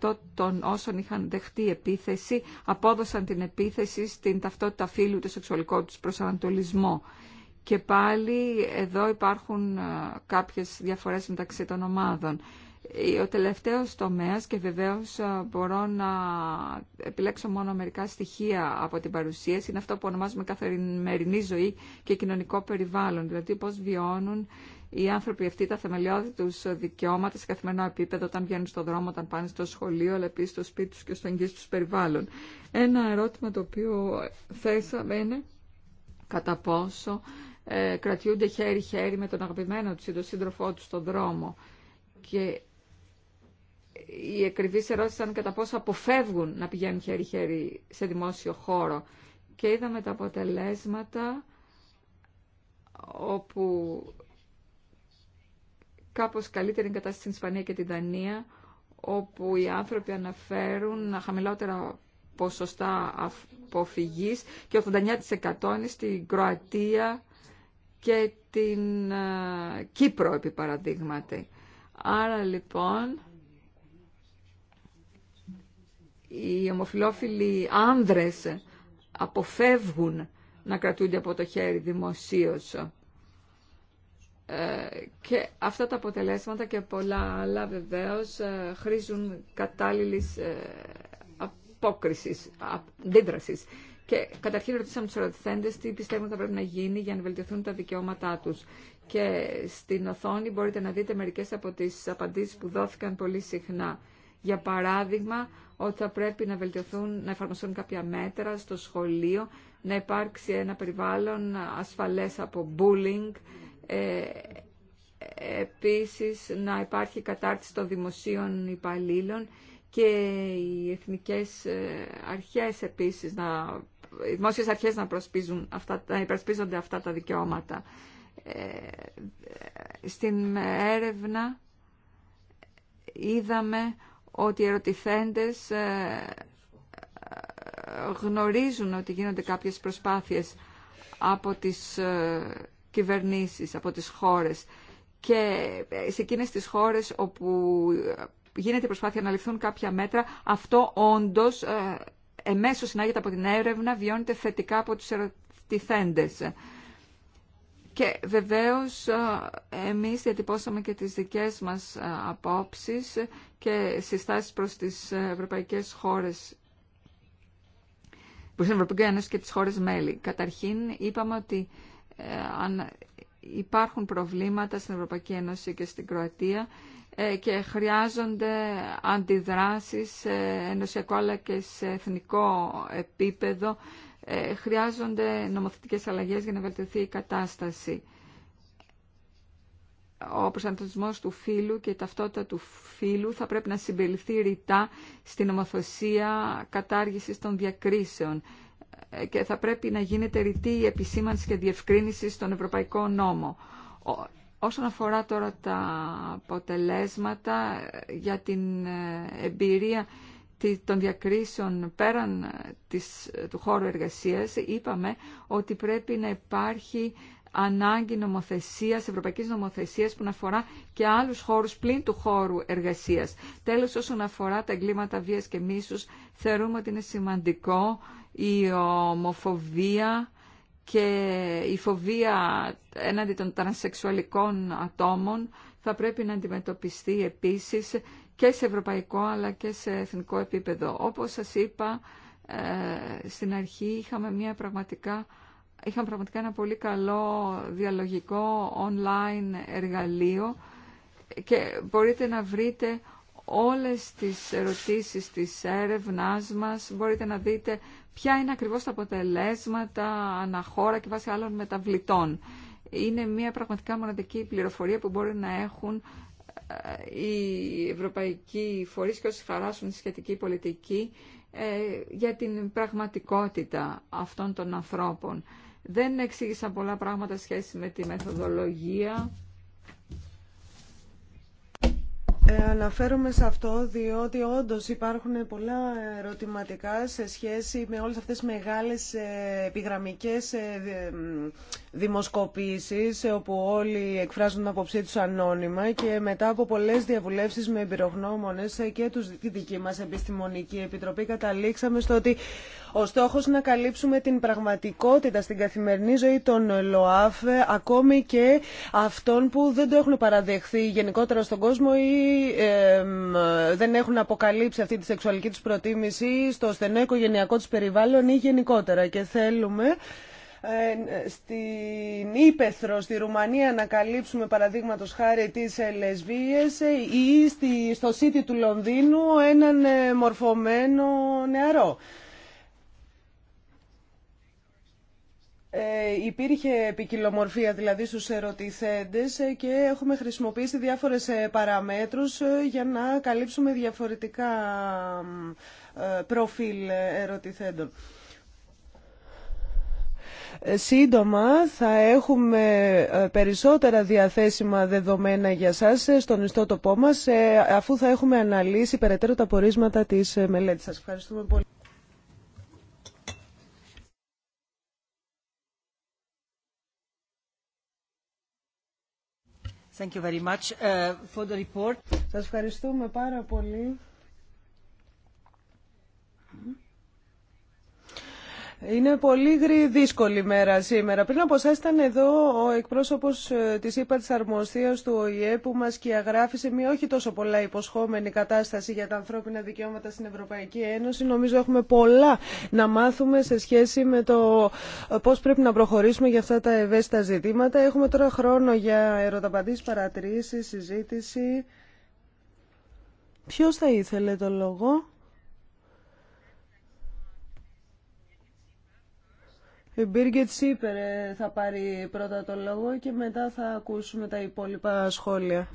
59% των όσων είχαν δεχτεί επίθεση απόδωσαν την επίθεση στην ταυτότητα φίλου, του σεξουαλικό τους προσανατολισμό. Και πάλι εδώ υπάρχουν κάποιες διαφορές μεταξύ των ομάδων. Ο τελευταίος τομέας και βεβαίως ε, μπορώ να επιλέξω μόνο μερικά στοιχεία από την παρουσίαση είναι αυτό που ονομάζουμε καθημερινή ζωή και κοινωνικό περιβάλλον, δηλαδή πώς βιώνουν οι άνθρωποι αυτοί τα θεμελιώδη του δικαιώματα σε καθημερινό επίπεδο, όταν βγαίνουν στον δρόμο, όταν πάνε στο σχολείο, αλλά επίση στο σπίτι του και στο εγγύ του περιβάλλον. Ένα ερώτημα το οποίο θέσαμε είναι κατά πόσο ε, κρατιούνται χέρι-χέρι με τον αγαπημένο του ή τον σύντροφό του στον δρόμο. Και οι εκριβής ερώτηση κατά πόσο αποφεύγουν να πηγαίνουν χέρι-χέρι σε δημόσιο χώρο. Και είδαμε τα αποτελέσματα όπου κάπως καλύτερη είναι η κατάσταση στην Ισπανία και την Δανία, όπου οι άνθρωποι αναφέρουν χαμηλότερα ποσοστά αποφυγής και 89% είναι στην Κροατία και την ε, Κύπρο επί παραδείγματι. Άρα λοιπόν οι ομοφιλόφιλοι άνδρες αποφεύγουν να κρατούνται από το χέρι δημοσίως. Ε, και αυτά τα αποτελέσματα και πολλά άλλα βεβαίως ε, χρήζουν κατάλληλης ε, απόκρισης, αντίδραση. Και καταρχήν ρωτήσαμε του ρωτηθέντε, τι πιστεύουν θα πρέπει να γίνει για να βελτιωθούν τα δικαιώματά τους Και στην οθόνη μπορείτε να δείτε μερικές από τι απαντήσει που δόθηκαν πολύ συχνά. Για παράδειγμα, ότι θα πρέπει να βελτιωθούν, να εφαρμοστούν κάποια μέτρα στο σχολείο, να υπάρξει ένα περιβάλλον ασφαλές από bullying, ε, επίσης να υπάρχει κατάρτιση των δημοσίων υπαλλήλων και οι εθνικές ε, αρχές επίσης, να, οι δημόσιες αρχές να, προσπίζουν αυτά, να υπερασπίζονται αυτά τα δικαιώματα. Ε, στην έρευνα είδαμε ότι οι ερωτηθέντες ε, γνωρίζουν ότι γίνονται κάποιες προσπάθειες από τις ε, κυβερνήσεις, από τις χώρες και ε, σε εκείνες τις χώρες όπου γίνεται η προσπάθεια να ληφθούν κάποια μέτρα, αυτό όντως εμέσως συνάγεται από την έρευνα, βιώνεται θετικά από τους ερωτηθέντες. Και βεβαίως ε, εμείς διατυπώσαμε και τις δικές μας ε, απόψεις και συστάσεις προς τις ε, ευρωπαϊκές χώρες προς την Ευρωπαϊκή Ένωση και τις χώρες μέλη. Καταρχήν είπαμε ότι αν υπάρχουν προβλήματα στην Ευρωπαϊκή Ένωση και στην Κροατία και χρειάζονται αντιδράσεις σε ενωσιακό αλλά και σε εθνικό επίπεδο ε, χρειάζονται νομοθετικές αλλαγές για να βελτιωθεί η κατάσταση. Ο προσανατολισμός του φύλου και η ταυτότητα του φύλου θα πρέπει να συμπεριληφθεί ρητά στην νομοθεσία κατάργηση των διακρίσεων ε, και θα πρέπει να γίνεται ρητή η επισήμανση και διευκρίνηση στον Ευρωπαϊκό Νόμο. Όσον αφορά τώρα τα αποτελέσματα ε, για την εμπειρία των διακρίσεων πέραν ε, της, ε, του χώρου εργασίας είπαμε ότι πρέπει να υπάρχει ανάγκη νομοθεσίας, ευρωπαϊκής νομοθεσίας που να αφορά και άλλους χώρους πλην του χώρου εργασίας. Τέλος, όσον αφορά τα εγκλήματα βίας και μίσους, θεωρούμε ότι είναι σημαντικό η ομοφοβία και η φοβία έναντι των τρανσεξουαλικών ατόμων θα πρέπει να αντιμετωπιστεί επίσης και σε ευρωπαϊκό αλλά και σε εθνικό επίπεδο. Όπως σας είπα, ε, στην αρχή είχαμε μια πραγματικά, είχαμε πραγματικά ένα πολύ καλό διαλογικό online εργαλείο και μπορείτε να βρείτε όλες τις ερωτήσεις της έρευνάς μας, μπορείτε να δείτε ποια είναι ακριβώς τα αποτελέσματα αναχώρα και βάσει άλλων μεταβλητών. Είναι μια πραγματικά μοναδική πληροφορία που μπορεί να έχουν οι ευρωπαϊκοί φορείς και όσοι χαράσουν τη σχετική πολιτική ε, για την πραγματικότητα αυτών των ανθρώπων. Δεν εξήγησαν πολλά πράγματα σχέση με τη μεθοδολογία. Ε, αναφέρομαι σε αυτό διότι όντως υπάρχουν πολλά ερωτηματικά σε σχέση με όλες αυτές τις μεγάλες ε, επιγραμμικές ε, δημοσκοπήσεις όπου όλοι εκφράζουν την αποψή του ανώνυμα και μετά από πολλές διαβουλεύσεις με εμπειρογνώμονες και τους, τη δική μα επιστημονική επιτροπή καταλήξαμε στο ότι ο στόχος να καλύψουμε την πραγματικότητα στην καθημερινή ζωή των ΛΟΑΦ ακόμη και αυτών που δεν το έχουν παραδεχθεί γενικότερα στον κόσμο ή δεν έχουν αποκαλύψει αυτή τη σεξουαλική του προτίμηση στο στενό οικογενειακό τους περιβάλλον ή γενικότερα και θέλουμε ε, στην Ήπεθρο, στη Ρουμανία να καλύψουμε παραδείγματο χάρη της ε, λεσβείε ε, ή στη, στο City του Λονδίνου έναν μορφωμένο νεαρό. Ε, υπήρχε επικοινομορφία δηλαδή στους ερωτηθέντες και έχουμε χρησιμοποιήσει διάφορες παραμέτρους για να καλύψουμε διαφορετικά προφίλ ερωτηθέντων. Ε, σύντομα θα έχουμε ε, περισσότερα διαθέσιμα δεδομένα για σας ε, στον ιστότοπό μας αφού θα έχουμε αναλύσει περαιτέρω τα πορίσματα της μελέτης. Σας ευχαριστούμε πολύ. Thank you very much uh, for the report. Σας ευχαριστούμε πάρα πολύ. Είναι πολύ δύσκολη μέρα σήμερα. Πριν από εσά ήταν εδώ ο εκπρόσωπο ε, τη ΥΠΑ τη Αρμοστία του ΟΗΕ που μα κυαγράφησε μια όχι τόσο πολλά υποσχόμενη κατάσταση για τα ανθρώπινα δικαιώματα στην Ευρωπαϊκή Ένωση. Νομίζω έχουμε πολλά να μάθουμε σε σχέση με το ε, πώ πρέπει να προχωρήσουμε για αυτά τα ευαίσθητα ζητήματα. Έχουμε τώρα χρόνο για ερωταπαντήσει, παρατηρήσει, συζήτηση. Ποιο θα ήθελε το λόγο. Μπίργκετ Σίπερ θα πάρει πρώτα το λόγο και μετά θα ακούσουμε τα υπόλοιπα σχόλια.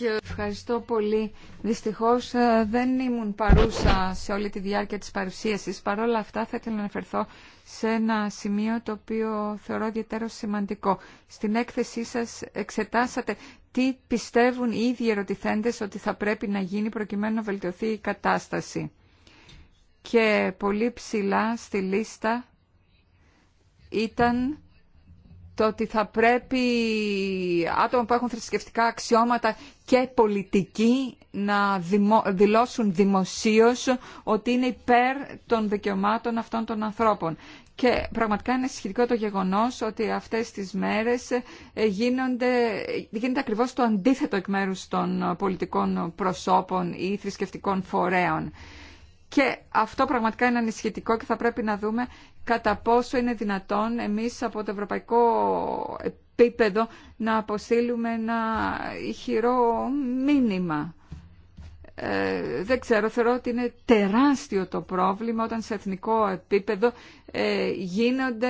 Ε, ευχαριστώ πολύ. Δυστυχώ, ε, δεν ήμουν παρούσα σε όλη τη διάρκεια τη παρουσίαση. Παρ' όλα αυτά θα ήθελα να αναφερθώ σε ένα σημείο το οποίο θεωρώ ιδιαίτερο σημαντικό. Στην έκθεσή σα εξετάσατε τι πιστεύουν οι ίδιοι ερωτηθέντε ότι θα πρέπει να γίνει προκειμένου να βελτιωθεί η κατάσταση. Και πολύ ψηλά στη λίστα ήταν το ότι θα πρέπει άτομα που έχουν θρησκευτικά αξιώματα και πολιτικοί να δηλώσουν δημοσίως ότι είναι υπέρ των δικαιωμάτων αυτών των ανθρώπων. Και πραγματικά είναι σχετικό το γεγονός ότι αυτές τις μέρες ε, γίνονται, γίνεται ακριβώς το αντίθετο εκ μέρους των πολιτικών προσώπων ή θρησκευτικών φορέων. Και αυτό πραγματικά είναι ανησυχητικό και θα πρέπει να δούμε κατά πόσο είναι δυνατόν εμείς από το ευρωπαϊκό επίπεδο να αποστείλουμε ένα ηχηρό μήνυμα. Ε, δεν ξέρω, θεωρώ ότι είναι τεράστιο το πρόβλημα όταν σε εθνικό επίπεδο ε, γίνονται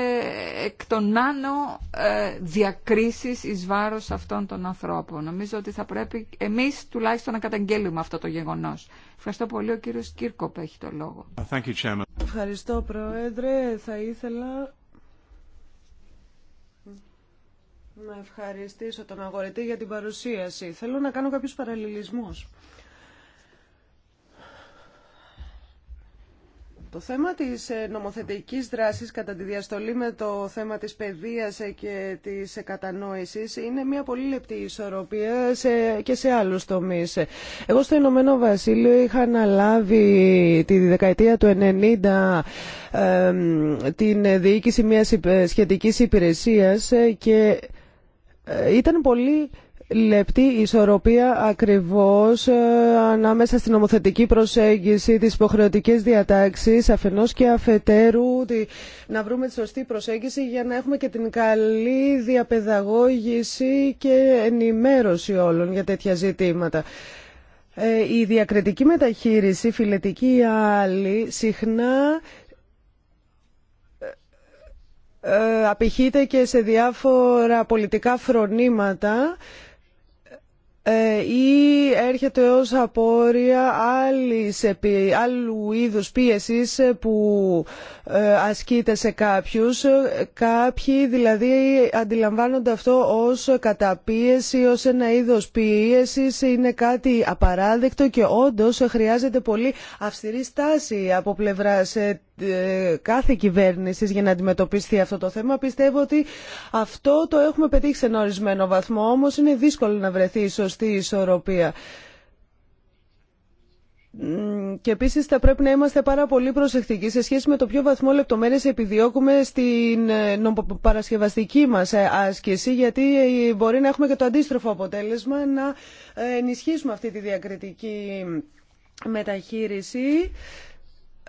εκ των άνω ε, διακρίσεις εις βάρος αυτών των ανθρώπων. Νομίζω ότι θα πρέπει εμείς τουλάχιστον να καταγγέλουμε αυτό το γεγονός. Ευχαριστώ πολύ. Ο κύριος που έχει το λόγο. Ευχαριστώ, Πρόεδρε. Θα ήθελα να ευχαριστήσω τον αγορητή για την παρουσίαση. Θέλω να κάνω κάποιους παραλληλισμούς. Το θέμα της ε, νομοθετικής δράσης κατά τη διαστολή με το θέμα της παιδείας ε, και της ε, κατανόησης είναι μια πολύ λεπτή ισορροπία και σε άλλους τομείς. Εγώ στο Ηνωμένο Βασίλειο είχα αναλάβει τη δεκαετία του 90 την διοίκηση μιας σχετικής υπηρεσίας και ήταν πολύ λεπτή ισορροπία ακριβώς ε, ανάμεσα στην νομοθετική προσέγγιση, της υποχρεωτικέ διατάξεις αφενός και αφετέρου ότι να βρούμε τη σωστή προσέγγιση για να έχουμε και την καλή διαπαιδαγώγηση και ενημέρωση όλων για τέτοια ζητήματα. Ε, η διακριτική μεταχείριση, φιλετική ή άλλη, συχνά ε, απηχείται και σε διάφορα πολιτικά φρονήματα ε, ή έρχεται ως απόρρια άλλου είδους πίεσης ε, που ε, ασκείται σε κάποιους. Κάποιοι δηλαδή αντιλαμβάνονται αυτό ως καταπίεση, ως ένα είδος πίεσης. Είναι κάτι απαράδεκτο και όντως χρειάζεται πολύ αυστηρή στάση από πλευράς ε, κάθε κυβέρνηση για να αντιμετωπιστεί αυτό το θέμα. Πιστεύω ότι αυτό το έχουμε πετύχει σε ένα ορισμένο βαθμό, όμως είναι δύσκολο να βρεθεί η σωστή ισορροπία. Και επίση θα πρέπει να είμαστε πάρα πολύ προσεκτικοί σε σχέση με το ποιο βαθμό λεπτομέρειε επιδιώκουμε στην ε, παρασκευαστική μα ε, άσκηση, γιατί μπορεί να έχουμε και το αντίστροφο αποτέλεσμα να ενισχύσουμε αυτή τη διακριτική μεταχείριση.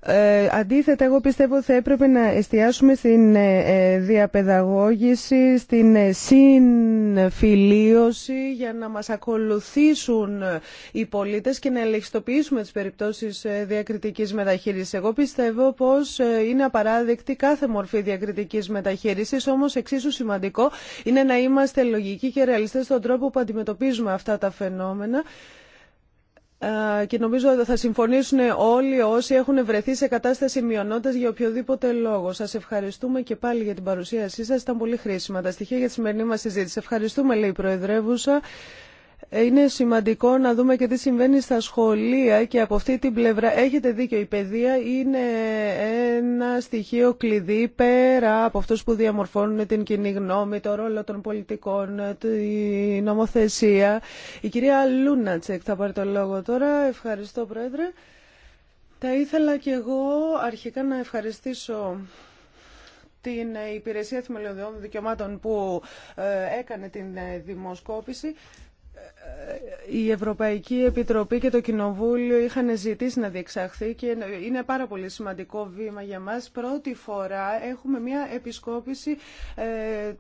Ε, αντίθετα, εγώ πιστεύω ότι θα έπρεπε να εστιάσουμε στην ε, ε διαπαιδαγώγηση, στην ε, συμφιλίωση για να μας ακολουθήσουν ε, οι πολίτες και να ελεγχιστοποιήσουμε τις περιπτώσεις διακριτικής μεταχείρισης. Εγώ πιστεύω πως είναι απαράδεκτη κάθε μορφή διακριτικής μεταχείρισης, όμως εξίσου σημαντικό είναι να είμαστε λογικοί και ρεαλιστές στον τρόπο που αντιμετωπίζουμε αυτά τα φαινόμενα ε, και νομίζω ότι θα συμφωνήσουν όλοι όσοι έχουν βρεθεί σε κατάσταση μειονότητας για οποιοδήποτε λόγο. Σας ευχαριστούμε και πάλι για την παρουσίασή σας. Ήταν πολύ χρήσιμα τα στοιχεία για τη σημερινή μας συζήτηση. Ευχαριστούμε, λέει η Προεδρεύουσα είναι σημαντικό να δούμε και τι συμβαίνει στα σχολεία και από αυτή την πλευρά έχετε δίκιο. Η παιδεία είναι ένα στοιχείο κλειδί πέρα από αυτούς που διαμορφώνουν την κοινή γνώμη, το ρόλο των πολιτικών, τη νομοθεσία. Η κυρία Λούνατσεκ θα πάρει το λόγο τώρα. Ευχαριστώ Πρόεδρε. Θα ήθελα και εγώ αρχικά να ευχαριστήσω την Υπηρεσία Θημελιωδιών Δικαιωμάτων που ε, έκανε την ε, δημοσκόπηση η Ευρωπαϊκή Επιτροπή και το Κοινοβούλιο είχαν ζητήσει να διεξαχθεί και είναι πάρα πολύ σημαντικό βήμα για μας. Πρώτη φορά έχουμε μια επισκόπηση ε,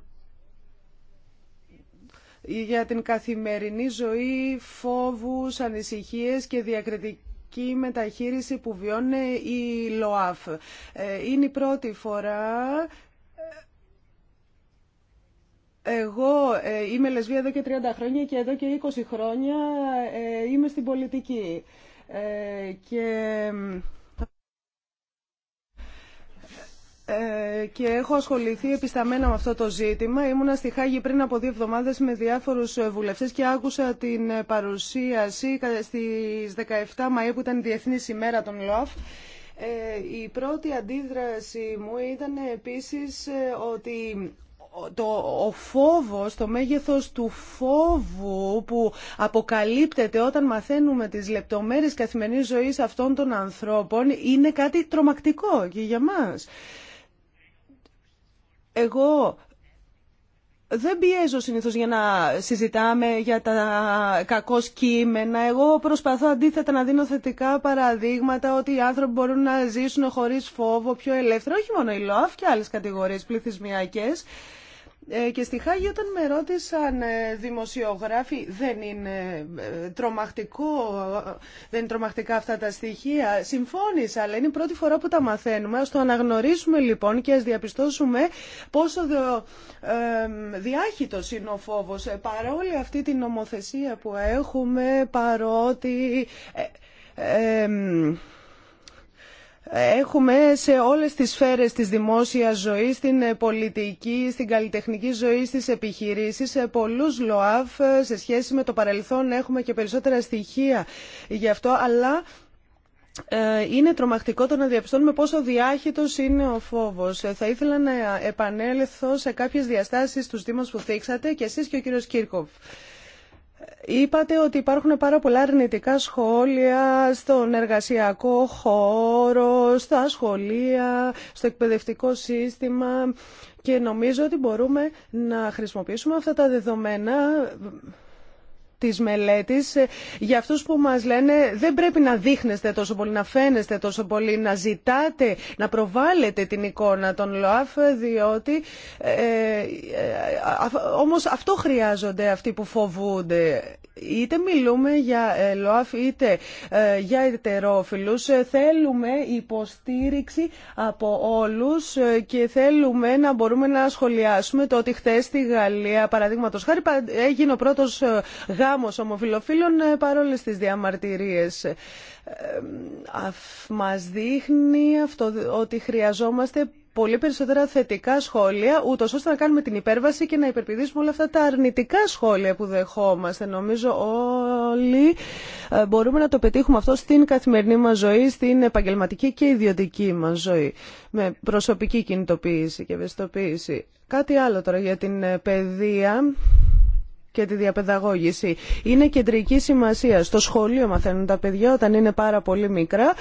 για την καθημερινή ζωή, φόβους, ανησυχίες και διακριτική μεταχείριση που βιώνει η ΛΟΑΦ. Ε, είναι η πρώτη φορά εγώ ε, είμαι λεσβία εδώ και 30 χρόνια και εδώ και 20 χρόνια ε, είμαι στην πολιτική. Ε, και και έχω ασχοληθεί επισταμένα με αυτό το ζήτημα. Ήμουνα στη Χάγη πριν από δύο εβδομάδες με διάφορους βουλευτές και άκουσα την παρουσίαση στις 17 Μαΐου που ήταν η Διεθνής ημέρα των ΛΟΑΦ. η πρώτη αντίδραση μου ήταν επίσης ότι το, ο φόβος, το μέγεθος του φόβου που αποκαλύπτεται όταν μαθαίνουμε τις λεπτομέρειες καθημερινής ζωής αυτών των ανθρώπων είναι κάτι τρομακτικό και για μας. Εγώ δεν πιέζω συνήθως για να συζητάμε για τα κακό κείμενα. Εγώ προσπαθώ αντίθετα να δίνω θετικά παραδείγματα ότι οι άνθρωποι μπορούν να ζήσουν χωρίς φόβο, πιο ελεύθερο. Όχι μόνο η ΛΟΑΦ και άλλες κατηγορίες πληθυσμιακέ. Ε, και στη Χάγη όταν με ρώτησαν ε, δημοσιογράφοι δεν είναι, ε, τρομακτικό, δεν είναι τρομακτικά αυτά τα στοιχεία. Συμφώνησα, αλλά είναι η πρώτη φορά που τα μαθαίνουμε. Ας το αναγνωρίσουμε λοιπόν και ας διαπιστώσουμε πόσο διάχυτος είναι ο φόβος. Παρόλη αυτή την νομοθεσία που έχουμε, παρότι έχουμε σε όλες τις σφαίρες της δημόσιας ζωής, στην πολιτική, στην καλλιτεχνική ζωή, στις επιχειρήσεις, σε πολλούς ΛΟΑΒ σε σχέση με το παρελθόν έχουμε και περισσότερα στοιχεία γι' αυτό, αλλά ε, είναι τρομακτικό το να διαπιστώνουμε πόσο διάχυτος είναι ο φόβος. Θα ήθελα να επανέλθω σε κάποιες διαστάσεις του Δήμους που θίξατε και εσείς και ο κύριος Κύρκοφ. Είπατε ότι υπάρχουν πάρα πολλά αρνητικά σχόλια στον εργασιακό χώρο, στα σχολεία, στο εκπαιδευτικό σύστημα και νομίζω ότι μπορούμε να χρησιμοποιήσουμε αυτά τα δεδομένα της μελέτης ε, για αυτούς που μας λένε δεν πρέπει να δείχνεστε τόσο πολύ, να φαίνεστε τόσο πολύ, να ζητάτε, να προβάλλετε την εικόνα των ΛΟΑΦ διότι ε, ε, ε όμως αυτό χρειάζονται αυτοί που φοβούνται είτε μιλούμε για ε, ΛΟΑΦ είτε ε, για ετερόφιλους ε, θέλουμε υποστήριξη από όλους και θέλουμε να μπορούμε να σχολιάσουμε το ότι χθε στη Γαλλία παραδείγματο χάρη έγινε ο πρώτος γάμος ομοφιλοφίλων παρόλες τις διαμαρτυρίες. Μας δείχνει αυτό ότι χρειαζόμαστε πολύ περισσότερα θετικά σχόλια, ούτω ώστε να κάνουμε την υπέρβαση και να υπερπηδήσουμε όλα αυτά τα αρνητικά σχόλια που δεχόμαστε. Νομίζω όλοι ε, μπορούμε να το πετύχουμε αυτό στην καθημερινή μα ζωή, στην επαγγελματική και ιδιωτική μα ζωή. Με προσωπική κινητοποίηση και ευαισθητοποίηση. Κάτι άλλο τώρα για την ε, παιδεία και τη διαπαιδαγώγηση. Είναι κεντρική σημασία. Στο σχολείο μαθαίνουν τα παιδιά όταν είναι πάρα πολύ μικρά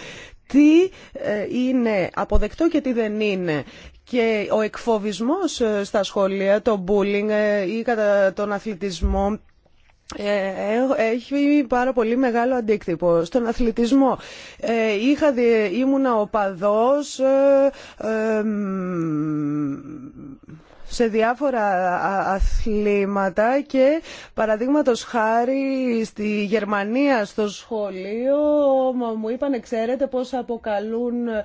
τι ε, είναι αποδεκτό και τι δεν είναι. Και ο εκφοβισμός ε, στα σχολεία, το bullying ε, ή κατά τον αθλητισμό έχει πάρα πολύ μεγάλο αντίκτυπο στον αθλητισμό. Είχα, ήμουνα οπαδός, σε διάφορα αθλήματα και παραδείγματο χάρη στη Γερμανία στο σχολείο μου είπαν ξέρετε πώς αποκαλούν ε,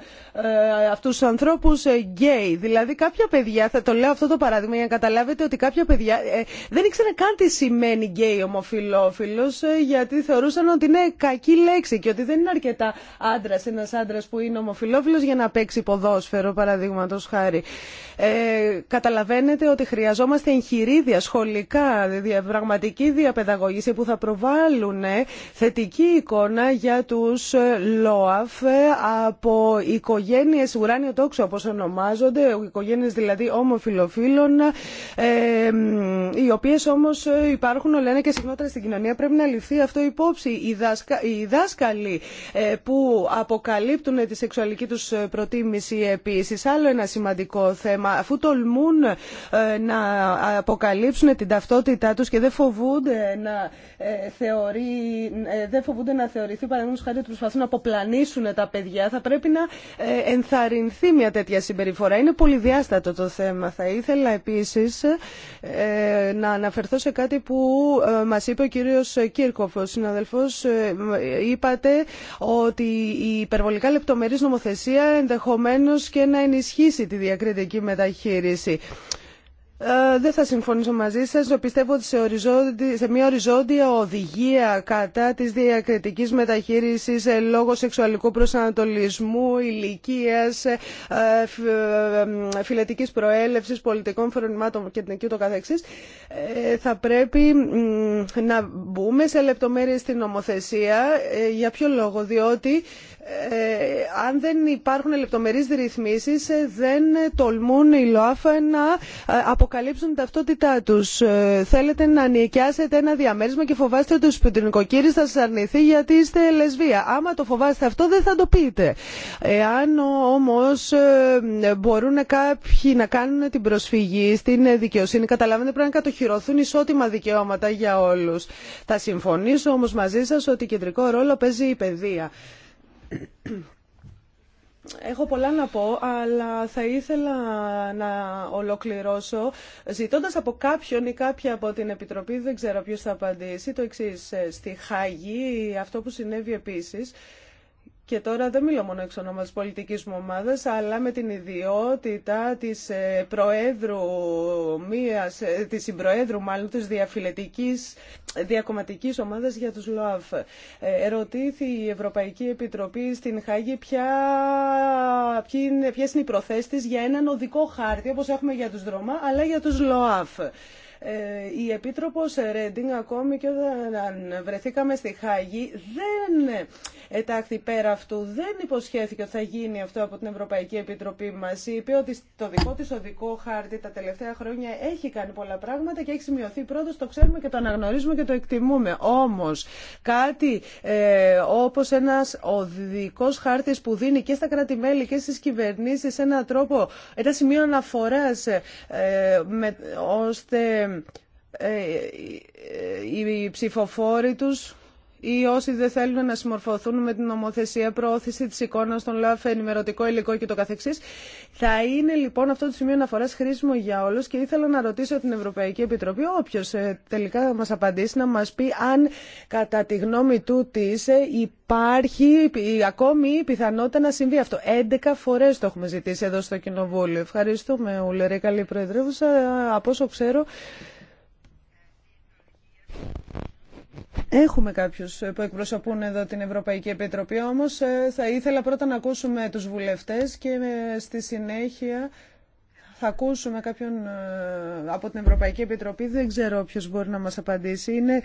αυτούς τους ανθρώπους γκέι. Ε, δηλαδή κάποια παιδιά, θα το λέω αυτό το παράδειγμα για να καταλάβετε ότι κάποια παιδιά ε, δεν ήξεραν καν τι σημαίνει γκέι ομοφιλόφιλος ε, γιατί θεωρούσαν ότι είναι κακή λέξη και ότι δεν είναι αρκετά άντρας ένας άντρας που είναι ομοφιλόφιλος για να παίξει ποδόσφαιρο παραδείγματο χάρη. Ε, φαίνεται ότι χρειαζόμαστε εγχειρίδια σχολικά, πραγματική διαπαιδαγώγηση που θα προβάλλουν θετική εικόνα για τους ε, ΛΟΑΦ ε, από οικογένειε, ουράνιο τόξο όπως ονομάζονται, οικογένειε δηλαδή ομοφιλοφίλων, ε, οι οποίες όμως υπάρχουν όλα και συχνότερα στην κοινωνία. Πρέπει να ληφθεί αυτό υπόψη. Οι, δάσκα, οι δάσκαλοι που αποκαλύπτουν τη σεξουαλική τους προτίμηση επίση, άλλο ένα σημαντικό θέμα, αφού τολμούν ε, να αποκαλύψουν την ταυτότητά τους και δεν φοβούνται να, ε, θεωρεί, ε, δεν φοβούνται να θεωρηθεί παραδείγματος χάρη ότι προσπαθούν να αποπλανήσουν τα παιδιά. Θα πρέπει να ενθαρρυνθεί μια τέτοια συμπεριφορά. Είναι πολυδιάστατο το θέμα. Θα ήθελα επίσης να αναφερθώ σε κάτι που μας είπε ο κύριος Κύρκοφ, ο συναδελφός. Είπατε ότι η υπερβολικά λεπτομερής νομοθεσία ενδεχομένως και να ενισχύσει τη διακριτική μεταχείριση. Ε, δεν θα συμφωνήσω μαζί σας. Πιστεύω ότι σε, σε μια οριζόντια οδηγία κατά της διακριτικής μεταχείρισης ε, λόγω σεξουαλικού προσανατολισμού, ηλικίας, ε, φιλετικής προέλευση, πολιτικών φρονιμάτων και την το καθεξής, θα πρέπει να μπούμε σε λεπτομέρειες στην νομοθεσία. Για ποιο λόγο, διότι ε, αν δεν υπάρχουν λεπτομερείς ρυθμίσεις ε, δεν τολμούν οι ΛΟΑΦΑ να ε, αποκαλύψουν ταυτότητά τους. Θέλετε να νοικιάσετε ένα διαμέρισμα και φοβάστε ότι ο σπιτρινικοκύρης θα σας αρνηθεί γιατί είστε λεσβία. Άμα το φοβάστε αυτό δεν θα το πείτε. Εάν όμως μπορούν κάποιοι να κάνουν την προσφυγή στην δικαιοσύνη, καταλαβαίνετε πρέπει να κατοχυρωθούν ισότιμα δικαιώματα για όλους. Θα συμφωνήσω όμως μαζί σας ότι κεντρικό ρόλο παίζει η παιδεία. Έχω πολλά να πω, αλλά θα ήθελα να ολοκληρώσω ζητώντας από κάποιον ή κάποια από την Επιτροπή, δεν ξέρω ποιος θα απαντήσει, το εξής. Ε, στη Χάγη, αυτό που συνέβη επίσης, και τώρα δεν μιλώ μόνο εξ ονόματος πολιτικής μου ομάδας, αλλά με την ιδιότητα της ε, προέδρου μίας, ε, της συμπροέδρου μάλλον της διαφυλετικής διακομματικής ομάδας για τους ΛΟΑΦ. Ε, ερωτήθη η Ευρωπαϊκή Επιτροπή στην Χάγη ποια, ποια είναι, ποιες είναι οι προθέσεις για έναν οδικό χάρτη, όπως έχουμε για τους Δρόμα, αλλά για τους ΛΟΑΦ. Ε, η Επίτροπος Ρέντινγκ ακόμη και όταν βρεθήκαμε στη Χάγη δεν ετάχθη πέρα αυτού, δεν υποσχέθηκε ότι θα γίνει αυτό από την Ευρωπαϊκή Επιτροπή μας. Είπε ότι το δικό της οδικό χάρτη τα τελευταία χρόνια έχει κάνει πολλά πράγματα και έχει σημειωθεί πρώτος, το ξέρουμε και το αναγνωρίζουμε και το εκτιμούμε. Όμως κάτι ε, όπως ένας οδικός χάρτης που δίνει και στα κρατημέλη και στις κυβερνήσεις ένα τρόπο, ένα σημείο αναφοράς ε, με, ώστε ε, ε, ε, οι ψηφοφόροι τους ή όσοι δεν θέλουν να συμμορφωθούν με την νομοθεσία, προώθηση τη εικόνα των ΛΑΦ, ενημερωτικό υλικό και το καθεξής. Θα είναι λοιπόν αυτό το σημείο αναφορά χρήσιμο για όλου και ήθελα να ρωτήσω την Ευρωπαϊκή Επιτροπή, Όποιο ε, τελικά θα μα απαντήσει, να μα πει αν κατά τη γνώμη του είσαι, υπάρχει ακόμη η πιθανότητα να συμβεί αυτό. 11 φορέ το έχουμε ζητήσει εδώ στο Κοινοβούλιο. Ευχαριστούμε, Ουλερή, καλή Προεδρεύουσα. Ε, από όσο ξέρω, Έχουμε κάποιους που εκπροσωπούν εδώ την Ευρωπαϊκή Επιτροπή, όμως ε, θα ήθελα πρώτα να ακούσουμε τους βουλευτές και ε, στη συνέχεια θα ακούσουμε κάποιον ε, από την Ευρωπαϊκή Επιτροπή. Δεν ξέρω ποιος μπορεί να μας απαντήσει. Είναι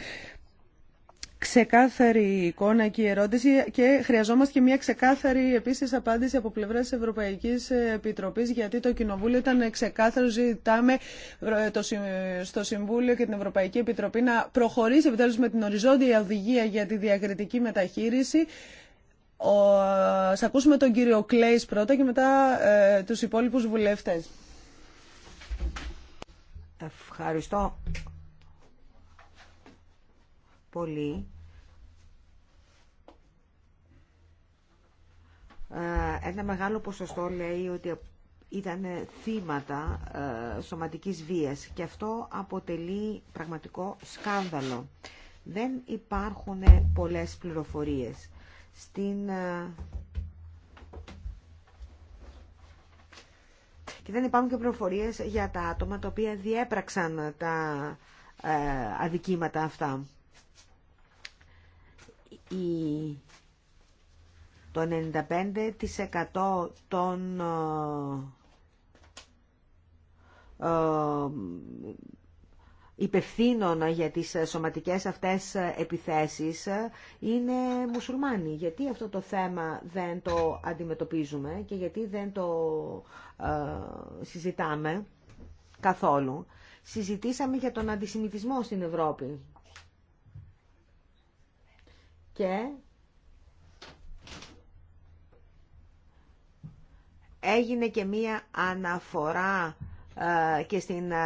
ξεκάθαρη εικόνα και η ερώτηση και χρειαζόμαστε και μια ξεκάθαρη επίσης απάντηση από πλευρά της Ευρωπαϊκής Επιτροπής γιατί το Κοινοβούλιο ήταν ξεκάθαρο ζητάμε ε, στο Συμβούλιο και την Ευρωπαϊκή Επιτροπή να προχωρήσει επιτέλους με την οριζόντια οδηγία για τη διακριτική μεταχείριση ο, ακούσουμε τον κύριο Κλέης πρώτα και μετά ε, τους υπόλοιπους βουλευτές. Ευχαριστώ πολύ ε, ένα μεγάλο ποσοστό λέει ότι ήταν θύματα ε, σωματικής βίας και αυτό αποτελεί πραγματικό σκάνδαλο. Δεν υπάρχουν πολλές πληροφορίες. Στην... Ε, και δεν υπάρχουν και πληροφορίες για τα άτομα τα οποία διέπραξαν τα αδικήματα αυτά το 95% των ε, ε, υπευθύνων για τις σωματικές αυτές επιθέσεις είναι μουσουλμάνοι. Γιατί αυτό το θέμα δεν το αντιμετωπίζουμε και γιατί δεν το ε, συζητάμε καθόλου. Συζητήσαμε για τον αντισημιτισμό στην Ευρώπη και έγινε και μία αναφορά ε, και στην ε,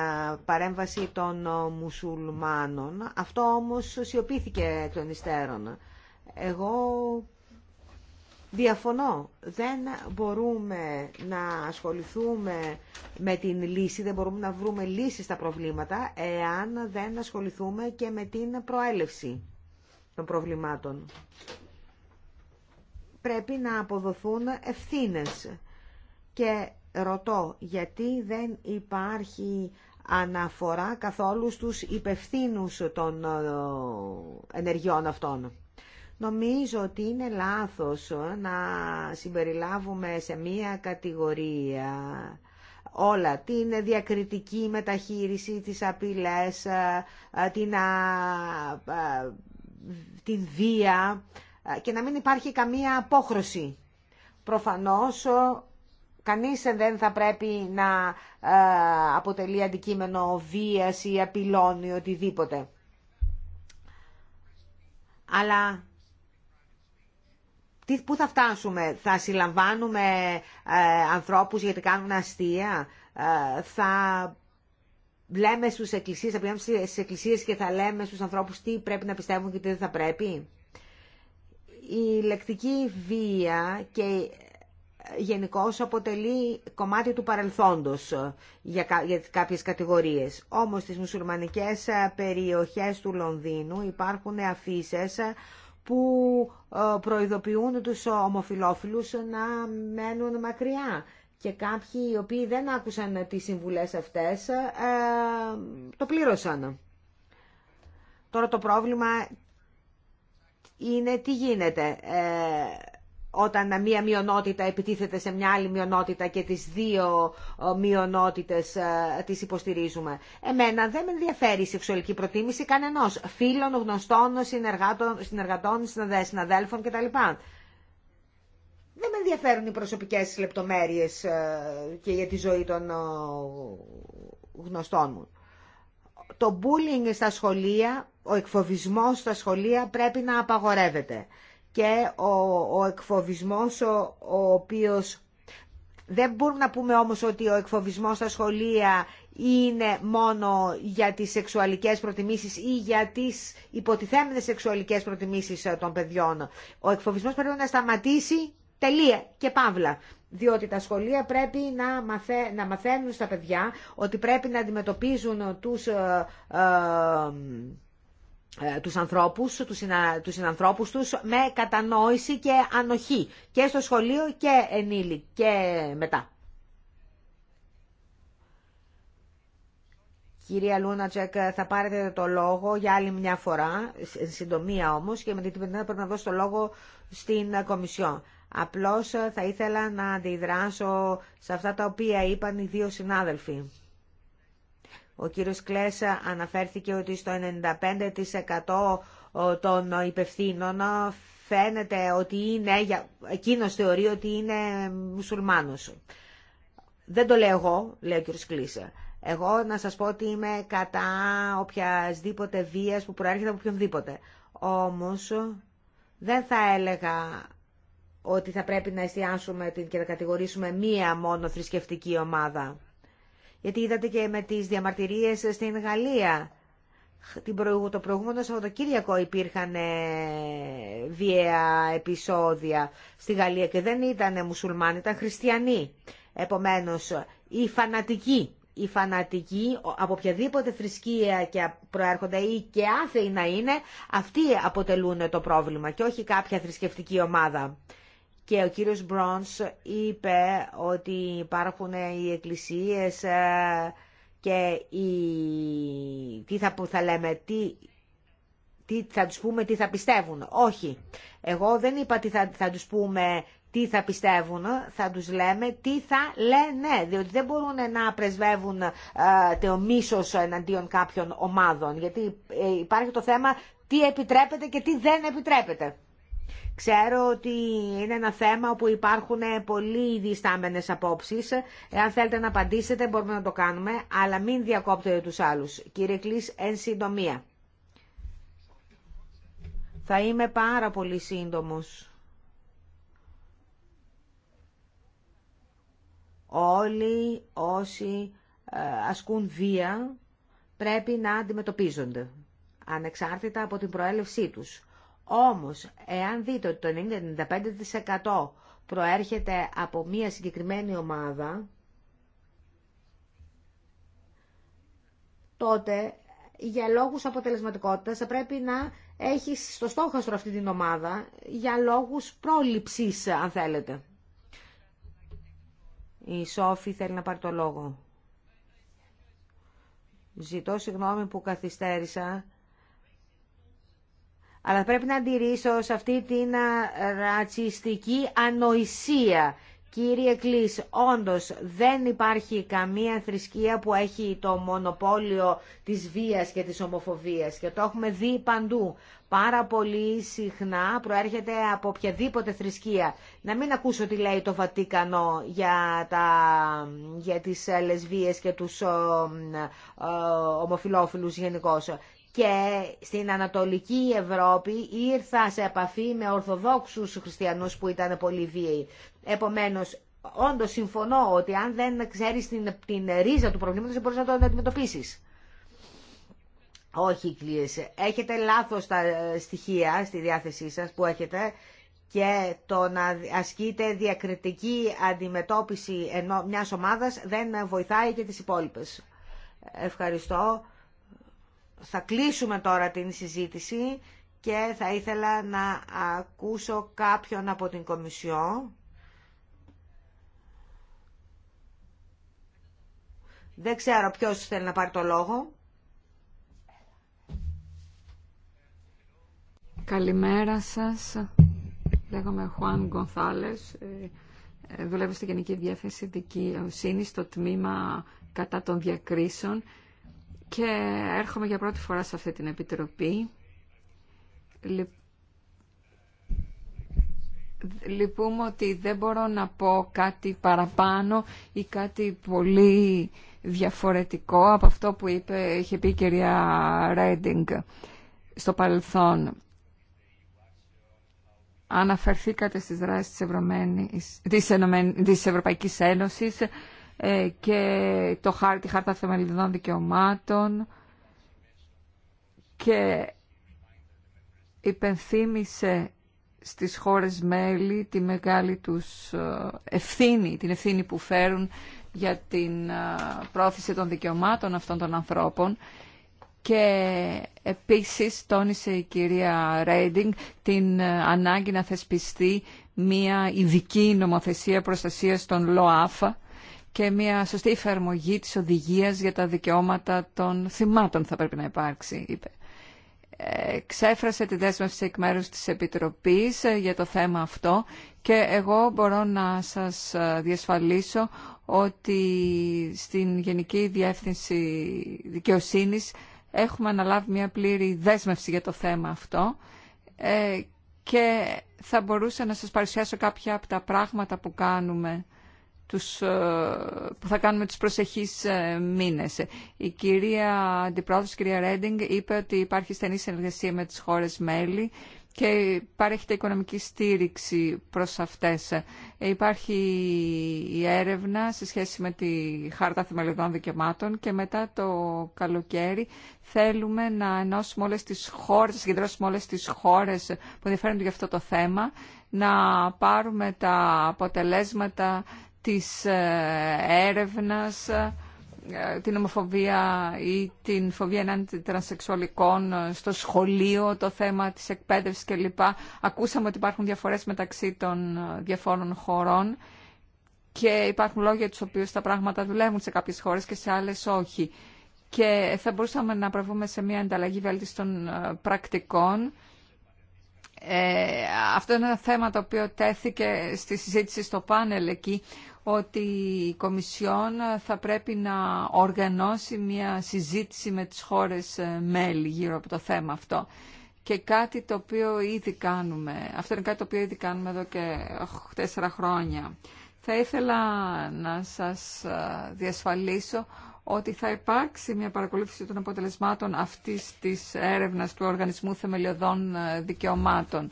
παρέμβαση των ε, μουσουλμάνων. Αυτό όμως σιωπήθηκε εκ των υστέρων. Εγώ διαφωνώ. Δεν μπορούμε να ασχοληθούμε με την λύση, δεν μπορούμε να βρούμε λύση στα προβλήματα εάν δεν ασχοληθούμε και με την προέλευση των προβλημάτων. Πρέπει να αποδοθούν ευθύνες και ρωτώ γιατί δεν υπάρχει αναφορά καθόλου στους υπευθύνους των ε, ενεργειών αυτών. Νομίζω ότι είναι λάθος ε, να συμπεριλάβουμε σε μία κατηγορία όλα, την διακριτική μεταχείριση, τις απειλές, ε, την την βία ε, και να μην υπάρχει καμία απόχρωση. Προφανώς κανείς δεν θα πρέπει να ε, αποτελεί αντικείμενο βίας ή απειλών ή οτιδήποτε. Αλλά πού θα φτάσουμε, θα συλλαμβάνουμε ε, ανθρώπους γιατί κάνουν αστεία, θα λέμε στους εκκλησίες, θα στις εκκλησίες και θα λέμε στους ανθρώπους τι πρέπει να πιστεύουν και τι δεν θα πρέπει. Η λεκτική βία και ε, γενικώ αποτελεί κομμάτι του παρελθόντος για, για κάποιες κατηγορίες. Όμως στις μουσουλμανικές ε, περιοχές του Λονδίνου υπάρχουν αφήσεις ε, που προειδοποιούν τους ομοφιλόφιλους να μένουν μακριά και κάποιοι οι οποίοι δεν άκουσαν τις συμβουλές αυτές ε, το πλήρωσαν. Τώρα το πρόβλημα είναι τι γίνεται ε, όταν μία μειονότητα επιτίθεται σε μια άλλη μειονότητα και τις δύο ε, μειονότητες τις υποστηρίζουμε. Εμένα δεν με ενδιαφέρει η σεξουαλική προτίμηση κανενός, φίλων, γνωστών, συνεργατών, συναδέλφων κτλ. Δεν με ενδιαφέρουν οι προσωπικές λεπτομέρειες ε, και για τη ζωή των γνωστών μου. Το bullying στα σχολεία, ο εκφοβισμός στα σχολεία πρέπει να απαγορεύεται. Και ο, ο εκφοβισμός ο, ο οποίος... Δεν μπορούμε να πούμε όμως ότι ο εκφοβισμός στα σχολεία είναι μόνο για τις σεξουαλικές προτιμήσεις ή για τις υποτιθέμενες σεξουαλικές προτιμήσεις ε, των παιδιών. Ο εκφοβισμός πρέπει να σταματήσει Τελεία και παύλα. Διότι τα σχολεία πρέπει να, να μαθαίνουν στα παιδιά ότι πρέπει να αντιμετωπίζουν τους... Ε, ε, ε, τους ανθρώπους, τους, συνα, τους με κατανόηση και ανοχή και στο σχολείο και ενήλικ και μετά. Κυρία Λούνατσεκ, θα πάρετε το λόγο για άλλη μια φορά, συντομία όμως, και με την πρέπει να δώσω το λόγο στην Κομισιόν. Απλώς ε, θα ήθελα να αντιδράσω σε αυτά τα οποία είπαν οι δύο συνάδελφοι. Ο κύριος Κλέσα αναφέρθηκε ότι στο 95% των υπευθύνων ε, φαίνεται ότι είναι, εκείνος θεωρεί ότι είναι μουσουλμάνος. Δεν το λέω εγώ, λέει ο κύριος Κλέσα. Εγώ να σας πω ότι είμαι κατά οποιασδήποτε βίας που προέρχεται από οποιονδήποτε. Όμως δεν θα έλεγα ότι θα πρέπει να εστιάσουμε και να κατηγορήσουμε μία μόνο θρησκευτική ομάδα. Γιατί είδατε και με τις διαμαρτυρίες στην Γαλλία. Το προηγούμενο Σαββατοκύριακο υπήρχαν βία επεισόδια στη Γαλλία και δεν ήταν μουσουλμάνοι, ήταν χριστιανοί. Επομένως, οι φανατικοί, οι φανατικοί από οποιαδήποτε θρησκεία και προέρχονται ή και άθεοι να είναι, αυτοί αποτελούν το πρόβλημα και όχι κάποια θρησκευτική ομάδα και ο κύριος Μπρόνς είπε ότι υπάρχουν οι εκκλησίες ε, και τι θα, λέμε, τι... τι... θα τους πούμε τι θα πιστεύουν. Όχι, εγώ δεν είπα τι θα, θα τους πούμε τι θα πιστεύουν, θα τους λέμε τι θα λένε, διότι δεν μπορούν να πρεσβεύουν ε, το μίσος εναντίον κάποιων ομάδων, γιατί ε, υπάρχει το θέμα τι επιτρέπεται και τι δεν επιτρέπεται. Ξέρω ότι είναι ένα θέμα όπου υπάρχουν πολλοί διστάμενες απόψεις. Εάν θέλετε να απαντήσετε μπορούμε να το κάνουμε, αλλά μην διακόπτετε τους άλλους. Κύριε Κλής, εν συντομία. Θα είμαι πάρα πολύ σύντομος. Όλοι όσοι ε, ασκούν βία πρέπει να αντιμετωπίζονται, ανεξάρτητα από την προέλευσή τους. Όμως, εάν δείτε ότι το 95 προέρχεται από μία συγκεκριμένη ομάδα, τότε για λόγους αποτελεσματικότητας θα πρέπει να έχεις στο στόχαστρο αυτή την ομάδα για λόγους πρόληψης, αν θέλετε. Η Σόφη θέλει να πάρει το λόγο. Ζητώ συγγνώμη που καθυστέρησα αλλά πρέπει να αντιρρήσω σε αυτή την ρατσιστική ανοησία. Κύριε Κλής, όντως δεν υπάρχει καμία θρησκεία που έχει το μονοπόλιο της βίας και της ομοφοβίας και το έχουμε δει παντού. Πάρα πολύ συχνά προέρχεται από οποιαδήποτε θρησκεία. Να μην ακούσω τι λέει το Βατίκανο για, τα, για τις λεσβίες και τους ο, γενικώ και στην Ανατολική Ευρώπη ήρθα σε επαφή με Ορθοδόξους χριστιανούς που ήταν πολύ βίαιοι. Επομένως, όντως συμφωνώ ότι αν δεν ξέρεις την, την ρίζα του προβλήματος δεν μπορείς να το αντιμετωπίσει. Όχι, κλιέσε Έχετε λάθος τα ε, στοιχεία στη διάθεσή σας που έχετε και το να ασκείτε διακριτική αντιμετώπιση ενώ μιας ομάδας δεν βοηθάει και τις υπόλοιπες. Ευχαριστώ θα κλείσουμε τώρα την συζήτηση και θα ήθελα να ακούσω κάποιον από την Κομισιό. Δεν ξέρω ποιος θέλει να πάρει το λόγο. Καλημέρα σας. Λέγομαι Χουάν Γκονθάλες. Ε, ε, δουλεύω στη Γενική Διεύθυνση Δικαιοσύνη στο τμήμα κατά των διακρίσεων και έρχομαι για πρώτη φορά σε αυτή την Επιτροπή. Λυπούμε ότι δεν μπορώ να πω κάτι παραπάνω ή κάτι πολύ διαφορετικό από αυτό που είπε, είχε πει η κυρία Ρέντινγκ στο παρελθόν. Αναφερθήκατε στις δράσεις της, Ευρωμένης, της Ευρωπαϊκής Ένωσης ε, και το χάρτι τη χάρτα θεμελιδών δικαιωμάτων και υπενθύμησε στις χώρες μέλη τη μεγάλη τους ε, ευθύνη, την ευθύνη που φέρουν για την ε, πρόθεση των δικαιωμάτων αυτών των ανθρώπων και επίσης τόνισε η κυρία Ρέιντινγκ την ανάγκη να θεσπιστεί μια ειδική νομοθεσία προστασίας των ΛΟΑΦΑ και μια σωστή εφαρμογή της οδηγίας για τα δικαιώματα των θυμάτων θα πρέπει να υπάρξει, είπε. Ε, ξέφρασε τη δέσμευση εκ μέρους της Επιτροπής ε, για το θέμα αυτό και εγώ μπορώ να σας ε, διασφαλίσω ότι στην Γενική Διεύθυνση Δικαιοσύνης έχουμε αναλάβει μια πλήρη δέσμευση για το θέμα αυτό και θα μπορούσα να σας παρουσιάσω κάποια από τα πράγματα που κάνουμε τους, ε, που θα κάνουμε τους προσεχείς ε, μήνες. Η κυρία Αντιπρόεδρος, η κυρία Ρέντινγκ, είπε ότι υπάρχει στενή συνεργασία με τις χώρες μέλη και παρέχεται οικονομική στήριξη προς αυτές. Ε, υπάρχει η έρευνα σε σχέση με τη Χάρτα Θεμελιωδών Δικαιωμάτων και μετά το καλοκαίρι θέλουμε να ενώσουμε όλες τις χώρες, να συγκεντρώσουμε όλες τις χώρες που ενδιαφέρονται για αυτό το θέμα, να πάρουμε τα αποτελέσματα της ε, έρευνας, ε, την ομοφοβία ή την φοβία ενάντια τρανσεξουαλικών ε, στο σχολείο, το θέμα της εκπαίδευσης κλπ. Ακούσαμε ότι υπάρχουν διαφορές μεταξύ των διαφόρων χωρών και υπάρχουν λόγια τους οποίους τα πράγματα δουλεύουν σε κάποιες χώρες και σε άλλες όχι. Και θα μπορούσαμε να προβούμε σε μια ανταλλαγή βέλτιστων πρακτικών αυτό είναι ένα θέμα το οποίο τέθηκε στη συζήτηση στο πάνελ εκεί ότι η Κομισιόν θα πρέπει να οργανώσει μια συζήτηση με τις χώρες ε, μέλη γύρω από το θέμα αυτό. Και κάτι το οποίο ήδη κάνουμε, αυτό είναι κάτι το οποίο ήδη κάνουμε εδώ και τέσσερα χρόνια. Θα ήθελα να σας ε, διασφαλίσω ότι θα υπάρξει μια παρακολούθηση των αποτελεσμάτων αυτής της έρευνας του Οργανισμού Θεμελιωδών ε, Δικαιωμάτων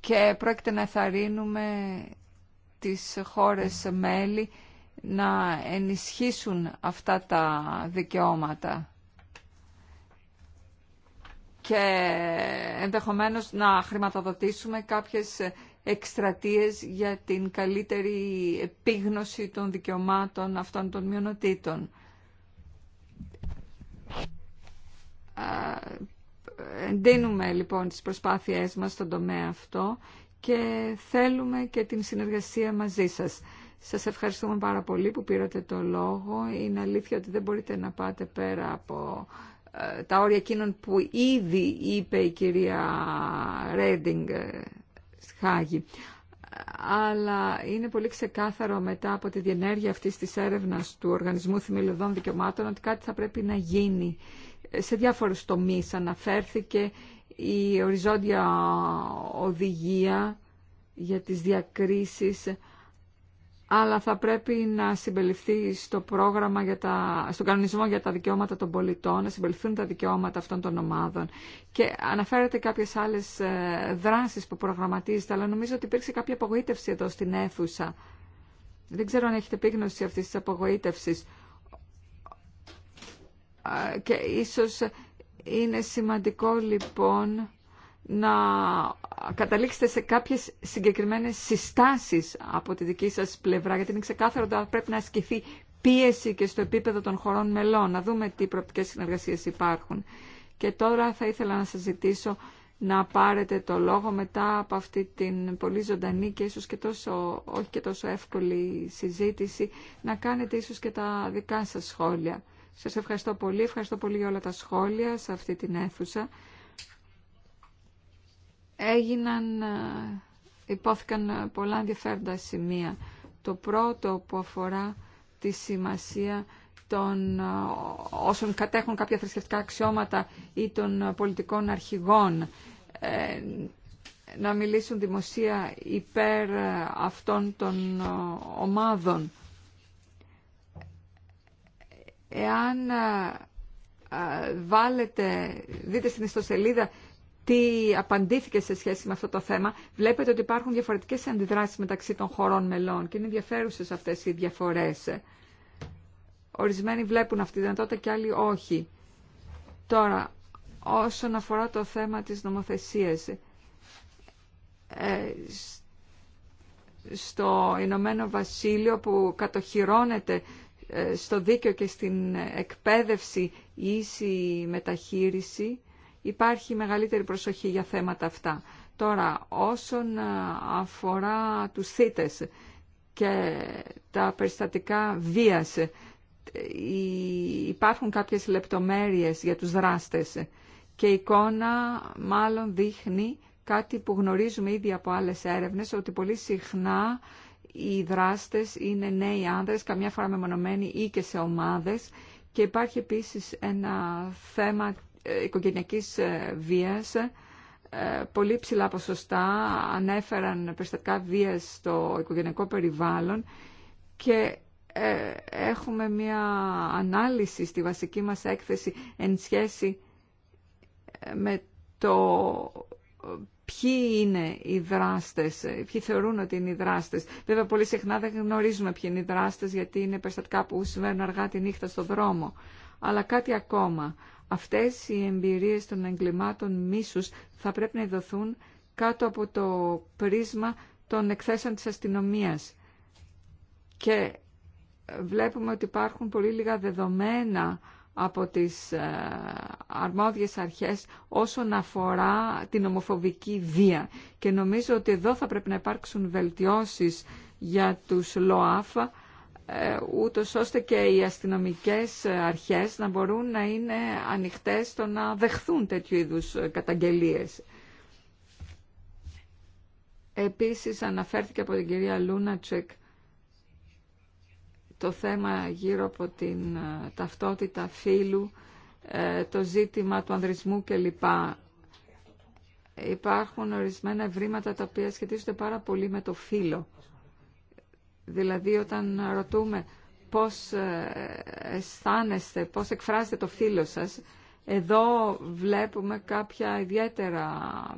και πρόκειται να εθαρρύνουμε τις χώρες μέλη να ενισχύσουν αυτά τα δικαιώματα και ενδεχομένως να χρηματοδοτήσουμε κάποιες εκστρατείες για την καλύτερη επίγνωση των δικαιωμάτων αυτών των μειονοτήτων. Εντείνουμε λοιπόν τις προσπάθειές μας στον τομέα αυτό και θέλουμε και την συνεργασία μαζί σας. Σας ευχαριστούμε πάρα πολύ που πήρατε το λόγο. Είναι αλήθεια ότι δεν μπορείτε να πάτε πέρα από ε, τα όρια εκείνων που ήδη είπε η κυρία Ρέντινγκ ε, Αλλά είναι πολύ ξεκάθαρο μετά από τη διενέργεια αυτής της έρευνας του Οργανισμού Θημελιωδών Δικαιωμάτων ότι κάτι θα πρέπει να γίνει. Ε, σε διάφορους τομείς αναφέρθηκε η οριζόντια οδηγία για τις διακρίσεις αλλά θα πρέπει να συμπεριληφθεί στο πρόγραμμα για τα, στον κανονισμό για τα δικαιώματα των πολιτών, να συμπεριληφθούν τα δικαιώματα αυτών των ομάδων. Και αναφέρεται κάποιες άλλες ε, δράσεις που προγραμματίζεται, αλλά νομίζω ότι υπήρξε κάποια απογοήτευση εδώ στην αίθουσα. Δεν ξέρω αν έχετε επίγνωση αυτής της απογοήτευσης. Ε, και ίσως είναι σημαντικό λοιπόν να καταλήξετε σε κάποιες συγκεκριμένες συστάσεις από τη δική σας πλευρά, γιατί είναι ξεκάθαρο ότι πρέπει να ασκηθεί πίεση και στο επίπεδο των χωρών μελών, να δούμε τι προοπτικές συνεργασίες υπάρχουν. Και τώρα θα ήθελα να σας ζητήσω να πάρετε το λόγο μετά από αυτή την πολύ ζωντανή και ίσως και τόσο, όχι και τόσο εύκολη συζήτηση, να κάνετε ίσως και τα δικά σας σχόλια. Σας ευχαριστώ πολύ. Ευχαριστώ πολύ για όλα τα σχόλια σε αυτή την αίθουσα. Έγιναν, ε, υπόθηκαν πολλά ενδιαφέροντα σημεία. Το πρώτο που αφορά τη σημασία των ε, όσων κατέχουν κάποια θρησκευτικά αξιώματα ή των πολιτικών αρχηγών ε, να μιλήσουν δημοσία υπέρ αυτών των ομάδων. Εάν βάλετε, δείτε στην ιστοσελίδα τι απαντήθηκε σε σχέση με αυτό το θέμα, βλέπετε ότι υπάρχουν διαφορετικές αντιδράσεις μεταξύ των χωρών μελών και είναι ενδιαφέρουσες αυτές οι διαφορές. Ορισμένοι βλέπουν αυτή τη δυνατότητα και άλλοι όχι. Τώρα, όσον αφορά το θέμα της νομοθεσίας, ε, στο Ηνωμένο Βασίλειο που κατοχυρώνεται στο δίκαιο και στην εκπαίδευση η ίση μεταχείριση υπάρχει μεγαλύτερη προσοχή για θέματα αυτά. Τώρα, όσον αφορά τους θήτες και τα περιστατικά βίας, ε, υπάρχουν κάποιες λεπτομέρειες για τους δράστες και η εικόνα μάλλον δείχνει κάτι που γνωρίζουμε ήδη από άλλες έρευνες, ότι πολύ συχνά οι δράστες είναι νέοι άνδρες, καμιά φορά μεμονωμένοι ή και σε ομάδες και υπάρχει επίσης ένα θέμα ε, οικογενειακής ε, βίας, ε, πολύ ψηλά ποσοστά ανέφεραν περιστατικά βίας στο οικογενειακό περιβάλλον και έχουμε μια ανάλυση στη βασική μας έκθεση εν σχέση με το ποιοι είναι οι δράστες, ποιοι θεωρούν ότι είναι οι δράστες. Βέβαια πολύ συχνά δεν γνωρίζουμε ποιοι είναι οι δράστες γιατί είναι περιστατικά που συμβαίνουν αργά τη νύχτα στο δρόμο. Αλλά κάτι ακόμα. Αυτές οι εμπειρίες των εγκλημάτων μίσου θα πρέπει να ειδωθούν κάτω από το πρίσμα των εκθέσεων της αστυνομίας. Και βλέπουμε ότι υπάρχουν πολύ λίγα δεδομένα από τις ε, αρμόδιες αρχές όσον αφορά την ομοφοβική βία. Και νομίζω ότι εδώ θα πρέπει να υπάρξουν βελτιώσεις για τους ΛΟΑΦ, ε, ούτως ώστε και οι αστυνομικές αρχές να μπορούν να είναι ανοιχτές στο να δεχθούν τέτοιου είδους καταγγελίες. Επίσης αναφέρθηκε από την κυρία Λούνατσεκ το θέμα γύρω από την ε, ταυτότητα φύλου, ε, το ζήτημα του ανδρισμού κλπ. Υπάρχουν ορισμένα ευρήματα τα οποία σχετίζονται πάρα πολύ με το φίλο. Δηλαδή όταν ρωτούμε πώς ε, αισθάνεστε, πώς εκφράζετε το φίλο σας, εδώ βλέπουμε κάποια ιδιαίτερα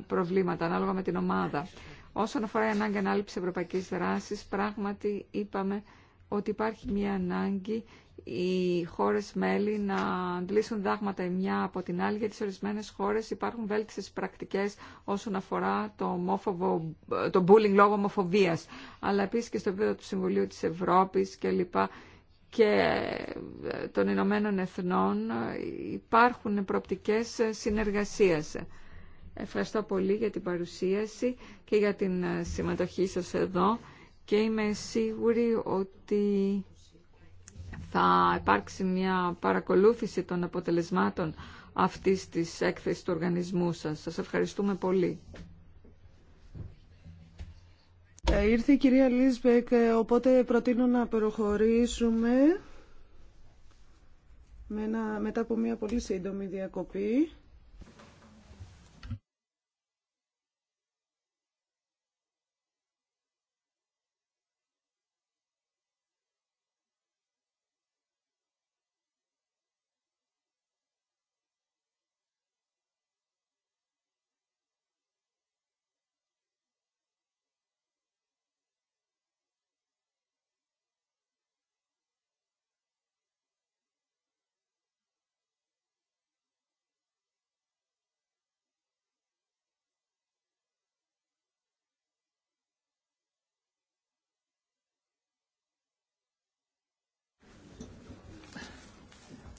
προβλήματα ανάλογα με την ομάδα. Όσον αφορά η ανάγκη ανάληψη ευρωπαϊκής δράσης, πράγματι είπαμε ότι υπάρχει μια ανάγκη οι χώρες μέλη να αντλήσουν δάγματα η μια από την άλλη, γιατί σε ορισμένες χώρες υπάρχουν βέλτιστες πρακτικές όσον αφορά το, ομόφοβο, το bullying λόγω ομοφοβίας, αλλά επίσης και στο επίπεδο του Συμβουλίου της Ευρώπης κλπ. και ε, των Ηνωμένων Εθνών υπάρχουν προπτικές συνεργασίας. Ευχαριστώ πολύ για την παρουσίαση και για την ε, συμμετοχή σας εδώ και είμαι σίγουρη ότι θα υπάρξει μια παρακολούθηση των αποτελεσμάτων αυτής της έκθεσης του οργανισμού σας. Σας ευχαριστούμε πολύ. Ε, ήρθε η κυρία Λίσβεκ, ε, οπότε προτείνω να προχωρήσουμε με μετά από μια πολύ σύντομη διακοπή.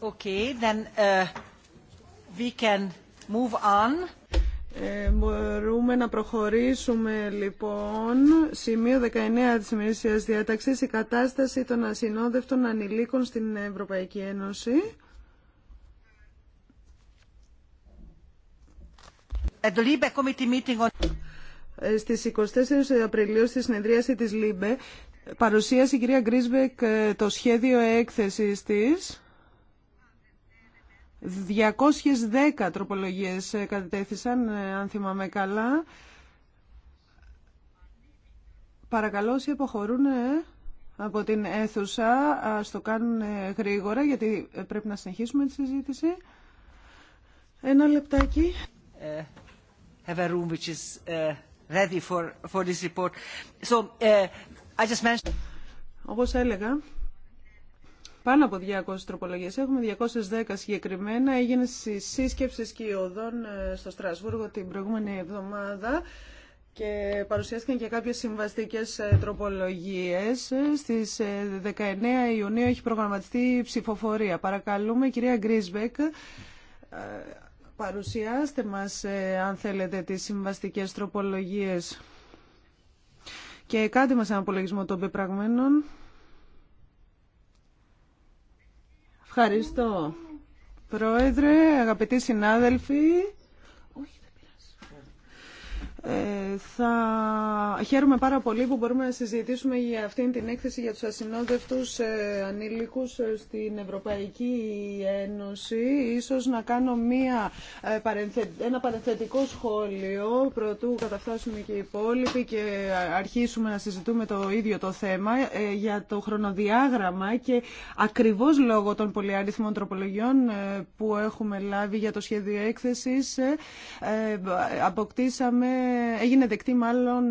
Uh, ε, μπορούμε να προχωρήσουμε λοιπόν. Σημείο 19 της ημερήσιας διάταξης, η κατάσταση των ασυνόδευτων ανηλίκων στην Ευρωπαϊκή Ένωση. Ε, στις 24 Απριλίου στη συνεδρίαση της ΛΥΜΠΕ παρουσίασε η κυρία Γκρίσβεκ ε, το σχέδιο έκθεσης της 210 τροπολογίες ε, κατετέθησαν, ε, αν θυμάμαι καλά. Παρακαλώ όσοι αποχωρούν ε, από την αίθουσα, ας το κάνουν γρήγορα, γιατί πρέπει να συνεχίσουμε τη συζήτηση. Ένα λεπτάκι. have Όπως έλεγα, πάνω από 200 τροπολογίε. Έχουμε 210 συγκεκριμένα. Έγινε σύσκεψη σκιωδών ε, στο Στρασβούργο την προηγούμενη εβδομάδα και παρουσιάστηκαν και κάποιες συμβαστικές ε, τροπολογίες. Ε, στις 19 Ιουνίου έχει προγραμματιστεί η ψηφοφορία. Παρακαλούμε, κυρία Γκρίσβεκ, παρουσιάστε μας, αν θέλετε, τις συμβαστικές τροπολογίες και κάντε μας ένα απολογισμό των πεπραγμένων. Ευχαριστώ. Πρόεδρε, αγαπητοί συνάδελφοι, ε, θα χαίρομαι πάρα πολύ που μπορούμε να συζητήσουμε για αυτήν την έκθεση για τους ασυνόδευτους ε, ανήλικους ε, στην Ευρωπαϊκή Ένωση. Ίσως να κάνω μία, ένα παρενθετικό σχόλιο προτού καταφτάσουμε και οι υπόλοιποι και αρχίσουμε να συζητούμε το ίδιο το θέμα για το χρονοδιάγραμμα και ακριβώς λόγω των πολυαριθμών τροπολογιών που έχουμε λάβει για το σχέδιο έκθεσης αποκτήσαμε έγινε δεκτή μάλλον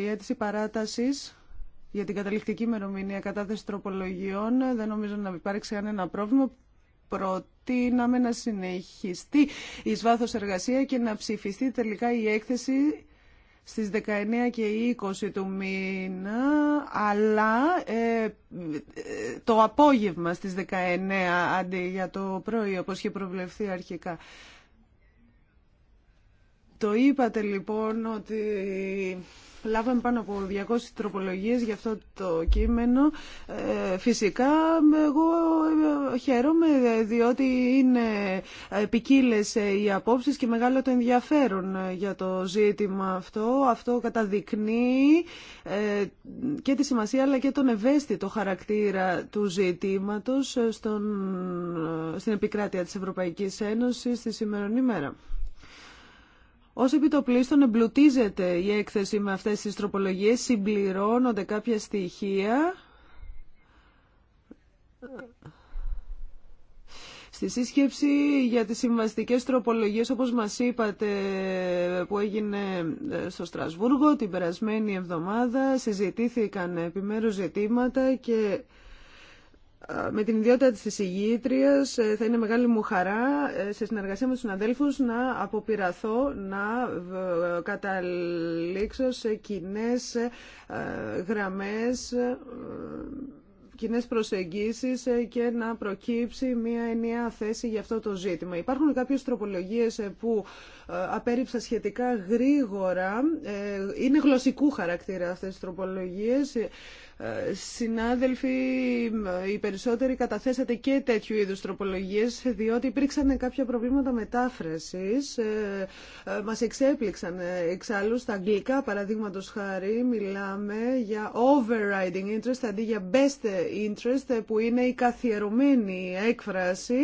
η αίτηση παράτασης για την καταληκτική ημερομηνία κατάθεση τροπολογιών. Δεν νομίζω να υπάρξει κανένα πρόβλημα. Προτείναμε να συνεχιστεί η βάθος εργασία και να ψηφιστεί τελικά η έκθεση στις 19 και 20 του μήνα, αλλά ε, το απόγευμα στις 19 αντί για το πρωί, όπως είχε προβλεφθεί αρχικά. Το είπατε λοιπόν ότι λάβαμε πάνω από 200 τροπολογίες για αυτό το κείμενο. Ε, φυσικά εγώ χαίρομαι διότι είναι ποικίλε οι απόψεις και μεγάλο το ενδιαφέρον για το ζήτημα αυτό. Αυτό καταδεικνύει ε, και τη σημασία αλλά και τον ευαίσθητο χαρακτήρα του ζητήματος στην επικράτεια της Ευρωπαϊκής Ένωσης στη σημερινή μέρα. Ως πλήστον εμπλουτίζεται η έκθεση με αυτές τις τροπολογίες, συμπληρώνονται κάποια στοιχεία. Στη σύσκεψη για τις συμβαστικές τροπολογίες, όπως μας είπατε, που έγινε ε, στο Στρασβούργο την περασμένη εβδομάδα, συζητήθηκαν επιμέρους ζητήματα και ε, με την ιδιότητα της εισηγήτριας ε, θα είναι μεγάλη μου χαρά ε, σε συνεργασία με τους αδέλφους να αποπειραθώ να καταλήξω σε κοινέ γραμμές κοινέ προσεγγίσεις και να προκύψει μια ενιαία θέση για αυτό το ζήτημα. Υπάρχουν κάποιες τροπολογίες που απέρριψα σχετικά γρήγορα. Είναι γλωσσικού χαρακτήρα αυτές οι τροπολογίες. Ε, συνάδελφοι, οι περισσότεροι καταθέσατε και τέτοιου είδους τροπολογίες, διότι υπήρξαν κάποια προβλήματα μετάφρασης. Ε, ε, μας εξέπληξαν εξάλλου στα αγγλικά, παραδείγματο χάρη, μιλάμε για overriding interest, αντί για best interest, που είναι η καθιερωμένη έκφραση.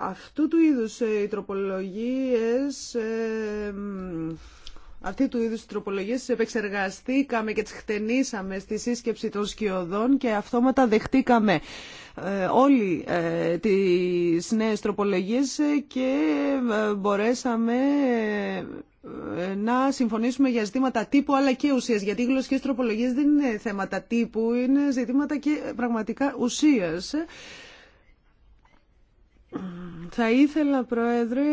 Αυτού του είδους οι τροπολογίες αυτή του είδους τροπολογίες επεξεργαστήκαμε και τις χτενήσαμε στη σύσκεψη των σκιωδών και αυτόματα δεχτήκαμε ε, όλοι ε, τις νέες τροπολογίες και ε, μπορέσαμε να συμφωνήσουμε για ζητήματα τύπου αλλά και ουσίας γιατί οι γλωσσικές τροπολογίες δεν είναι θέματα τύπου είναι ζητήματα και πραγματικά ουσίας θα ήθελα, Πρόεδρε,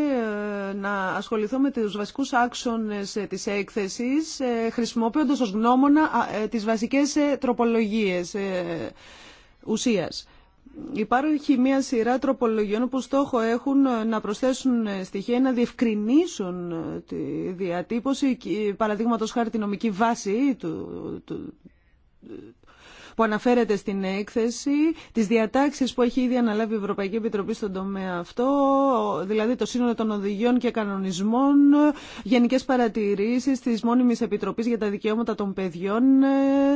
να ασχοληθώ με τους βασικούς άξονες ε, της έκθεσης, ε, χρησιμοποιώντας ως γνώμονα ε, τις βασικές τροπολογίες ουσίας. Υπάρχει μια σειρά τροπολογιών που στόχο έχουν να προσθέσουν στοιχεία, να διευκρινίσουν τη διατύπωση, παραδείγματος χάρη τη νομική βάση του, του, που αναφέρεται στην έκθεση, τις διατάξεις που έχει ήδη αναλάβει η Ευρωπαϊκή Επιτροπή στον τομέα αυτό, δηλαδή το σύνολο των οδηγιών και κανονισμών, γενικές παρατηρήσεις της μόνιμης Επιτροπής για τα δικαιώματα των παιδιών, ε,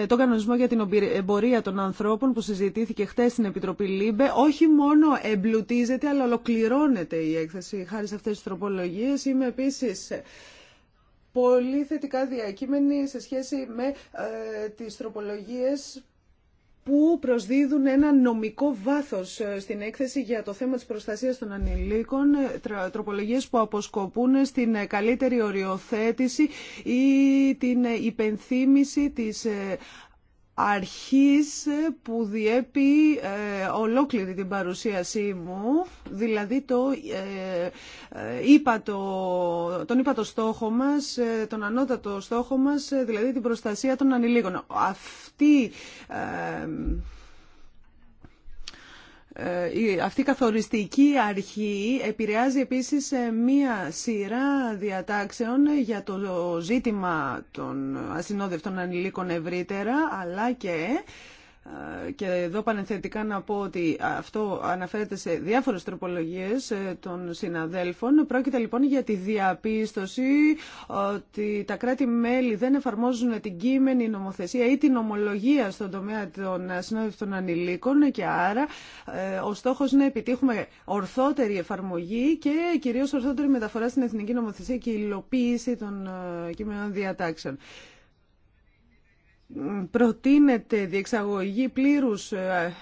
ε, τον κανονισμό για την εμπορία των ανθρώπων που συζητήθηκε χτες στην Επιτροπή ΛΥΜΠΕ, όχι μόνο εμπλουτίζεται αλλά ολοκληρώνεται η έκθεση χάρη σε αυτές τις τροπολογίες. Είμαι επίσης πολύ θετικά διακείμενη σε σχέση με ε, τις τροπολογίες που προσδίδουν ένα νομικό βάθος ε, στην έκθεση για το θέμα της προστασίας των ανηλίκων, ε, τροπολογίες που αποσκοπούν στην καλύτερη οριοθέτηση ή την υπενθύμηση της αρχής που διέπει ε, ολόκληρη την παρουσίασή μου, δηλαδή το, ε, ε τον είπα στόχο μας, ε, τον ανώτατο στόχο μας, δηλαδή την προστασία των ανηλίκων. Αυτή ε, αυτή η καθοριστική αρχή επηρεάζει επίσης ε, μία σειρά διατάξεων για το ζήτημα των ασυνόδευτων ανηλίκων ευρύτερα, αλλά και και εδώ πανεθετικά να πω ότι αυτό αναφέρεται σε διάφορες τροπολογίες ε, των συναδέλφων. Πρόκειται λοιπόν για τη διαπίστωση ότι τα κράτη-μέλη δεν εφαρμόζουν την κείμενη νομοθεσία ή την ομολογία στον τομέα των συνόδευτων ανηλίκων και άρα ε, ο στόχος είναι να επιτύχουμε ορθότερη εφαρμογή και κυρίως ορθότερη μεταφορά στην εθνική νομοθεσία και υλοποίηση των ε, κείμενων διατάξεων προτείνεται διεξαγωγή πλήρους ε,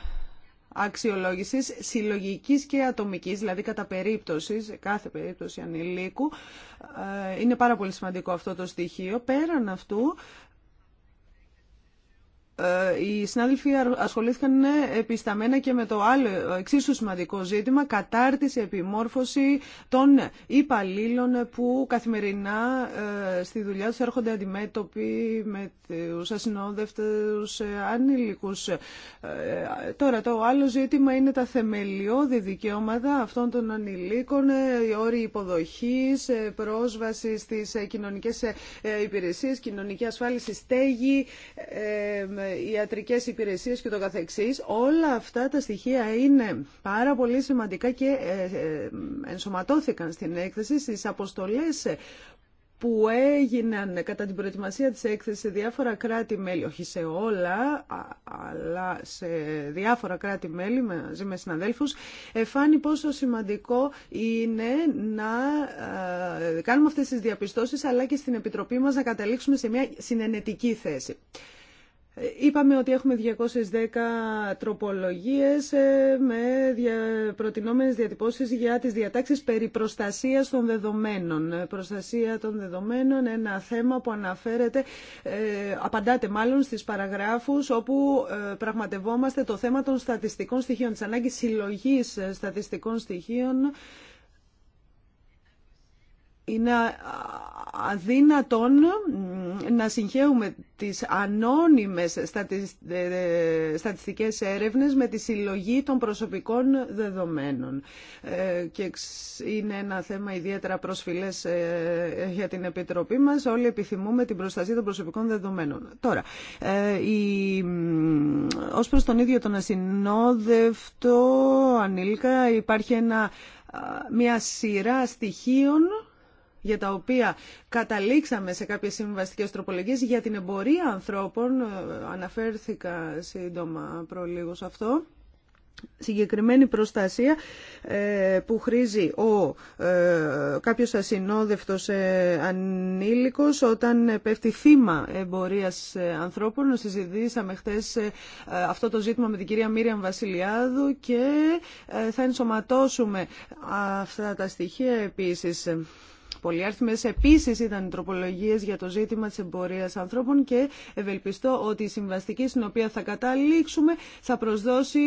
αξιολόγησης συλλογικής και ατομικής, δηλαδή κατά περίπτωση, σε κάθε περίπτωση ανηλίκου. Ε, είναι πάρα πολύ σημαντικό αυτό το στοιχείο. Πέραν αυτού, ε, οι συνάδελφοι ασχολήθηκαν ναι, επισταμένα και με το άλλο εξίσου σημαντικό ζήτημα, κατάρτιση, επιμόρφωση των υπαλλήλων που καθημερινά ε, στη δουλειά τους έρχονται αντιμέτωποι με τους ασυνόδευτους ε, ανήλικους. Τώρα το άλλο ζήτημα είναι τα θεμελιώδη δικαιώματα αυτών των ανηλίκων, οι όροι υποδοχής, πρόσβαση στις κοινωνικές υπηρεσίες, κοινωνική ασφάλιση, στέγη, ε, ιατρικές υπηρεσίες και το καθεξής. Όλα αυτά τα στοιχεία είναι πάρα πολύ σημαντικά και ε, ε, ενσωματώθηκαν στην έκθεση στις αποστολές που έγιναν κατά την προετοιμασία της έκθεσης σε διάφορα κράτη-μέλη, όχι σε όλα, αλλά σε διάφορα κράτη-μέλη μαζί με συναδέλφους, εφάνει πόσο σημαντικό είναι να κάνουμε αυτές τις διαπιστώσεις, αλλά και στην Επιτροπή μας να καταλήξουμε σε μια συνενετική θέση. Είπαμε ότι έχουμε 210 τροπολογίες ε, με προτινόμενες διατυπώσεις για τις διατάξεις περί προστασίας των δεδομένων. Προστασία των δεδομένων, ένα θέμα που αναφέρεται, ε, απαντάτε μάλλον στις παραγράφους όπου ε, πραγματευόμαστε το θέμα των στατιστικών στοιχείων, της ανάγκης συλλογής στατιστικών στοιχείων είναι αδύνατον να συγχέουμε τις ανώνυμες ε, ε, στατιστικές έρευνες με τη συλλογή των προσωπικών δεδομένων. Ε, και είναι ένα θέμα ιδιαίτερα προσφυλές για την Επιτροπή μας. Όλοι επιθυμούμε την προστασία των προσωπικών δεδομένων. Τώρα, η... ως προς τον ίδιο τον ασυνόδευτο ανήλικα υπάρχει μια σειρά στοιχείων για τα οποία καταλήξαμε σε κάποιες συμβαστικές τροπολογίες για την εμπορία ανθρώπων, ε, αναφέρθηκα σύντομα σε αυτό, συγκεκριμένη προστασία ε, που χρήζει ο ε, κάποιος ασυνόδευτος ε, ανήλικος όταν πέφτει θύμα εμπορίας ανθρώπων. Συζητήσαμε χτες αυτό το ζήτημα με την κυρία Μύριαν Βασιλιάδου και θα ενσωματώσουμε αυτά τα στοιχεία επίσης πολυάριθμες. Επίσης ήταν τροπολογίες για το ζήτημα της εμπορίας ανθρώπων και ευελπιστώ ότι η συμβαστική στην οποία θα καταλήξουμε θα προσδώσει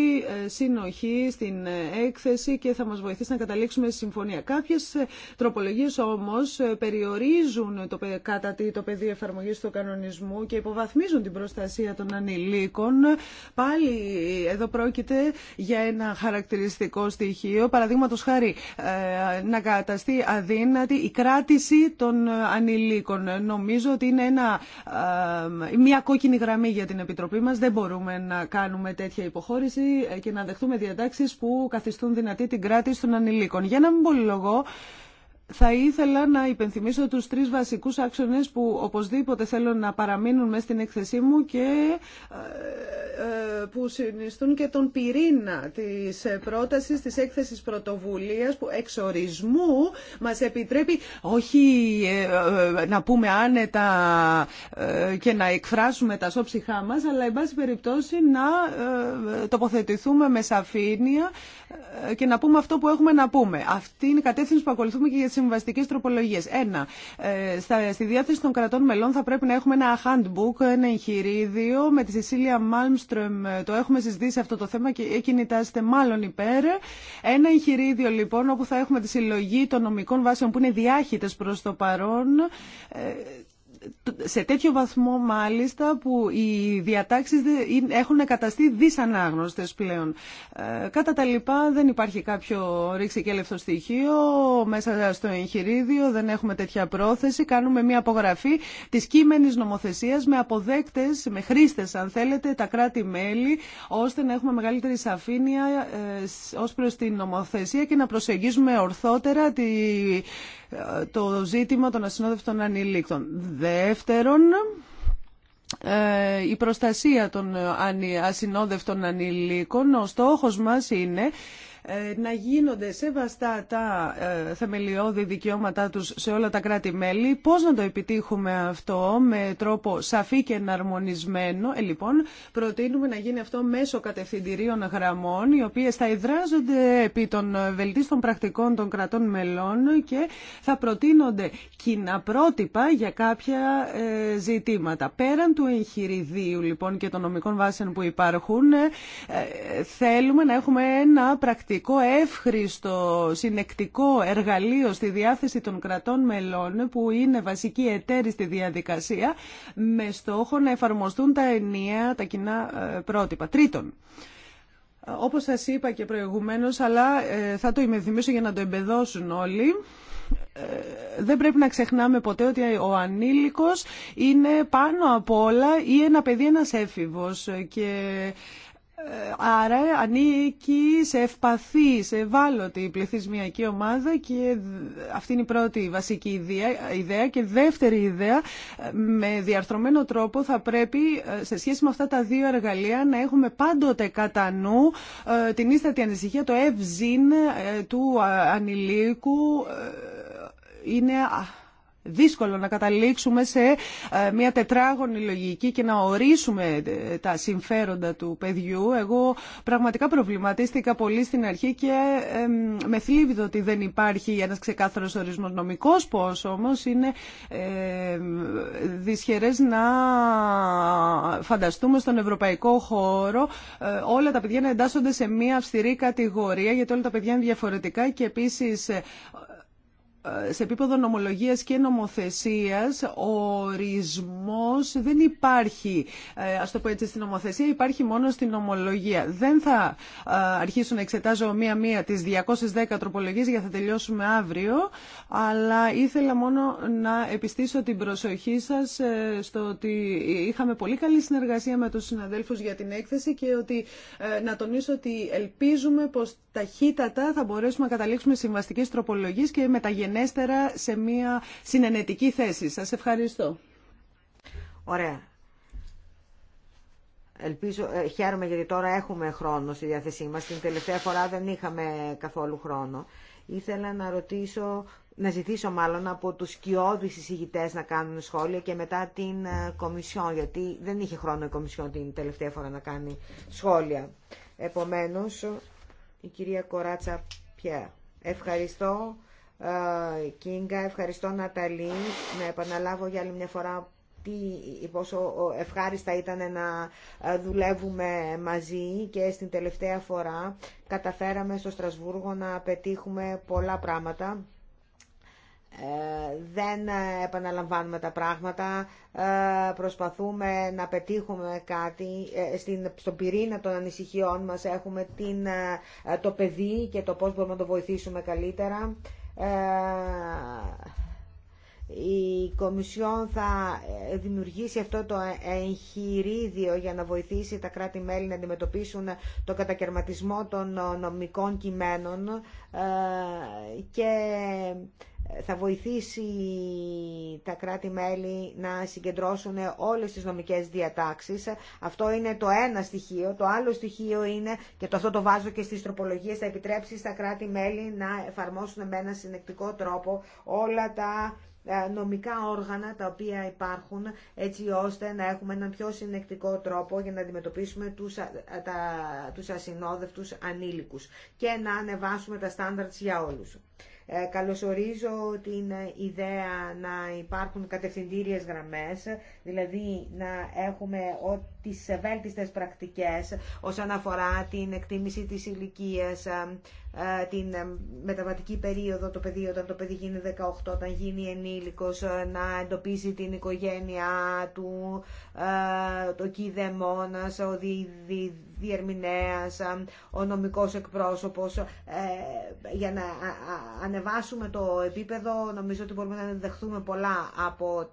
ε, συνοχή στην ε, έκθεση και θα μας βοηθήσει να καταλήξουμε στη συμφωνία. Κάποιες ε, τροπολογίες όμως περιορίζουν το, κατά τι, το πεδίο εφαρμογή του κανονισμού και υποβαθμίζουν την προστασία των ανηλίκων. Πάλι εδώ πρόκειται για ένα χαρακτηριστικό στοιχείο, παραδείγματο χάρη να καταστεί αδύνατη η κράτηση των ε, ανηλίκων. Νομίζω ότι είναι ένα, ε, μια κόκκινη γραμμή για την Επιτροπή μας. Δεν μπορούμε να κάνουμε τέτοια υποχώρηση ε, και να δεχτούμε διατάξεις που καθιστούν δυνατή την κράτηση των ανηλίκων. Για να μην πολυλογώ, θα ήθελα να υπενθυμίσω τους τρεις βασικούς άξονες που οπωσδήποτε θέλω να παραμείνουν μέσα στην έκθεσή μου και ε, ε, που συνιστούν και τον πυρήνα της πρότασης της έκθεσης πρωτοβουλίας που εξ ορισμού μας επιτρέπει όχι ε, να πούμε άνετα και να εκφράσουμε τα σώψυχά μας αλλά εν πάση περιπτώσει να τοποθετηθούμε με σαφήνεια και να πούμε αυτό που έχουμε να πούμε. Αυτή είναι η κατεύθυνση που ακολουθούμε και για συμβαστικέ τροπολογίε. Ένα, ε, στη διάθεση των κρατών μελών θα πρέπει να έχουμε ένα handbook, ένα εγχειρίδιο. Με τη Σεσίλια Μάλμστρομ το έχουμε συζητήσει αυτό το θέμα και εκείνη μάλλον υπέρ. Ένα εγχειρίδιο λοιπόν όπου θα έχουμε τη συλλογή των νομικών βάσεων που είναι διάχυτε προ το παρόν ε, σε τέτοιο βαθμό μάλιστα που οι διατάξεις έχουν καταστεί δυσανάγνωστες πλέον. Ε, κατά τα λοιπά δεν υπάρχει κάποιο ρίξη και στοιχείο μέσα στο εγχειρίδιο, δεν έχουμε τέτοια πρόθεση. Κάνουμε μια απογραφή της κείμενης νομοθεσίας με αποδέκτες, με χρήστες αν θέλετε, τα κράτη-μέλη, ώστε να έχουμε μεγαλύτερη σαφήνεια ε, ως προς την νομοθεσία και να προσεγγίζουμε ορθότερα τη το ζήτημα των ασυνόδευτων ανηλίκτων. Δεύτερον, ε, η προστασία των ασυνόδευτων ανηλίκων. Ο στόχος μας είναι ε, να γίνονται σεβαστά τα ε, θεμελιώδη δικαιώματά τους σε όλα τα κράτη-μέλη. Πώς να το επιτύχουμε αυτό με τρόπο σαφή και εναρμονισμένο. Ε, λοιπόν, προτείνουμε να γίνει αυτό μέσω κατευθυντηρίων γραμμών, οι οποίες θα εδράζονται επί των βελτίστων πρακτικών των κρατών μελών και θα προτείνονται κοινά πρότυπα για κάποια ε, ζητήματα. Πέραν του εγχειριδίου λοιπόν και των νομικών βάσεων που υπάρχουν, θέλουμε να έχουμε ένα πρακτικό σημαντικό, εύχριστο, συνεκτικό εργαλείο στη διάθεση των κρατών μελών που είναι βασική εταίρη στη διαδικασία με στόχο να εφαρμοστούν τα ενιαία, τα κοινά ε, πρότυπα. Τρίτον, όπως σας είπα και προηγουμένως, αλλά ε, θα το ημεθυμίσω για να το εμπεδώσουν όλοι, ε, δεν πρέπει να ξεχνάμε ποτέ ότι ο ανήλικος είναι πάνω από όλα ή ένα παιδί ένας έφηβος και Άρα ανήκει σε ευπαθή, σε ευάλωτη πληθυσμιακή ομάδα και αυτή είναι η πρώτη βασική ιδέα. Και δεύτερη ιδέα, με διαρθρωμένο τρόπο θα πρέπει ε, σε σχέση με αυτά τα δύο εργαλεία να έχουμε πάντοτε κατά νου ε, την ίστατη ανησυχία, το ευζήν ε, του ανηλίκου είναι δύσκολο να καταλήξουμε σε ε, μια τετράγωνη λογική και να ορίσουμε ε, τα συμφέροντα του παιδιού. Εγώ πραγματικά προβληματίστηκα πολύ στην αρχή και με ότι δεν υπάρχει ένας ξεκάθαρος ορισμός νομικός πώς όμως είναι δυσχερές να φανταστούμε στον ευρωπαϊκό χώρο ε, όλα τα παιδιά να εντάσσονται σε μια αυστηρή κατηγορία γιατί όλα τα παιδιά είναι διαφορετικά και επίσης σε επίπεδο νομολογίας και νομοθεσίας ο ορισμός δεν υπάρχει, ε, ας το πω έτσι, στην νομοθεσία, υπάρχει μόνο στην νομολογία. Δεν θα ε, αρχίσω να εξετάζω μία-μία τις 210 τροπολογίες για θα τελειώσουμε αύριο, αλλά ήθελα μόνο να επιστήσω την προσοχή σας ε, στο ότι είχαμε πολύ καλή συνεργασία με τους συναδέλφους για την έκθεση και ότι να τονίσω ότι ελπίζουμε πως ταχύτατα θα μπορέσουμε να καταλήξουμε συμβαστικές τροπολογίες και μεταγενέσεις έστερα σε μια συνενετική θέση. Σας ευχαριστώ. Ωραία. Ελπίζω, ε, χαίρομαι γιατί τώρα έχουμε χρόνο στη διάθεσή μας. Την τελευταία φορά δεν είχαμε καθόλου χρόνο. Ήθελα να ρωτήσω, να ζητήσω μάλλον από τους σκιώδεις εισηγητές να κάνουν σχόλια και μετά την ε, Κομισιόν, γιατί δεν είχε χρόνο η Κομισιόν την τελευταία φορά να κάνει σχόλια. Επομένως, η κυρία Κοράτσα Πιέρα. Ευχαριστώ. Ε, Κίνγκα, ευχαριστώ Ναταλή, να επαναλάβω για άλλη μια φορά τι, πόσο ευχάριστα ήταν να ε, δουλεύουμε μαζί και στην τελευταία φορά καταφέραμε στο Στρασβούργο να πετύχουμε πολλά πράγματα. Ε, δεν επαναλαμβάνουμε τα πράγματα, προσπαθούμε να πετύχουμε κάτι. στην, στον πυρήνα των ανησυχιών μας έχουμε την, το παιδί και το πώς μπορούμε να το βοηθήσουμε καλύτερα. Ε, η Κομισιόν θα δημιουργήσει αυτό το εγχειρίδιο για να βοηθήσει τα κράτη-μέλη να αντιμετωπίσουν το κατακαιρματισμό των νομικών κειμένων ε, και θα βοηθήσει τα κράτη-μέλη να συγκεντρώσουν όλες τις νομικές διατάξεις. Αυτό είναι το ένα στοιχείο. Το άλλο στοιχείο είναι, και το αυτό το βάζω και στις τροπολογίες, θα επιτρέψει στα κράτη-μέλη να εφαρμόσουν με ένα συνεκτικό τρόπο όλα τα ε, νομικά όργανα τα οποία υπάρχουν έτσι ώστε να έχουμε έναν πιο συνεκτικό τρόπο για να αντιμετωπίσουμε τους, τα, τους ασυνόδευτους ανήλικους και να ανεβάσουμε τα στάνταρτς για όλους. Ε, καλωσορίζω την ιδέα να υπάρχουν κατευθυντήριες γραμμές, δηλαδή να έχουμε ό,τι τις βέλτιστες πρακτικές όσον αφορά την εκτίμηση της ηλικία, ε, ε, την ε, μεταβατική περίοδο, το παιδί όταν το παιδί γίνει 18, όταν γίνει ενήλικος, να εντοπίσει την οικογένειά του, το κηδεμόνας, ο δι, δι, διερμηνέας, ο νομικός εκπρόσωπος, για να ανεβάσουμε το επίπεδο, νομίζω ότι μπορούμε να δεχθούμε πολλά από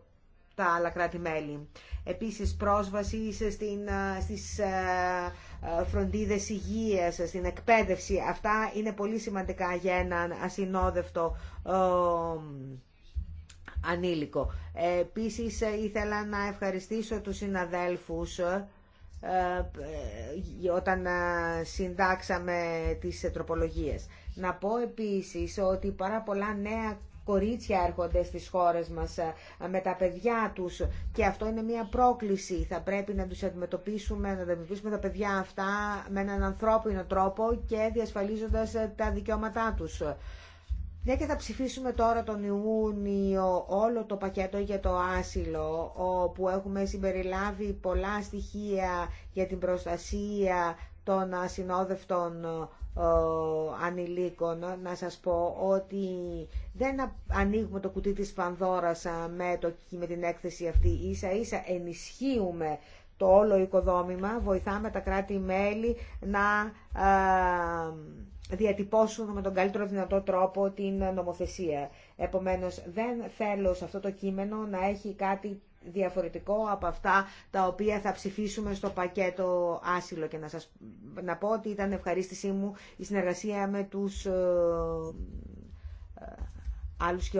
τα άλλα κράτη-μέλη. Επίσης πρόσβαση στην, στις φροντίδες υγείας, στην εκπαίδευση. Αυτά είναι πολύ σημαντικά για έναν ασυνόδευτο ανήλικο. Επίσης ε, ήθελα να ευχαριστήσω τους συναδέλφους ε, ε, όταν συντάξαμε τις τροπολογίες. Να πω επίσης ότι πάρα πολλά νέα κορίτσια έρχονται στις χώρες μας ε, με τα παιδιά τους και αυτό είναι μια πρόκληση. Θα πρέπει να τους αντιμετωπίσουμε, να αντιμετωπίσουμε τα παιδιά αυτά με έναν ανθρώπινο τρόπο και διασφαλίζοντας ε, τα δικαιώματά τους. Μια και θα ψηφίσουμε τώρα τον Ιούνιο όλο το πακέτο για το άσυλο, όπου έχουμε συμπεριλάβει πολλά στοιχεία για την προστασία των ασυνόδευτων ε, ε, ανηλίκων να σας πω ότι δεν ανοίγουμε το κουτί της Πανδώρας ε, με, το, με την έκθεση αυτή ίσα ίσα ενισχύουμε το όλο οικοδόμημα, βοηθάμε τα κράτη-μέλη να διατυπώσουν με τον καλύτερο δυνατό τρόπο την νομοθεσία. Επομένως, δεν θέλω σε αυτό το κείμενο να έχει κάτι διαφορετικό από αυτά τα οποία θα ψηφίσουμε στο πακέτο άσυλο και να σας να πω ότι ήταν ευχαρίστησή μου η συνεργασία με τους ε, ε, άλλους και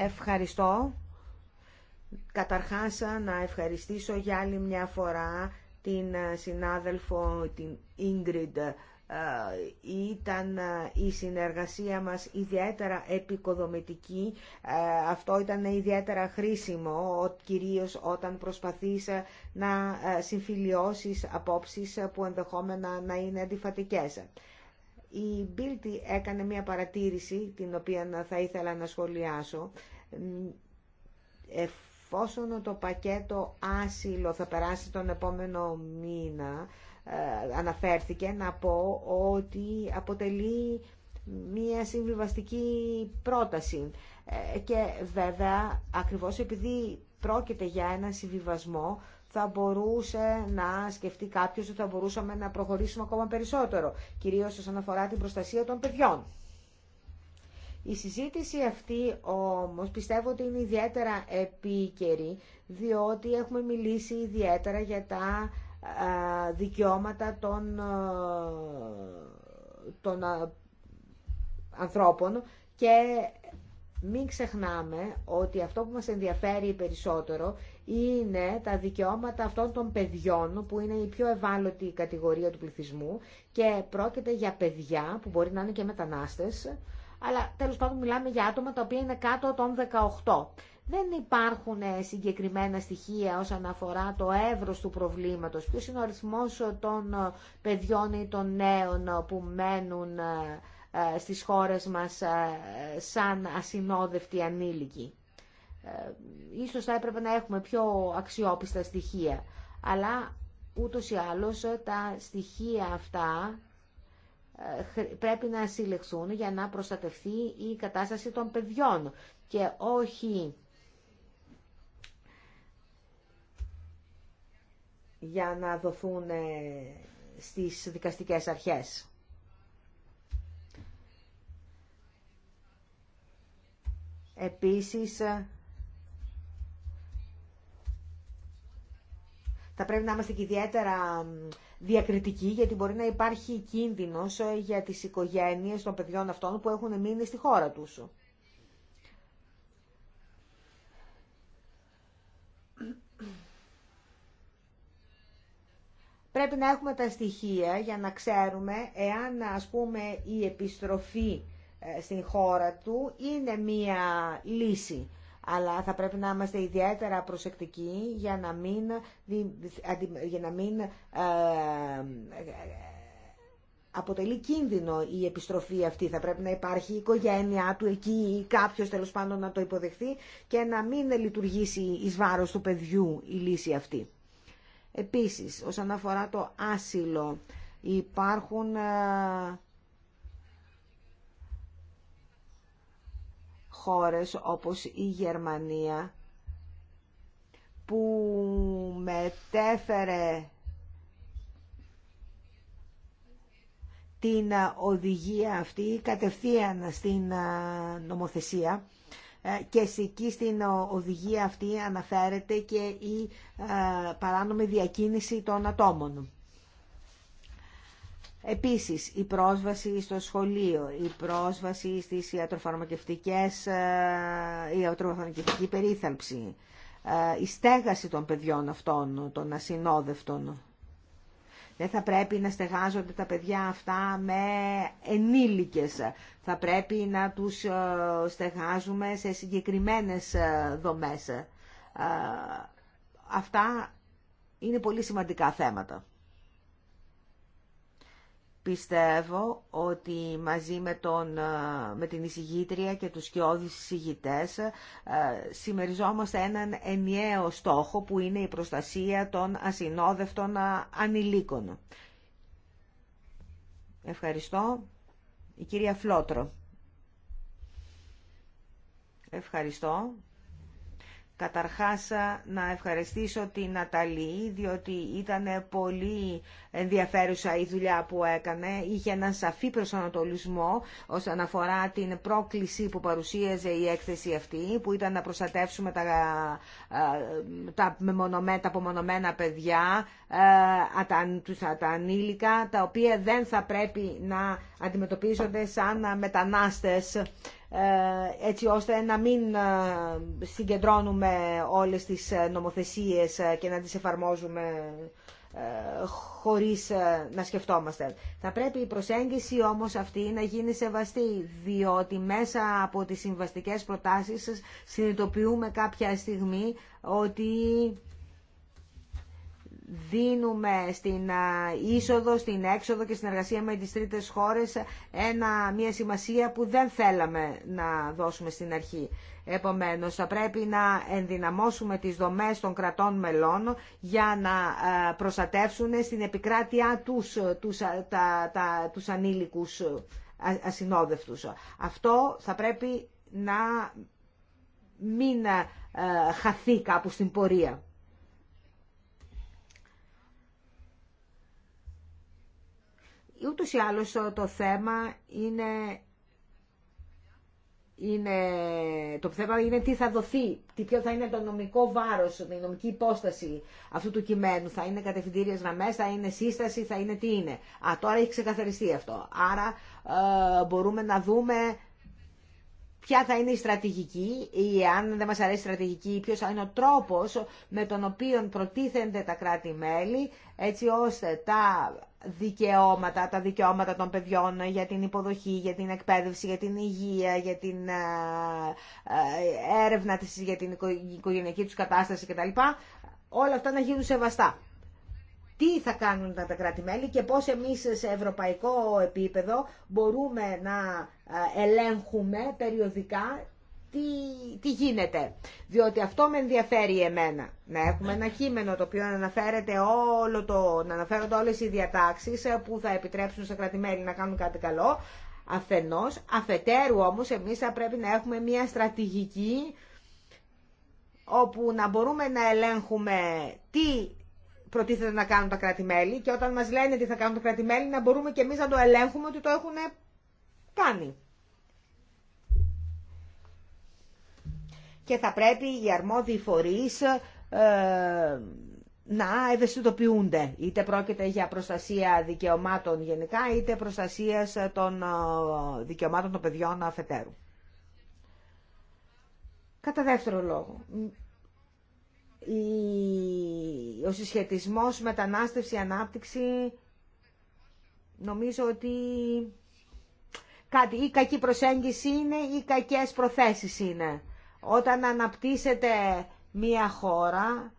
Ευχαριστώ. Καταρχάς να ευχαριστήσω για άλλη μια φορά την συνάδελφο την Ingrid ε, ήταν ε, η συνεργασία μας ιδιαίτερα επικοδομητική. Ε, αυτό ήταν ιδιαίτερα χρήσιμο, κυρίως όταν προσπαθείς να συμφιλιώσεις απόψεις που ενδεχόμενα να είναι αντιφατικές. Η Μπίλτη έκανε μια παρατήρηση, την οποία θα ήθελα να σχολιάσω. Εφόσον το πακέτο άσυλο θα περάσει τον επόμενο μήνα, ε, αναφέρθηκε να πω ότι αποτελεί μία συμβιβαστική πρόταση ε, και βέβαια ακριβώς επειδή πρόκειται για ένα συμβιβασμό θα μπορούσε να σκεφτεί κάποιος ότι θα μπορούσαμε να προχωρήσουμε ακόμα περισσότερο, κυρίως όσον αφορά την προστασία των παιδιών. Η συζήτηση αυτή όμως πιστεύω ότι είναι ιδιαίτερα επίκαιρη, διότι έχουμε μιλήσει ιδιαίτερα για τα δικαιώματα των, των ανθρώπων και μην ξεχνάμε ότι αυτό που μας ενδιαφέρει περισσότερο είναι τα δικαιώματα αυτών των παιδιών που είναι η πιο ευάλωτη κατηγορία του πληθυσμού και πρόκειται για παιδιά που μπορεί να είναι και μετανάστες αλλά τέλος πάντων μιλάμε για άτομα τα οποία είναι κάτω των 18 δεν υπάρχουν ε, συγκεκριμένα στοιχεία όσον αφορά το εύρος του προβλήματος. Ποιος είναι ο αριθμός των ε, παιδιών ή των νέων που μένουν ε, στις χώρες μας σαν ασυνόδευτοι ανήλικοι. Ίσως θα έπρεπε να έχουμε πιο αξιόπιστα στοιχεία. Αλλά ούτως ή άλλως τα στοιχεία αυτά πρέπει να συλλεχθούν για να προστατευτεί η κατάσταση των παιδιών και όχι για να δοθούν ε, στις δικαστικές αρχές. Επίσης, ε, θα πρέπει να είμαστε και ιδιαίτερα διακριτικοί, γιατί μπορεί να υπάρχει κίνδυνος ε, για τις οικογένειες των παιδιών αυτών που έχουν μείνει στη χώρα τους. πρέπει να έχουμε τα στοιχεία για να ξέρουμε εάν ας πούμε η επιστροφή ε, στην χώρα του είναι μία λύση. Αλλά θα πρέπει να είμαστε ιδιαίτερα προσεκτικοί για να μην, για να μην ε, αποτελεί κίνδυνο η επιστροφή αυτή. Θα πρέπει να υπάρχει η οικογένειά του εκεί ή κάποιος τέλος πάντων να το υποδεχθεί και να μην λειτουργήσει εις βάρος του παιδιού η λύση αυτή. Επίσης, όσον αφορά το άσυλο, υπάρχουν ε, χώρες όπως η Γερμανία που μετέφερε την ε, οδηγία αυτή κατευθείαν στην ε, νομοθεσία ε, και εκεί στην οδηγία αυτή αναφέρεται και η ε, παράνομη διακίνηση των ατόμων. Επίσης, η πρόσβαση στο σχολείο, η πρόσβαση στις ιατροφαρμακευτικές, ε, η ιατροφαρμακευτική περίθαλψη, η στέγαση των παιδιών αυτών, των ασυνόδευτων. Δεν θα πρέπει να στεγάζονται τα παιδιά αυτά με ενήλικες. Θα πρέπει να τους ε, στεγάζουμε σε συγκεκριμένες ε, δομές. Ε, αυτά είναι πολύ σημαντικά θέματα πιστεύω ότι μαζί με, τον, ε, με την εισηγήτρια και τους σκιώδεις εισηγητές ε, συμμεριζόμαστε έναν ενιαίο στόχο που είναι η προστασία των ασυνόδευτων ε, ανηλίκων. Ευχαριστώ. Η κυρία Φλότρο. Ευχαριστώ. Καταρχάς να ευχαριστήσω την Ναταλή, διότι ήταν πολύ ενδιαφέρουσα η δουλειά που έκανε. Είχε έναν σαφή προσανατολισμό όσον αφορά την πρόκληση που παρουσίαζε η έκθεση αυτή, που ήταν να προστατεύσουμε τα, ε, τα, τα απομονωμένα παιδιά, ε, τα, τα, τα ανήλικα, τα οποία δεν θα πρέπει να αντιμετωπίζονται σαν μετανάστες ε, έτσι ώστε να μην ε, συγκεντρώνουμε όλες τις ε, νομοθεσίες και να τις εφαρμόζουμε χωρίς να σκεφτόμαστε. Θα πρέπει η προσέγγιση όμως αυτή να γίνει σεβαστή, διότι μέσα από τις συμβαστικές προτάσεις συνειδητοποιούμε κάποια στιγμή ότι δίνουμε στην είσοδο, στην έξοδο και στην εργασία με τις τρίτες χώρες ένα, μια σημασία που δεν θέλαμε να δώσουμε στην αρχή. Επομένως, θα πρέπει να ενδυναμώσουμε τις δομές των κρατών μελών για να προστατεύσουν στην επικράτειά τους, τους, τα, τους ανήλικους ασυνόδευτους. Αυτό θα πρέπει να μην χαθεί κάπου στην πορεία. ούτως ή άλλως το θέμα είναι, είναι, το θέμα είναι τι θα δοθεί, τι ποιο θα είναι το νομικό βάρος, η νομική υπόσταση αυτού του κειμένου. Θα είναι κατευθυντήριες γραμμές, θα είναι σύσταση, θα είναι τι είναι. Α, τώρα έχει ξεκαθαριστεί αυτό. Άρα ε, μπορούμε να δούμε ποια θα είναι η στρατηγική ή αν δεν μας αρέσει η στρατηγική ποιος θα είναι ο τρόπος με τον οποίο προτίθενται τα κράτη-μέλη έτσι ώστε τα δικαιώματα, τα δικαιώματα των παιδιών για την υποδοχή, για την εκπαίδευση, για την υγεία, για την ε, ε, έρευνα της, για την οικογενειακή τους κατάσταση κτλ. Όλα αυτά να γίνουν σεβαστά. Τι θα κάνουν τα κράτη-μέλη και πώς εμείς σε ευρωπαϊκό επίπεδο μπορούμε να ε, ελέγχουμε περιοδικά τι, τι γίνεται. Διότι αυτό με ενδιαφέρει εμένα. Να έχουμε ένα κείμενο το οποίο να αναφέρεται όλο το, να αναφέρονται όλες οι διατάξεις ε, που θα επιτρέψουν σε κρατημέλη να κάνουν κάτι καλό. Αφενός, αφετέρου όμως εμείς θα πρέπει να έχουμε μια στρατηγική όπου να μπορούμε να ελέγχουμε τι προτίθεται να κάνουν τα κρατη και όταν μας λένε τι θα κάνουν τα κρατη να μπορούμε και εμείς να το ελέγχουμε ότι το έχουν κάνει. και θα πρέπει οι αρμόδιοι φορείς ε, να ευαισθητοποιούνται. Είτε πρόκειται για προστασία δικαιωμάτων γενικά, είτε προστασία των ε, δικαιωμάτων των παιδιών αφετέρου. Κατά δεύτερο λόγο, ο συσχετισμός μετανάστευση-ανάπτυξη νομίζω ότι κάτι, η κακή προσέγγιση είναι ή κακές προθέσεις είναι. Όταν αναπτύσσεται μία χώρα,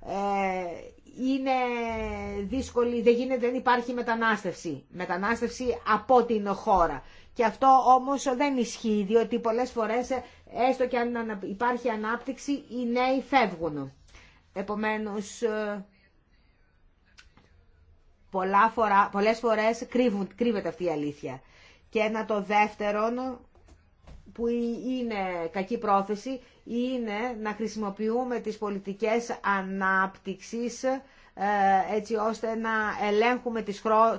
ε, είναι δύσκολη, δεν, γίνεται, δεν υπάρχει μετανάστευση. Μετανάστευση από την χώρα. Και αυτό όμως δεν ισχύει, διότι πολλές φορές, έστω και αν υπάρχει ανάπτυξη, οι νέοι φεύγουν. Επομένως, ε, πολλά φορά, πολλές φορές κρύβουν, κρύβεται αυτή η αλήθεια. Και ένα το δεύτερον, που είναι κακή πρόθεση είναι να χρησιμοποιούμε τις πολιτικές ανάπτυξης ε, έτσι ώστε να ελέγχουμε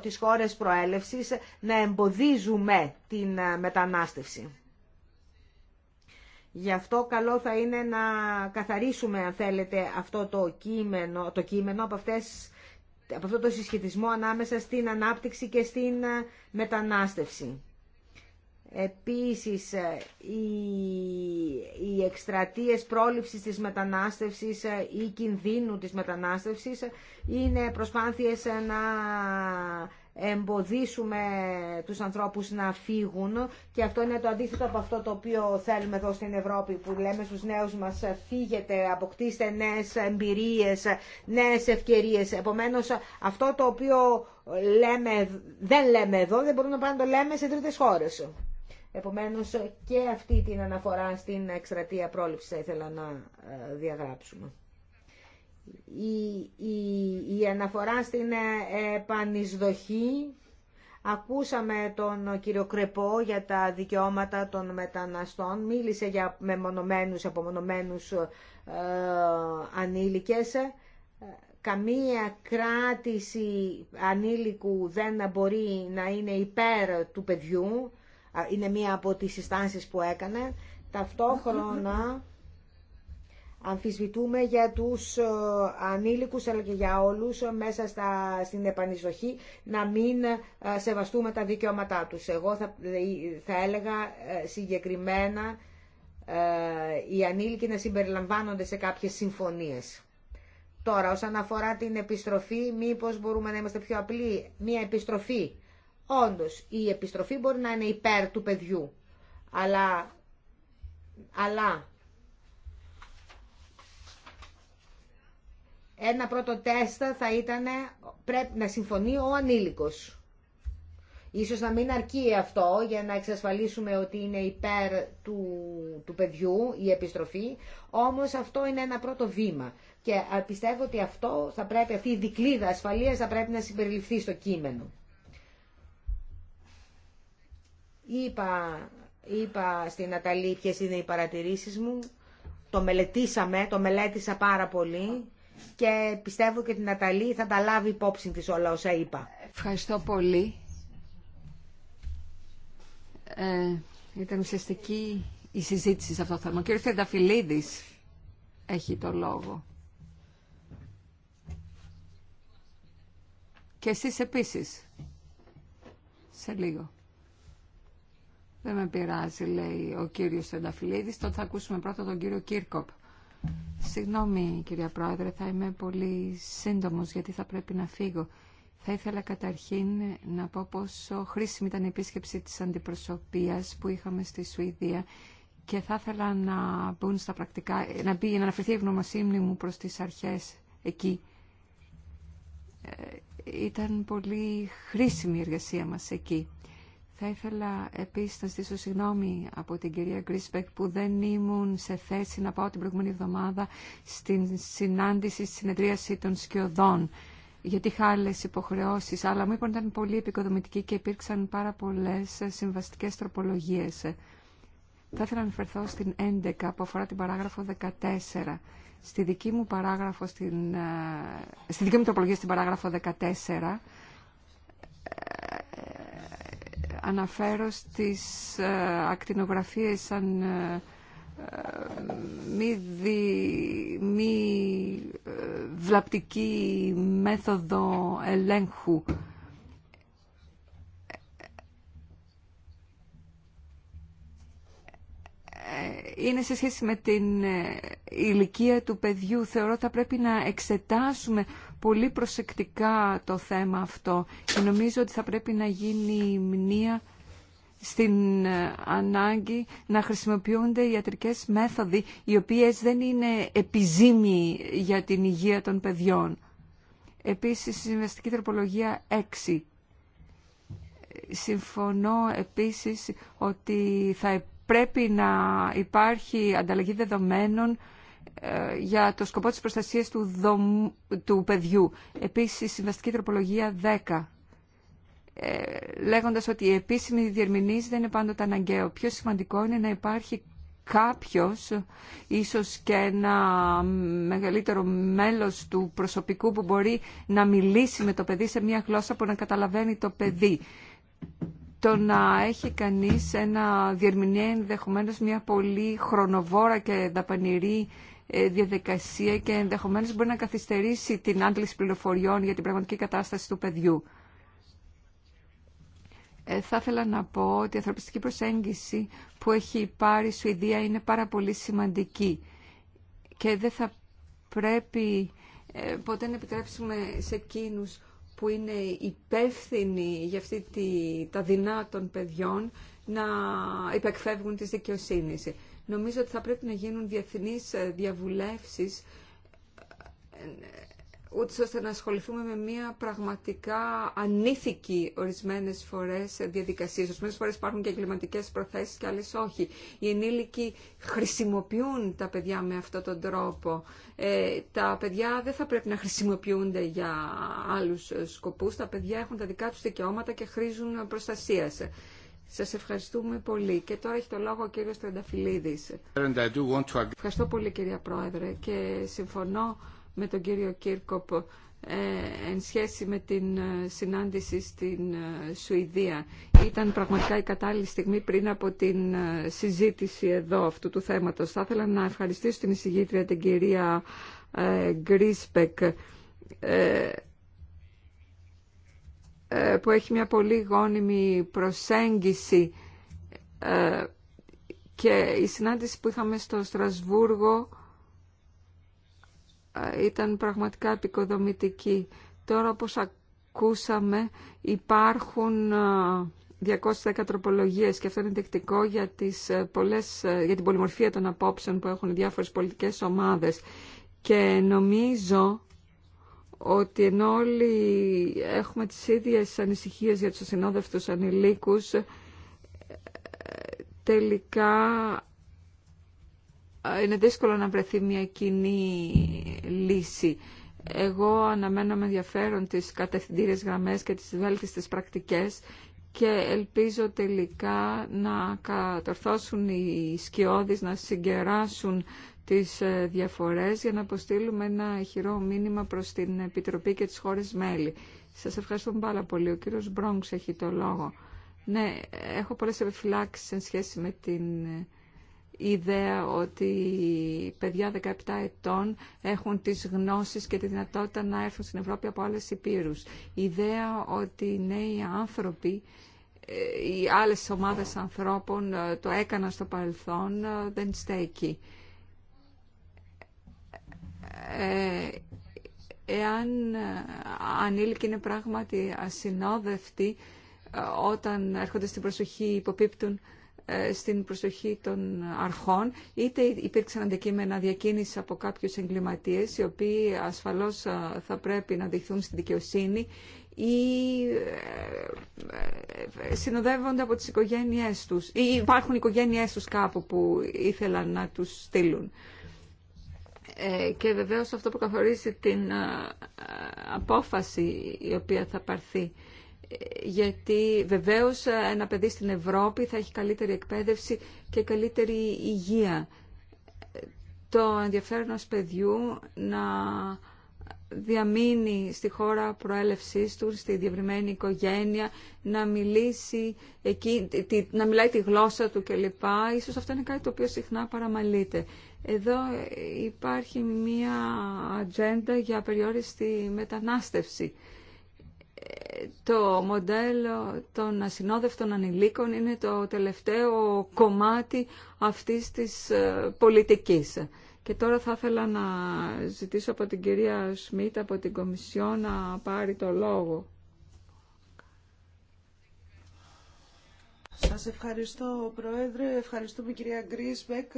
τις χώρες προέλευσης, να εμποδίζουμε την ε, μετανάστευση. Γι' αυτό καλό θα είναι να καθαρίσουμε, αν θέλετε, αυτό το κείμενο, το κείμενο από, αυτές, από αυτό το συσχετισμό ανάμεσα στην ανάπτυξη και στην ε, μετανάστευση. Επίσης, ε, οι, οι εκστρατείες πρόληψης της μετανάστευσης ε, ή κινδύνου της μετανάστευσης ε, είναι προσπάθειες να εμποδίσουμε τους ανθρώπους να φύγουν και αυτό είναι το αντίθετο από αυτό το οποίο θέλουμε εδώ στην Ευρώπη που λέμε στους νέους μας φύγετε, αποκτήστε νέες εμπειρίες, νέες ευκαιρίες. Επομένως αυτό το οποίο λέμε, δεν λέμε εδώ δεν μπορούμε να το λέμε σε τρίτες χώρες. Επομένω, και αυτή την αναφορά στην εκστρατεία πρόληψη θα ήθελα να ε, διαγράψουμε. Η, η αναφορά στην ε, επανεισδοχή Ακούσαμε τον κύριο Κρεπό για τα δικαιώματα των μεταναστών. Μίλησε για μεμονωμένους, απομονωμένους ε, ανήλικες. Ε, καμία κράτηση ανήλικου δεν μπορεί να είναι υπέρ του παιδιού είναι μία από τις συστάσεις που έκανε. Ταυτόχρονα αμφισβητούμε για τους ε, ανήλικους αλλά και για όλους ε, μέσα στα, στην επανεισδοχή να μην ε, σεβαστούμε τα δικαιώματά τους. Εγώ θα, θα έλεγα συγκεκριμένα οι ανήλικοι να συμπεριλαμβάνονται σε κάποιες συμφωνίες. Τώρα, όσον αφορά την επιστροφή, μήπως μπορούμε να είμαστε πιο απλοί. Μία επιστροφή Όντως, η επιστροφή μπορεί να είναι υπέρ του παιδιού, αλλά, αλλά ένα πρώτο τεστ θα ήταν πρέπει να συμφωνεί ο ανήλικος. Ίσως να μην αρκεί αυτό για να εξασφαλίσουμε ότι είναι υπέρ του, του παιδιού η επιστροφή, όμως αυτό είναι ένα πρώτο βήμα. Και πιστεύω ότι αυτό θα πρέπει, αυτή η δικλίδα ασφαλείας θα πρέπει να συμπεριληφθεί στο κείμενο. Είπα, είπα στην Αταλή ποιε είναι οι παρατηρήσει μου. Το μελετήσαμε, το μελέτησα πάρα πολύ και πιστεύω και την Αταλή θα τα λάβει υπόψη της όλα όσα είπα. Ευχαριστώ πολύ. Ε, ήταν ουσιαστική η συζήτηση σε αυτό το θέμα. Ο κ. έχει το λόγο. Και εσείς επίσης. Σε λίγο. Δεν με πειράζει, λέει ο κύριο Τενταφυλλίδη. Τότε θα ακούσουμε πρώτα τον κύριο Κίρκοπ. Συγγνώμη, κυρία Πρόεδρε, θα είμαι πολύ σύντομο γιατί θα πρέπει να φύγω. Θα ήθελα καταρχήν να πω πόσο χρήσιμη ήταν η επίσκεψη της αντιπροσωπείας που είχαμε στη Σουηδία και θα ήθελα να μπουν στα πρακτικά, να, πει να αναφερθεί η γνωμοσύνη μου προς τις αρχές εκεί. Ε, ήταν πολύ χρήσιμη η εργασία μας εκεί. Θα ήθελα επίσης να στήσω συγγνώμη από την κυρία Γκρίσπεκ που δεν ήμουν σε θέση να πάω την προηγούμενη εβδομάδα στην συνάντηση, στη συνεδρίαση των σκιωδών γιατί είχα άλλε υποχρεώσεις, αλλά μου είπαν ήταν πολύ επικοδομητική και υπήρξαν πάρα πολλές συμβαστικές τροπολογίες. Θα ήθελα να αναφερθώ στην 11 που αφορά την παράγραφο 14. Στη δική μου ε, στη δική μου τροπολογία στην παράγραφο 14, αναφέρω στις ε, ακτινογραφίες σαν ε, μη, δι, μη ε, βλαπτική μέθοδο ελέγχου. είναι σε σχέση με την ηλικία του παιδιού. Θεωρώ ότι θα πρέπει να εξετάσουμε πολύ προσεκτικά το θέμα αυτό και νομίζω ότι θα πρέπει να γίνει μνήα στην ε, ανάγκη να χρησιμοποιούνται ιατρικές μέθοδοι οι οποίες δεν είναι επιζήμιοι για την υγεία των παιδιών. Επίσης, η συμβαστική τροπολογία 6. Συμφωνώ επίσης ότι θα πρέπει να υπάρχει ανταλλαγή δεδομένων ε, για το σκοπό της προστασίας του, του παιδιού. Επίσης, η συμβαστική τροπολογία 10, ε, λέγοντας ότι η επίσημη διερμηνής δεν είναι πάντοτε αναγκαίο. Πιο σημαντικό είναι να υπάρχει κάποιος, ίσως και ένα μεγαλύτερο μέλος του προσωπικού που μπορεί να μιλήσει με το παιδί σε μια γλώσσα που να καταλαβαίνει το παιδί. Το να έχει κανείς ένα διερμηνία ενδεχομένω μια πολύ χρονοβόρα και δαπανηρή ε, διαδικασία και ενδεχομένως μπορεί να καθυστερήσει την άντληση πληροφοριών για την πραγματική κατάσταση του παιδιού. Ε, θα ήθελα να πω ότι η ανθρωπιστική προσέγγιση που έχει πάρει η Σουηδία είναι πάρα πολύ σημαντική και δεν θα πρέπει ε, ποτέ να επιτρέψουμε σε εκείνους που είναι υπεύθυνοι για αυτή τη, τα δεινά των παιδιών να υπεκφεύγουν τη δικαιοσύνη. Νομίζω ότι θα πρέπει να γίνουν διεθνείς ε, διαβουλεύσεις ε, ούτως ώστε να ασχοληθούμε με μια πραγματικά ανήθικη ορισμένες φορές διαδικασία. Ορισμένες φορές υπάρχουν και εγκληματικέ προθέσεις και άλλες όχι. Οι ενήλικοι χρησιμοποιούν τα παιδιά με αυτόν τον τρόπο. Ε, τα παιδιά δεν θα πρέπει να χρησιμοποιούνται για άλλους σκοπούς. Τα παιδιά έχουν τα δικά τους δικαιώματα και χρήζουν προστασίας. Σα ευχαριστούμε πολύ. Και τώρα έχει το λόγο ο κύριο Τρενταφυλλίδη. Ευχαριστώ πολύ κυρία Πρόεδρε και συμφωνώ με τον κύριο Κίρκοπ ε, εν σχέση με την ε, συνάντηση στην ε, Σουηδία. Ήταν πραγματικά η κατάλληλη στιγμή πριν από την συζήτηση εδώ αυτού του θέματος. Θα ήθελα να ευχαριστήσω την εισηγήτρια την κυρία Γκρίσπεκ ε, που έχει μια πολύ γόνιμη προσέγγιση ε, και η συνάντηση που είχαμε στο Στρασβούργο ε, ήταν πραγματικά επικοδομητική. Τώρα όπως ακούσαμε υπάρχουν 210 τροπολογίες και αυτό είναι δεκτικό για, τις πολλές, για την πολυμορφία των απόψεων που έχουν διάφορες πολιτικές ομάδες και νομίζω ότι ενώ όλοι έχουμε τις ίδιες ανησυχίες για τους ασυνόδευτους ανηλίκους, ε, τελικά ε, είναι δύσκολο να βρεθεί μια κοινή λύση. Εγώ αναμένω με ενδιαφέρον τις κατευθυντήριες γραμμές και τις βέλτιστες πρακτικές και ελπίζω τελικά να κατορθώσουν οι σκιώδεις να συγκεράσουν τις ε, διαφορές για να αποστείλουμε ένα χειρό μήνυμα προς την Επιτροπή και τις χώρες μέλη. Σας ευχαριστούμε πάρα πολύ. Ο κύριος Μπρόγκ έχει το λόγο. Ναι, έχω πολλές επιφυλάξεις σε σχέση με την ε, ιδέα ότι παιδιά 17 ετών έχουν τις γνώσεις και τη δυνατότητα να έρθουν στην Ευρώπη από άλλες υπήρους. Η ιδέα ότι οι νέοι άνθρωποι ε, οι άλλες ομάδες ανθρώπων το έκαναν στο παρελθόν δεν στέκει. Ε, εάν ε, ανήλικοι είναι πράγματι ασυνόδευτοι ε, όταν έρχονται στην προσοχή, υποπίπτουν στην προσοχή των αρχών, είτε υπήρξαν αντικείμενα διακίνηση από κάποιους εγκληματίες, οι οποίοι ασφαλώς θα πρέπει να διηθούν στη δικαιοσύνη ή συνοδεύονται από τις οικογένειές τους ή υπάρχουν οικογένειές τους κάπου που ήθελαν να τους στείλουν. Ε, και βεβαίως αυτό που καθορίζει την ε, απόφαση η οποία θα πάρθει. Ε, γιατί βεβαίως ένα παιδί στην Ευρώπη θα έχει καλύτερη εκπαίδευση και καλύτερη υγεία. Το ενδιαφέρον ως παιδιού να διαμείνει στη χώρα προέλευσής του, στη διευρυμένη οικογένεια, να, μιλήσει εκεί, να μιλάει τη γλώσσα του κλπ. Ίσως αυτό είναι κάτι το οποίο συχνά παραμαλείται. Εδώ υπάρχει μία ατζέντα για περιόριστη μετανάστευση. Το μοντέλο των ασυνόδευτων ανηλίκων είναι το τελευταίο κομμάτι αυτής της ε, πολιτικής. Και τώρα θα ήθελα να ζητήσω από την κυρία Σμίτ, από την Κομισιό, να πάρει το λόγο. Σας ευχαριστώ, Πρόεδρε. Ευχαριστούμε, κυρία Γκρίσμπεκ,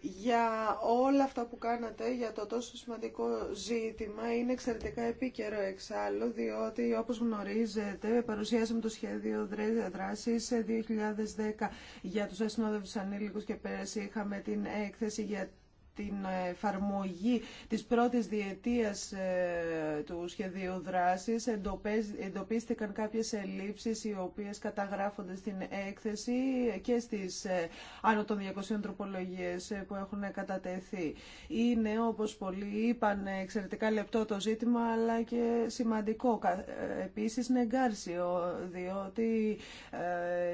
για όλα αυτά που κάνατε, για το τόσο σημαντικό ζήτημα. Είναι εξαιρετικά επίκαιρο εξάλλου, διότι, όπως γνωρίζετε, παρουσιάσαμε το σχέδιο δράσης 2010 για τους ασυνόδευτους ανήλικους και πέρυσι είχαμε την έκθεση για την εφαρμογή της πρώτης διετίας ε, του σχεδίου δράσης εντοπίστηκαν κάποιες ελλείψεις οι οποίες καταγράφονται στην έκθεση και στις ε, άνω των 200 τροπολογίες ε, που έχουν κατατεθεί. Είναι, όπως πολλοί είπαν, εξαιρετικά λεπτό το ζήτημα αλλά και σημαντικό. Επίσης είναι εγκάρσιο διότι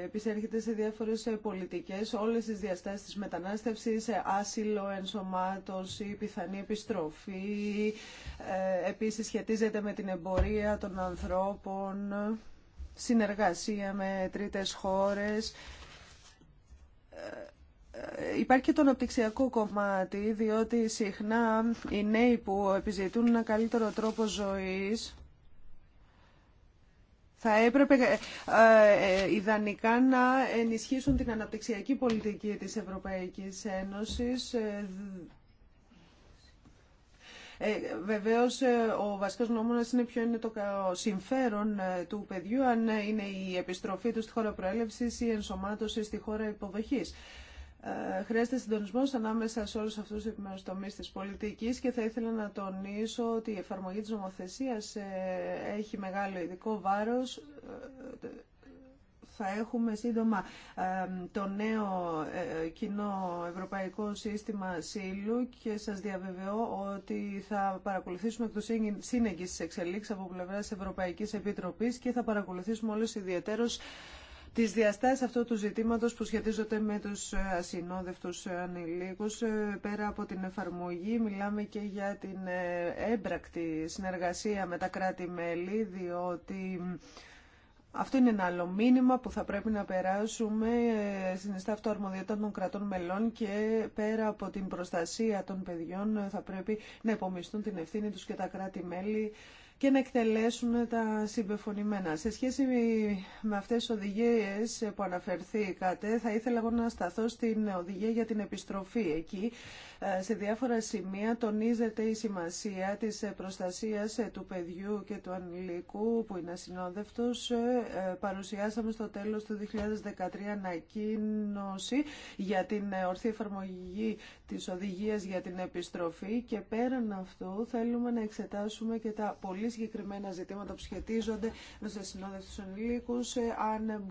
επισέρχεται σε διάφορες πολιτικές όλες τις διαστάσεις της μετανάστευσης, άσυλο, ενσωμάτωση η πιθανή επιστροφή. Ε, επίσης σχετίζεται με την εμπορία των ανθρώπων, συνεργασία με τρίτες χώρες. Ε, υπάρχει και το αναπτυξιακό κομμάτι, διότι συχνά οι νέοι που επιζητούν ένα καλύτερο τρόπο ζωής θα έπρεπε ε, ε, ιδανικά να ενισχύσουν την αναπτυξιακή πολιτική της Ευρωπαϊκής Ένωσης. Ε, ε βεβαίως ε, ο βασικός νόμος είναι ποιο είναι το συμφέρον του παιδιού, αν είναι η επιστροφή του στη χώρα προέλευσης ή η ενσωμάτωση στη χώρα υποδοχής. Ε, χρειάζεται συντονισμό ανάμεσα σε όλου αυτού του επιμέρου τομεί τη πολιτική και θα ήθελα να τονίσω ότι η εφαρμογή τη νομοθεσία ε, έχει μεγάλο ειδικό βάρο. Ε, θα έχουμε σύντομα το νέο κοινό ευρωπαϊκό σύστημα ΣΥΛΟΥ και σας διαβεβαιώ ότι θα παρακολουθήσουμε εκ του σύνεγγυς εξελίξης από πλευράς Ευρωπαϊκής Επιτροπής και θα παρακολουθήσουμε όλες ιδιαίτερως τι διαστάσει αυτού του ζητήματο που σχετίζονται με του ασυνόδευτού ανηλίκου. Ε, πέρα από την εφαρμογή μιλάμε και για την ε, έμπρακτη συνεργασία με τα κράτη-μέλη, διότι... Αυτό είναι ένα άλλο μήνυμα που θα πρέπει να περάσουμε ε, στην αυτό αρμοδιότητα των κρατών μελών και πέρα από την προστασία των παιδιών θα πρέπει να υπομισθούν την ευθύνη του και τα κράτη-μέλη και να εκτελέσουν τα συμπεφωνημένα. Σε σχέση με αυτές τις οδηγίες που αναφερθήκατε, θα ήθελα εγώ να σταθώ στην οδηγία για την επιστροφή. Εκεί σε διάφορα σημεία τονίζεται η σημασία της προστασίας ε, του παιδιού και του ανηλίκου που είναι ασυνόδευτος. Ε, ε, παρουσιάσαμε στο τέλος του 2013 ανακοίνωση για την ορθή εφαρμογή της οδηγίας για την επιστροφή και πέραν αυτού θέλουμε να εξετάσουμε και τα πολύ συγκεκριμένα ζητήματα που σχετίζονται με τους ασυνόδευτους ανηλίκους, αν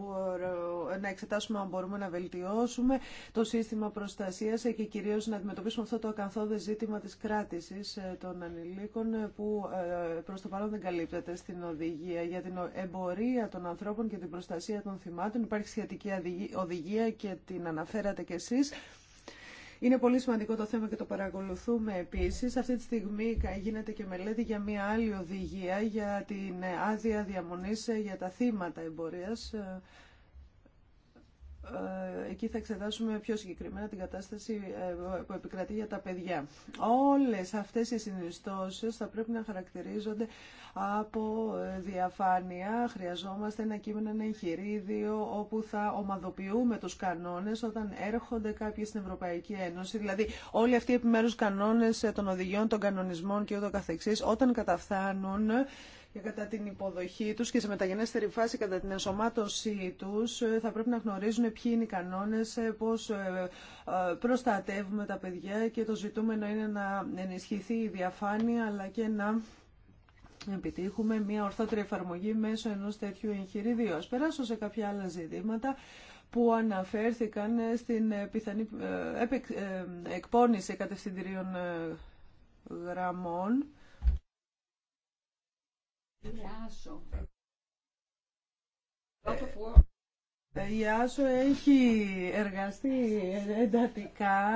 να εξετάσουμε αν μπορούμε να βελτιώσουμε το σύστημα προστασίας και κυρίως να αντιμετωπίσουμε αυτό το ακαθόδε ζήτημα της κράτησης ε, των ανηλίκων ε, που ε, προς το παρόν δεν καλύπτεται στην οδηγία για την εμπορία των ανθρώπων και την προστασία των θυμάτων. Υπάρχει σχετική οδηγία και την αναφέρατε κι εσείς. Είναι πολύ σημαντικό το θέμα και το παρακολουθούμε επίσης. Αυτή τη στιγμή γίνεται και μελέτη για μια άλλη οδηγία για την άδεια διαμονής για τα θύματα εμπορίας. Ε, εκεί θα εξετάσουμε πιο συγκεκριμένα την κατάσταση ε, που επικρατεί για τα παιδιά. Όλες αυτές οι συνιστώσεις θα πρέπει να χαρακτηρίζονται από ε, διαφάνεια. Χρειαζόμαστε ένα κείμενο, ένα εγχειρίδιο όπου θα ομαδοποιούμε τους κανόνες όταν έρχονται κάποιοι στην Ευρωπαϊκή Ένωση. Δηλαδή όλοι αυτοί οι επιμέρους κανόνες των οδηγιών, των κανονισμών και ούτω καθεξής όταν καταφθάνουν και κατά την υποδοχή τους και σε μεταγενέστερη φάση κατά την ενσωμάτωσή τους ε, θα πρέπει να γνωρίζουν ποιοι είναι οι κανόνες, ε, πώς ε, προστατεύουμε τα παιδιά και το ζητούμενο είναι να ενισχυθεί η διαφάνεια αλλά και να επιτύχουμε μια ορθότερη εφαρμογή μέσω ενός τέτοιου εγχειριδίου. Ας περάσω σε κάποια άλλα ζητήματα που αναφέρθηκαν στην πιθανή εκπόνηση κατευθυντηρίων γραμμών. Η Άσο ε, ε, έχει εργαστεί εντατικά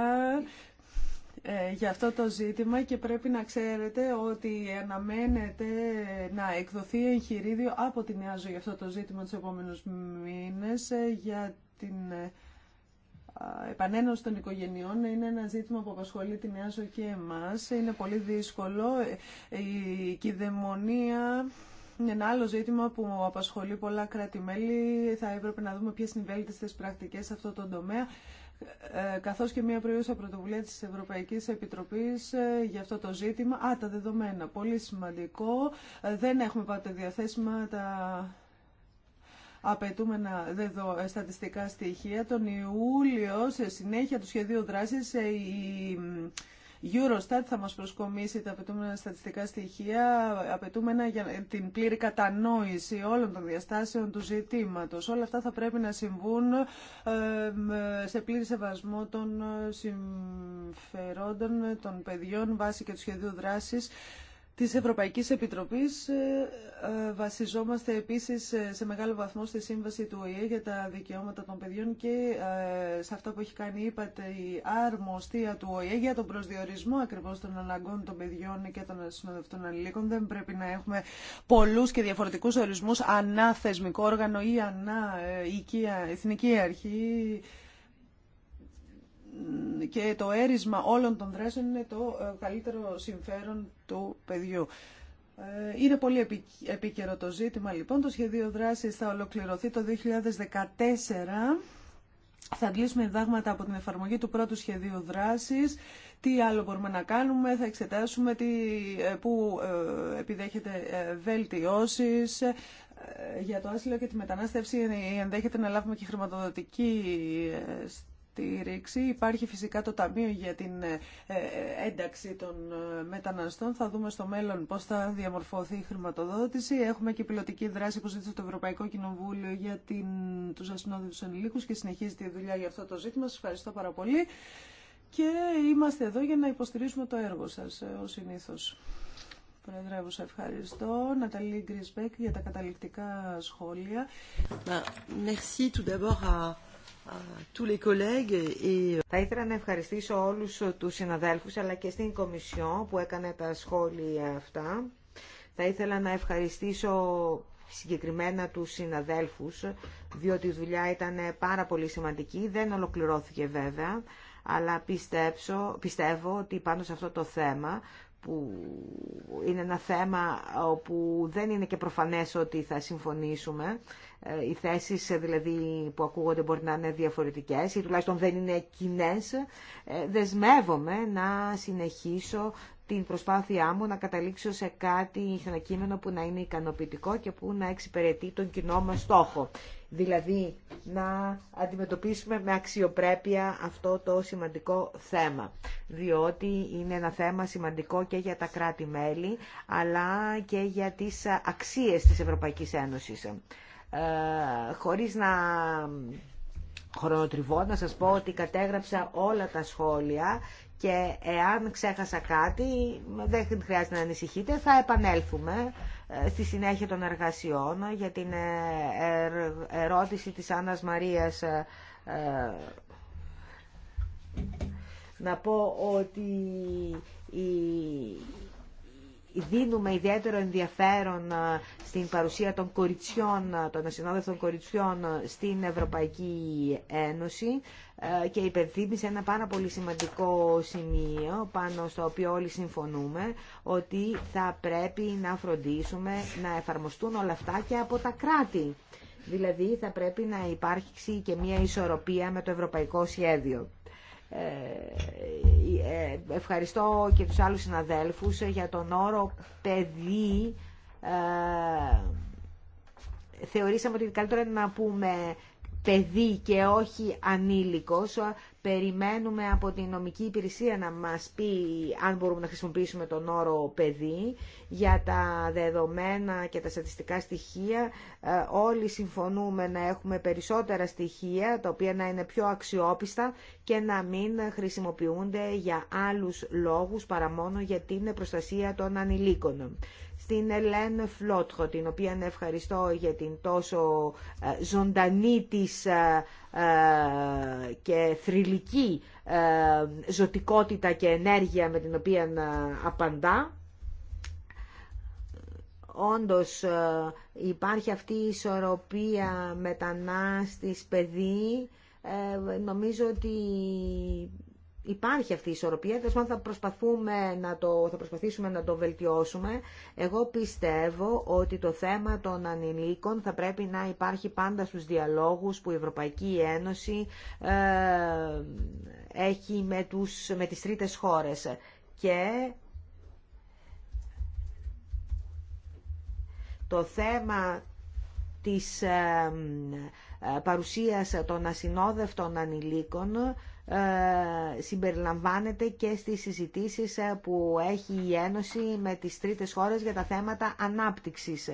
ε, για αυτό το ζήτημα και πρέπει να ξέρετε ότι αναμένεται να εκδοθεί εγχειρίδιο από την Άσο για αυτό το ζήτημα τους επόμενους μήνες για την επανένωση των οικογενειών είναι ένα ζήτημα που απασχολεί την ζωή και εμάς. Είναι πολύ δύσκολο. Η κυδαιμονία είναι ένα άλλο ζήτημα που απασχολεί πολλά κράτη-μέλη. Θα έπρεπε να δούμε ποιες είναι οι βέλτιστες πρακτικές σε αυτό το τομέα ε, καθώς και μια προϊόντα πρωτοβουλία της Ευρωπαϊκής Επιτροπής ε, για αυτό το ζήτημα. Α, τα δεδομένα. Πολύ σημαντικό. Ε, δεν έχουμε πάντα διαθέσιμα τα απαιτούμενα δεδο, στατιστικά στοιχεία. Τον Ιούλιο, σε συνέχεια του σχεδίου δράση, ε, η Eurostat θα μας προσκομίσει τα απαιτούμενα στατιστικά στοιχεία, απαιτούμενα για την πλήρη κατανόηση όλων των διαστάσεων του ζητήματος. Όλα αυτά θα πρέπει να συμβούν σε πλήρη σεβασμό των συμφερόντων των παιδιών βάσει και του σχεδίου δράση της Ευρωπαϊκής Επιτροπής. Ε, ε, βασιζόμαστε επίσης ε, σε μεγάλο βαθμό στη σύμβαση του ΟΗΕ για τα δικαιώματα των παιδιών και σε αυτό που έχει κάνει, είπατε, η αρμοστία του ΟΗΕ για τον προσδιορισμό ακριβώς των αναγκών των παιδιών και των συνοδευτών ανηλίκων. Δεν πρέπει να έχουμε πολλούς και διαφορετικούς ορισμούς ανά θεσμικό όργανο ή ανά εθνική αρχή και το έρισμα όλων των δράσεων είναι το ε, καλύτερο συμφέρον του παιδιού. Ε, είναι πολύ επίκαιρο το ζήτημα λοιπόν. Το σχεδίο δράσης θα ολοκληρωθεί το 2014. Θα αντλήσουμε διδάγματα από την εφαρμογή του πρώτου σχεδίου δράσης. Τι άλλο μπορούμε να κάνουμε, θα εξετάσουμε τι, ε, που επιδέχεται βελτιώσεις, για το άσυλο και τη μετανάστευση ενδέχεται να λάβουμε και χρηματοδοτική Υπάρχει φυσικά το Ταμείο για την ε, ε, ένταξη των ε, μεταναστών. Θα δούμε στο μέλλον πώς θα διαμορφωθεί η χρηματοδότηση. Έχουμε και πιλωτική δράση που ζήτησε το Ευρωπαϊκό Κοινοβούλιο για την... τους ασυνόδητους ενηλίκους και συνεχίζεται η δουλειά για αυτό το ζήτημα. Σας ευχαριστώ πάρα πολύ και είμαστε εδώ για να υποστηρίσουμε το έργο σας ως συνήθως. σε ευχαριστώ. Ναταλή Γκρισμπέκ για τα καταληκτικά σχόλια. Euh, θα ήθελα να ευχαριστήσω όλους τους συναδέλφους αλλά και στην Κομισιό που έκανε τα σχόλια αυτά. Θα ήθελα να ευχαριστήσω συγκεκριμένα τους συναδέλφους διότι η δουλειά ήταν πάρα πολύ σημαντική, δεν ολοκληρώθηκε βέβαια αλλά πιστέψω, πιστεύω ότι πάνω σε αυτό το θέμα που είναι ένα θέμα όπου δεν είναι και προφανές ότι θα συμφωνήσουμε. Ε, οι θέσει ε, δηλαδή που ακούγονται μπορεί να είναι διαφορετικές ή τουλάχιστον δεν είναι κοινέ. Ε, δεσμεύομαι να συνεχίσω την προσπάθειά μου να καταλήξω σε κάτι, σε ένα κείμενο που να είναι ικανοποιητικό και που να εξυπηρετεί τον κοινό μας στόχο. Δηλαδή να αντιμετωπίσουμε με αξιοπρέπεια αυτό το σημαντικό θέμα. Διότι είναι ένα θέμα σημαντικό και για τα κράτη-μέλη, αλλά και για τις αξίες της Ευρωπαϊκής Ένωσης. Ε, χωρίς να χρονοτριβώ να σας πω ότι κατέγραψα όλα τα σχόλια και εάν ξέχασα κάτι, δεν χρειάζεται να ανησυχείτε, θα επανέλθουμε ε, στη συνέχεια των εργασιών για την ε, ερώτηση της Άννας Μαρίας να πω ότι η, δίνουμε ιδιαίτερο ενδιαφέρον στην παρουσία των κοριτσιών, των ασυνόδευτων κοριτσιών στην Ευρωπαϊκή Ένωση και υπενθύμησε ένα πάρα πολύ σημαντικό σημείο πάνω στο οποίο όλοι συμφωνούμε ότι θα πρέπει να φροντίσουμε να εφαρμοστούν όλα αυτά και από τα κράτη. Δηλαδή θα πρέπει να υπάρξει και μια ισορροπία με το ευρωπαϊκό σχέδιο. Ε, ε, ευχαριστώ και τους άλλους συναδέλφους για τον όρο παιδί. Ε, θεωρήσαμε ότι καλύτερα είναι να πούμε παιδί και όχι ανήλικος. Περιμένουμε από την νομική υπηρεσία να μας πει αν μπορούμε να χρησιμοποιήσουμε τον όρο παιδί για τα δεδομένα και τα στατιστικά στοιχεία. Όλοι συμφωνούμε να έχουμε περισσότερα στοιχεία τα οποία να είναι πιο αξιόπιστα και να μην χρησιμοποιούνται για άλλους λόγους παρά μόνο για την προστασία των ανηλίκων. Στην Ελέν Φλότχο, την οποία ευχαριστώ για την τόσο ε, ζωντανή της ε, ε, και θρηλυκή ζωτικότητα και ενέργεια με την οποία απαντά, όντως υπάρχει αυτή η ισορροπία μετανάστης παιδί ε, νομίζω ότι υπάρχει αυτή η ισορροπία, δηλαδή θα, προσπαθούμε να το, θα προσπαθήσουμε να το βελτιώσουμε. Εγώ πιστεύω ότι το θέμα των ανηλίκων θα πρέπει να υπάρχει πάντα στους διαλόγους που η Ευρωπαϊκή Ένωση ε, έχει με, τους, με τις τρίτες χώρες. Και το θέμα της... Ε, ε, παρουσίας των ασυνόδευτων ανηλίκων ε, συμπεριλαμβάνεται και στις συζητήσεις ε, που έχει η Ένωση με τις τρίτες χώρες για τα θέματα ανάπτυξης.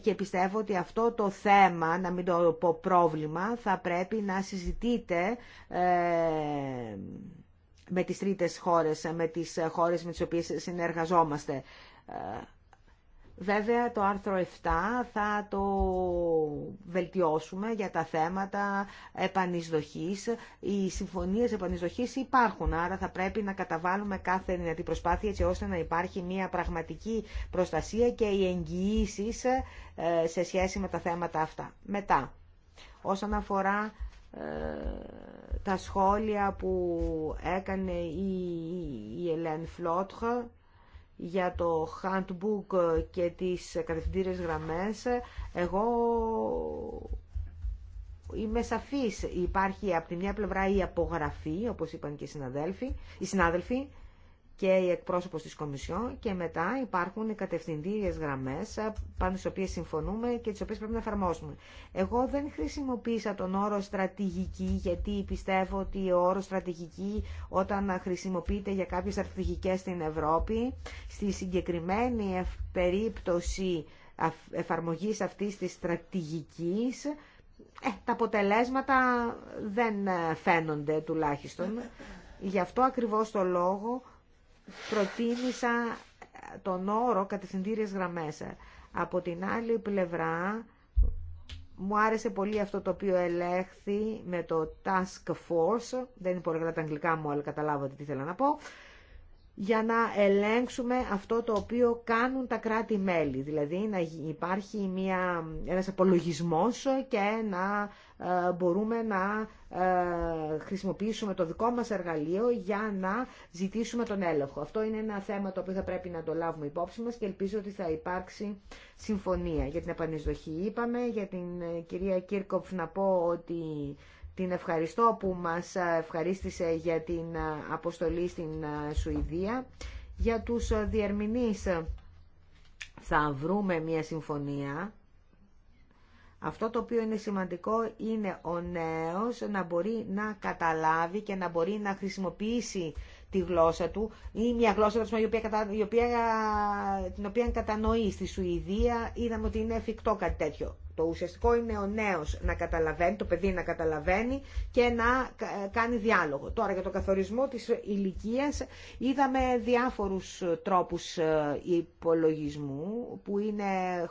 Και πιστεύω ότι αυτό το θέμα, να μην το πω πρόβλημα, θα πρέπει να συζητείτε με τις τρίτες χώρες, με τις χώρες με τις οποίες συνεργαζόμαστε. Βέβαια το άρθρο 7 θα το βελτιώσουμε για τα θέματα επανεισδοχής. Οι συμφωνίες επανεισδοχής υπάρχουν, άρα θα πρέπει να καταβάλουμε κάθε δυνατή προσπάθεια έτσι ώστε να υπάρχει μια πραγματική προστασία και οι εγγυήσει ε, σε σχέση με τα θέματα αυτά. Μετά, όσον αφορά ε, τα σχόλια που έκανε η Ελέν Φλότχα, για το handbook ε, και τις κατευθυντήριες γραμμές εγώ είμαι σαφής υπάρχει από τη μια πλευρά η απογραφή όπως είπαν και οι συναδέλφοι, οι συνάδελφοι και η εκπρόσωπος της Κομισιόν και μετά υπάρχουν οι κατευθυντήριες γραμμές ε, πάνω στις οποίες συμφωνούμε και τις οποίες πρέπει να εφαρμόσουμε. Εγώ δεν χρησιμοποίησα τον όρο στρατηγική γιατί πιστεύω ότι ο όρος στρατηγική όταν χρησιμοποιείται για κάποιες στρατηγικές στην Ευρώπη στη συγκεκριμένη περίπτωση εφαρμογής αυτής της στρατηγικής ε, τα αποτελέσματα δεν ε, φαίνονται τουλάχιστον. Γι' αυτό ακριβώς το λόγο προτίμησα τον όρο κατευθυντήριες γραμμές. Από την άλλη πλευρά μου άρεσε πολύ αυτό το οποίο ελέγχθη με το task force, δεν είναι πολύ καλά τα αγγλικά μου αλλά καταλάβατε τι θέλω να πω, για να ελέγξουμε αυτό το οποίο κάνουν τα κράτη-μέλη. Δηλαδή να υπάρχει μια, ένας απολογισμός και να ε, μπορούμε να ε, χρησιμοποιήσουμε το δικό μας εργαλείο για να ζητήσουμε τον έλεγχο. Αυτό είναι ένα θέμα το οποίο θα πρέπει να το λάβουμε υπόψη μας και ελπίζω ότι θα υπάρξει συμφωνία. Για την επανεισδοχή είπαμε, για την ε, κυρία Κίρκοφ να πω ότι την ευχαριστώ που μας ευχαρίστησε για την αποστολή στην Σουηδία. Για τους διερμηνείς θα βρούμε μια συμφωνία. Αυτό το οποίο είναι σημαντικό είναι ο νέος να μπορεί να καταλάβει και να μπορεί να χρησιμοποιήσει τη γλώσσα του ή μια γλώσσα του, η μια γλωσσα η οποία, την οποία κατανοεί στη Σουηδία. Είδαμε ότι είναι εφικτό κάτι τέτοιο. Το ουσιαστικό είναι ο νέος να καταλαβαίνει, το παιδί να καταλαβαίνει και να κάνει διάλογο. Τώρα για το καθορισμό της ηλικία είδαμε διάφορους τρόπους ε, υπολογισμού που είναι ε,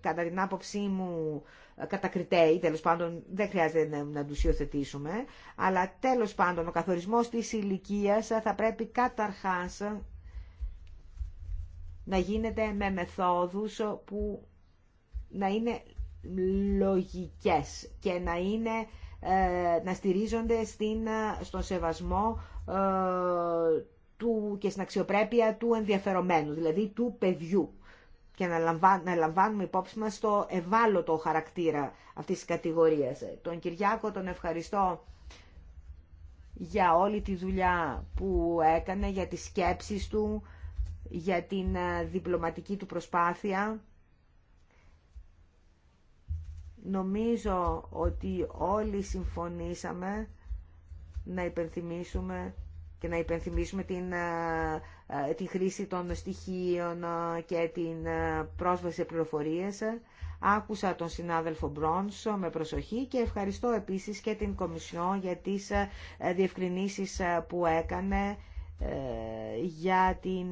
κατά την άποψή μου κατακριτέοι, τέλος πάντων δεν χρειάζεται να τους υιοθετήσουμε, αλλά τέλος πάντων ο καθορισμός της ηλικία θα πρέπει καταρχάς να γίνεται με μεθόδους που να είναι λογικές και να, είναι, ε, να στηρίζονται στην, στον σεβασμό ε, του, και στην αξιοπρέπεια του ενδιαφερομένου, δηλαδή του παιδιού και να, να λαμβάνουμε υπόψη μας το ευάλωτο χαρακτήρα αυτής της κατηγορίας. Τον Κυριάκο τον ευχαριστώ για όλη τη δουλειά που έκανε, για τις σκέψεις του, για την ε, διπλωματική του προσπάθεια. Νομίζω ότι όλοι συμφωνήσαμε να υπενθυμίσουμε και να υπενθυμίσουμε την ε, ε, τη χρήση των στοιχείων ε, και την ε, πρόσβαση σε πληροφορίες. Άκουσα τον συνάδελφο Μπρόνς με προσοχή και ευχαριστώ επίσης και την Κομισιό για τις διευκρινήσεις που έκανε για την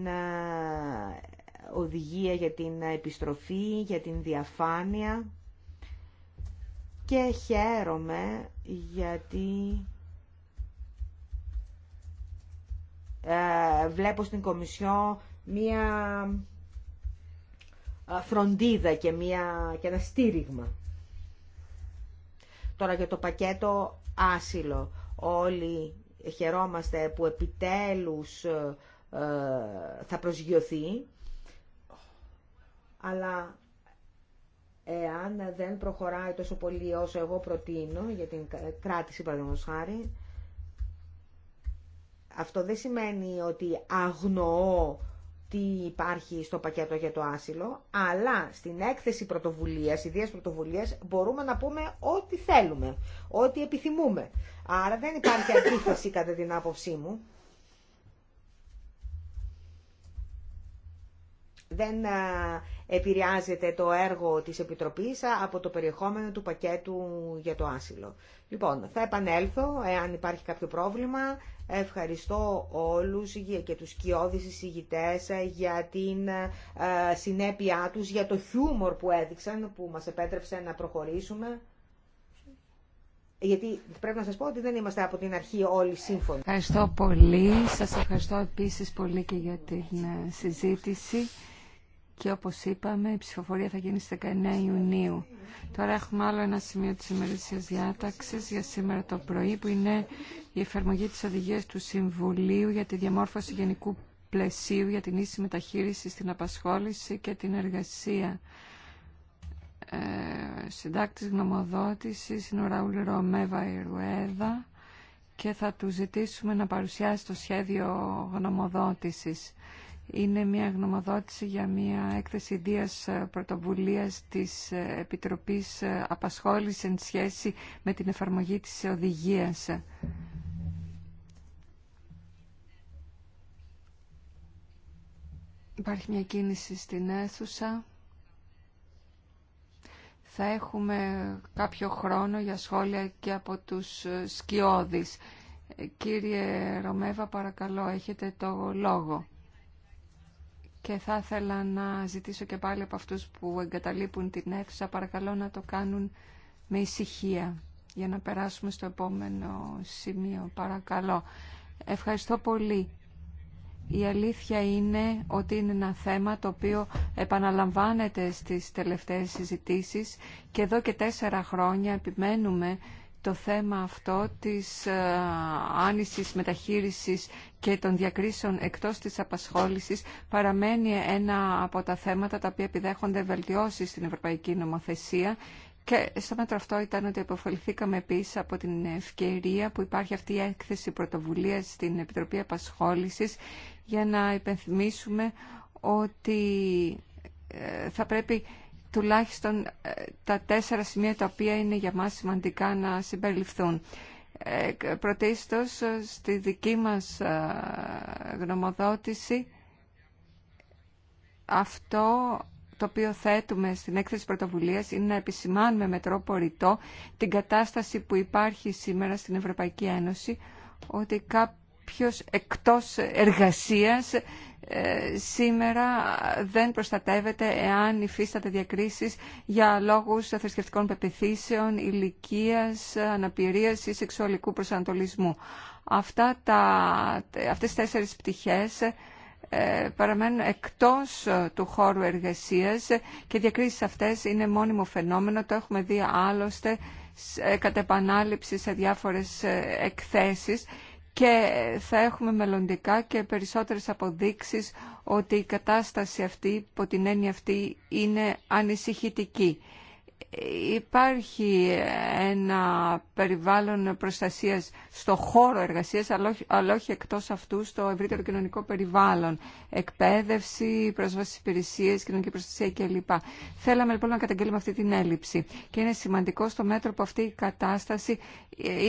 οδηγία για την επιστροφή, για την διαφάνεια και χαίρομαι γιατί Ε, βλέπω στην Κομισιό μία ε, φροντίδα και, μία, και ένα στήριγμα. Τώρα για το πακέτο άσυλο. Όλοι χαιρόμαστε που επιτέλους ε, θα προσγειωθεί, αλλά εάν δεν προχωράει τόσο πολύ όσο εγώ προτείνω για την κράτηση, παραδείγματος χάρη, αυτό δεν σημαίνει ότι αγνοώ τι υπάρχει στο πακέτο για το άσυλο, αλλά στην έκθεση πρωτοβουλίας, ιδίας πρωτοβουλίας, μπορούμε να πούμε ό,τι θέλουμε, ό,τι επιθυμούμε. Άρα δεν υπάρχει αντίθεση κατά την άποψή μου. Δεν επηρεάζεται το έργο της Επιτροπής από το περιεχόμενο του πακέτου για το άσυλο. Λοιπόν, θα επανέλθω, εάν υπάρχει κάποιο πρόβλημα, Ευχαριστώ όλους και τους κοιόδης εισηγητές ε, για την ε, συνέπειά τους, για το χιούμορ που έδειξαν, που μας επέτρεψε να προχωρήσουμε. Γιατί πρέπει να σας πω ότι δεν είμαστε από την αρχή όλοι σύμφωνοι. Ευχαριστώ πολύ. Σας ευχαριστώ επίσης πολύ και για την ε, συζήτηση και όπως είπαμε η ψηφοφορία θα γίνει στις 19 Ιουνίου. Τώρα έχουμε άλλο ένα σημείο της ημερήσιας διάταξης για σήμερα το πρωί που είναι η εφαρμογή της οδηγίας του Συμβουλίου για τη διαμόρφωση γενικού πλαισίου για την ίση μεταχείριση στην απασχόληση και την εργασία. Ε, συντάκτης γνωμοδότησης είναι ο Ραούλ Ρωμέβα Ιρουέδα και θα του ζητήσουμε να παρουσιάσει το σχέδιο γνωμοδότησης είναι μια γνωμοδότηση για μια έκθεση διας ε, πρωτοβουλίας της ε, Επιτροπής ε, Απασχόλησης εν σχέση με την εφαρμογή της οδηγίας. Υπάρχει μια κίνηση στην αίθουσα. Θα έχουμε κάποιο χρόνο για σχόλια και από τους σκιώδεις. Κύριε Ρωμέβα, παρακαλώ, έχετε το λόγο και θα ήθελα να ζητήσω και πάλι από αυτούς που εγκαταλείπουν την αίθουσα παρακαλώ να το κάνουν με ησυχία για να περάσουμε στο επόμενο σημείο. Παρακαλώ. Ευχαριστώ πολύ. Η αλήθεια είναι ότι είναι ένα θέμα το οποίο επαναλαμβάνεται στις τελευταίες συζητήσεις και εδώ και τέσσερα χρόνια επιμένουμε το θέμα αυτό της ε, άνησης μεταχείρισης και των διακρίσεων εκτός της απασχόλησης παραμένει ένα από τα θέματα τα οποία επιδέχονται βελτιώσει στην Ευρωπαϊκή Νομοθεσία και στο μέτρο αυτό ήταν ότι υποφεληθήκαμε επίση από την ευκαιρία που υπάρχει αυτή η έκθεση πρωτοβουλίας στην Επιτροπή Απασχόλησης για να υπενθυμίσουμε ότι ε, θα πρέπει τουλάχιστον ε, τα τέσσερα σημεία τα οποία είναι για μας σημαντικά να συμπεριληφθούν. Ε, πρωτίστως, ε, στη δική μας γνωμοδότηση, αυτό το οποίο θέτουμε στην έκθεση πρωτοβουλίας είναι να επισημάνουμε με τρόπο ρητό την κατάσταση που υπάρχει σήμερα στην Ευρωπαϊκή Ένωση, ότι κά κάποιος εκτός εργασίας ε, σήμερα δεν προστατεύεται εάν υφίσταται διακρίσεις για λόγους θρησκευτικών πεπιθήσεων, ηλικίας, αναπηρίας ή σεξουαλικού προσανατολισμού. Αυτά τα, αυτές τις τέσσερις πτυχές ε, παραμένουν εκτός του χώρου εργασίας και οι διακρίσεις αυτές είναι μόνιμο φαινόμενο, το έχουμε δει άλλωστε ε, κατά επανάληψη σε διάφορες εκθέσεις και θα έχουμε μελλοντικά και περισσότερες αποδείξεις ότι η κατάσταση αυτή, υπό την έννοια αυτή, είναι ανησυχητική υπάρχει ένα περιβάλλον προστασίας στο χώρο εργασίας, αλλά όχι εκτός αυτού στο ευρύτερο κοινωνικό περιβάλλον. Εκπαίδευση, πρόσβαση στις υπηρεσίες, κοινωνική προστασία κλπ. Θέλαμε λοιπόν να καταγγείλουμε αυτή την έλλειψη. Και είναι σημαντικό στο μέτρο που αυτή η κατάσταση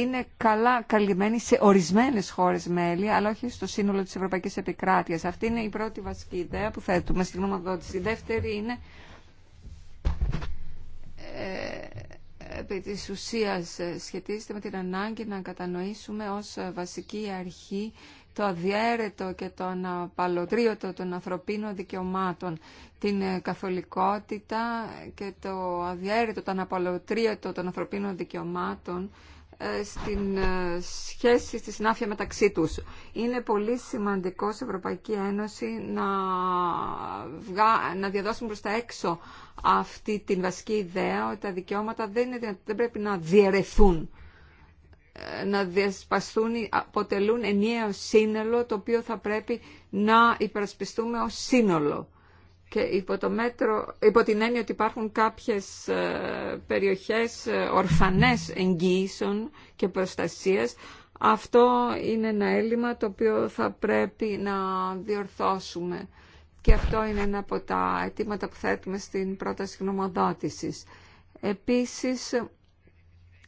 είναι καλά καλυμμένη σε ορισμένες χώρες μέλη, αλλά όχι στο σύνολο της Ευρωπαϊκής Επικράτειας. Αυτή είναι η πρώτη βασική ιδέα που θέτουμε στην γνωμοδότηση. Η δεύτερη είναι ε, επί της ουσίας ε, σχετίζεται με την ανάγκη να κατανοήσουμε ως βασική αρχή το αδιέρετο και το αναπαλωτρίωτο των ανθρωπίνων δικαιωμάτων, την ε, καθολικότητα και το αδιέρετο, το αναπαλωτρίωτο των ανθρωπίνων δικαιωμάτων ε, στην ε, σχέση, στη συνάφεια μεταξύ τους. Είναι πολύ σημαντικό σε Ευρωπαϊκή Ένωση να, να διαδώσουμε προς τα έξω αυτή την βασική ιδέα ότι τα δικαιώματα δεν, είναι, δεν πρέπει να διαιρεθούν ε, να διασπαστούν, αποτελούν ενιαίο σύνολο το οποίο θα πρέπει να υπερασπιστούμε ως σύνολο και υπό, το την έννοια ότι υπάρχουν κάποιες ε, περιοχές ε, ορφανές εγγύησεων και προστασίας, αυτό είναι ένα έλλειμμα το οποίο θα πρέπει να διορθώσουμε. Και αυτό είναι ένα από τα αιτήματα που θέτουμε στην πρόταση γνωμοδότησης. Επίσης,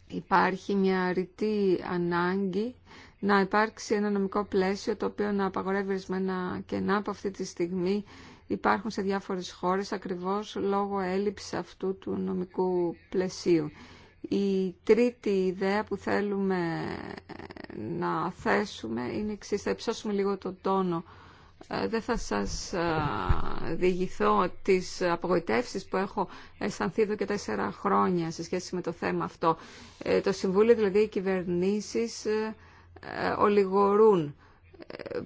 υπάρχει μια ρητή ανάγκη να υπάρξει ένα νομικό πλαίσιο το οποίο να απαγορεύει ορισμένα κενά από αυτή τη στιγμή υπάρχουν σε διάφορες χώρες ακριβώς λόγω έλλειψης αυτού του νομικού πλαισίου. Η τρίτη ιδέα που θέλουμε να θέσουμε είναι εξή. Θα υψώσουμε λίγο τον τόνο. Ε, δεν θα σας ε, διηγηθώ τις απογοητεύσεις που έχω αισθανθεί εδώ και τέσσερα χρόνια σε σχέση με το θέμα αυτό. Ε, το Συμβούλιο, δηλαδή οι κυβερνήσεις, ολιγορούν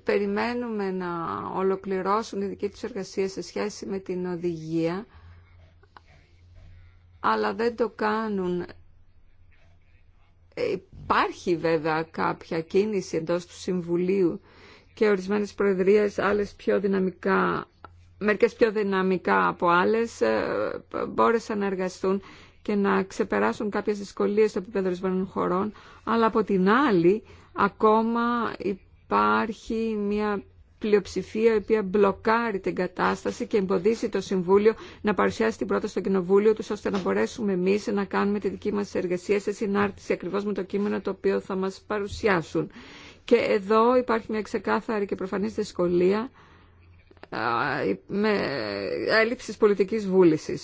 περιμένουμε να ολοκληρώσουν τη δική τους εργασία σε σχέση με την οδηγία, αλλά δεν το κάνουν. Υπάρχει βέβαια κάποια κίνηση εντός του Συμβουλίου και ορισμένες προεδρίες, άλλες πιο δυναμικά, μερικές πιο δυναμικά από άλλες, ε, μπόρεσαν να εργαστούν και να ξεπεράσουν κάποιες δυσκολίες στο επίπεδο ορισμένων χωρών, αλλά από την άλλη ακόμα υπάρχει μια πλειοψηφία η οποία μπλοκάρει την κατάσταση και εμποδίσει το Συμβούλιο να παρουσιάσει την πρόταση στο Κοινοβούλιο του, ώστε να μπορέσουμε εμεί να κάνουμε τη δική μα εργασία σε συνάρτηση ακριβώ με το κείμενο το οποίο θα μα παρουσιάσουν. Και εδώ υπάρχει μια ξεκάθαρη και προφανή δυσκολία με έλλειψη πολιτική βούληση.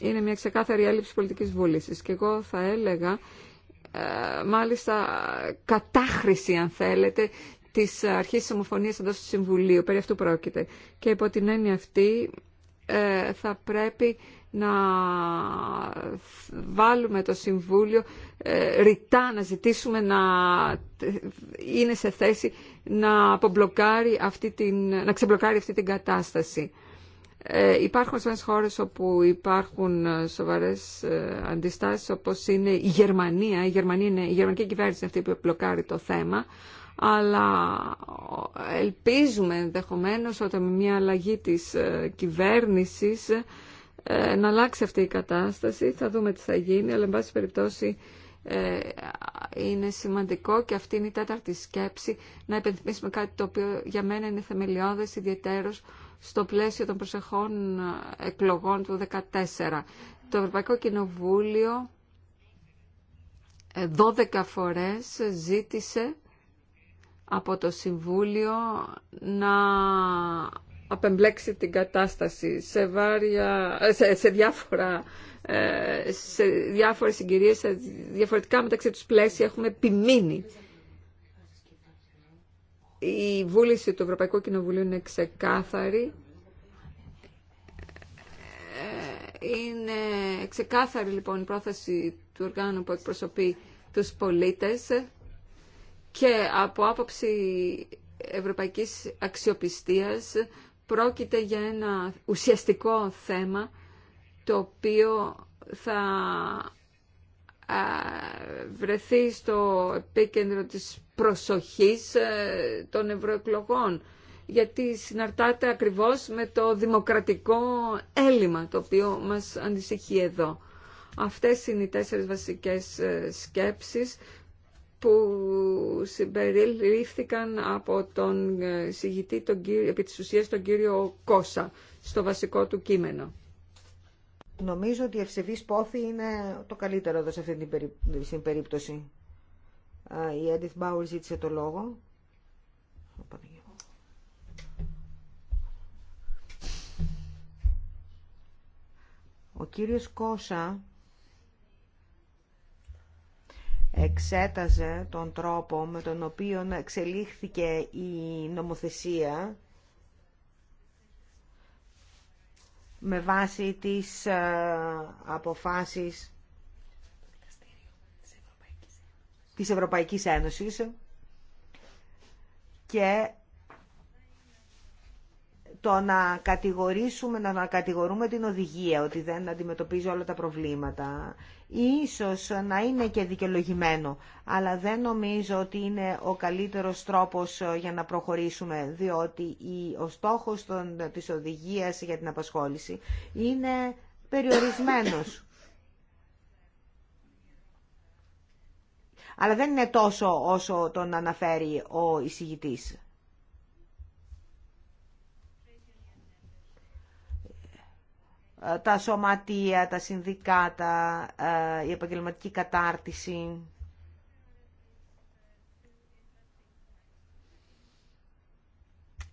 Είναι μια ξεκάθαρη έλλειψη πολιτική βούληση. Και εγώ θα έλεγα ε, μάλιστα κατάχρηση αν θέλετε της αρχής της ομοφωνίας εντός του Συμβουλίου. Περί αυτού πρόκειται. Και υπό την έννοια αυτή ε, θα πρέπει να βάλουμε το Συμβούλιο ε, ρητά, να ζητήσουμε να είναι σε θέση να, απομπλοκάρει αυτή την, να ξεμπλοκάρει αυτή την κατάσταση. Ε, υπάρχουν σε χώρες όπου υπάρχουν σοβαρές ε, αντιστάσεις όπως είναι η Γερμανία. Η, Γερμανία η γερμανική κυβέρνηση είναι αυτή που μπλοκάρει το θέμα αλλά ελπίζουμε ενδεχομένω ότι με μια αλλαγή της ε, κυβέρνησης ε, να αλλάξει αυτή η κατάσταση. Θα δούμε τι θα γίνει, αλλά εν πάση περιπτώσει ε, είναι σημαντικό και αυτή είναι η τέταρτη σκέψη να επενθυμίσουμε κάτι το οποίο για μένα είναι θεμελιώδες ιδιαίτερος στο πλαίσιο των προσεχών εκλογών του 2014. Το Ευρωπαϊκό Κοινοβούλιο 12 φορές ζήτησε από το Συμβούλιο να απεμπλέξει την κατάσταση σε, βάρια, ε, σε, σε, διάφορα, ε, σε διάφορες συγκυρίες, διαφορετικά μεταξύ τους πλαίσια έχουμε επιμείνει. Η βούληση του Ευρωπαϊκού Κοινοβουλίου είναι ξεκάθαρη. Ε, είναι ξεκάθαρη λοιπόν η πρόθεση του οργάνου που εκπροσωπεί τους πολίτες και από άποψη ευρωπαϊκής αξιοπιστίας πρόκειται για ένα ουσιαστικό θέμα το οποίο θα βρεθεί στο επίκεντρο της προσοχής ε, των ευρωεκλογών γιατί συναρτάται ακριβώς με το δημοκρατικό έλλειμμα το οποίο μας ανησυχεί εδώ. Αυτές είναι οι τέσσερις βασικές ε, σκέψεις που συμπεριλήφθηκαν από τον ε, συγητή τον κύριο, επί της ουσίας τον κύριο Κώσα στο βασικό του κείμενο. Νομίζω ότι η ευσεβής πόθη είναι το καλύτερο εδώ σε αυτή την περίπτωση. Η Έντιθ Μπάουρ ζήτησε το λόγο. Ο κύριος Κόσα εξέταζε τον τρόπο με τον οποίο εξελίχθηκε η νομοθεσία με βάση τις ε, αποφάσεις της Ευρωπαϊκής Ένωσης και το να κατηγορήσουμε, να ανακατηγορούμε την οδηγία ότι δεν αντιμετωπίζει όλα τα προβλήματα. Ίσως να είναι και δικαιολογημένο, αλλά δεν νομίζω ότι είναι ο καλύτερος τρόπος ε, για να προχωρήσουμε, διότι ο στόχος της οδηγίας για την απασχόληση είναι περιορισμένος. αλλά δεν είναι τόσο όσο τον αναφέρει ο εισηγητής. τα σωματεία, τα συνδικάτα, ε, η επαγγελματική κατάρτιση.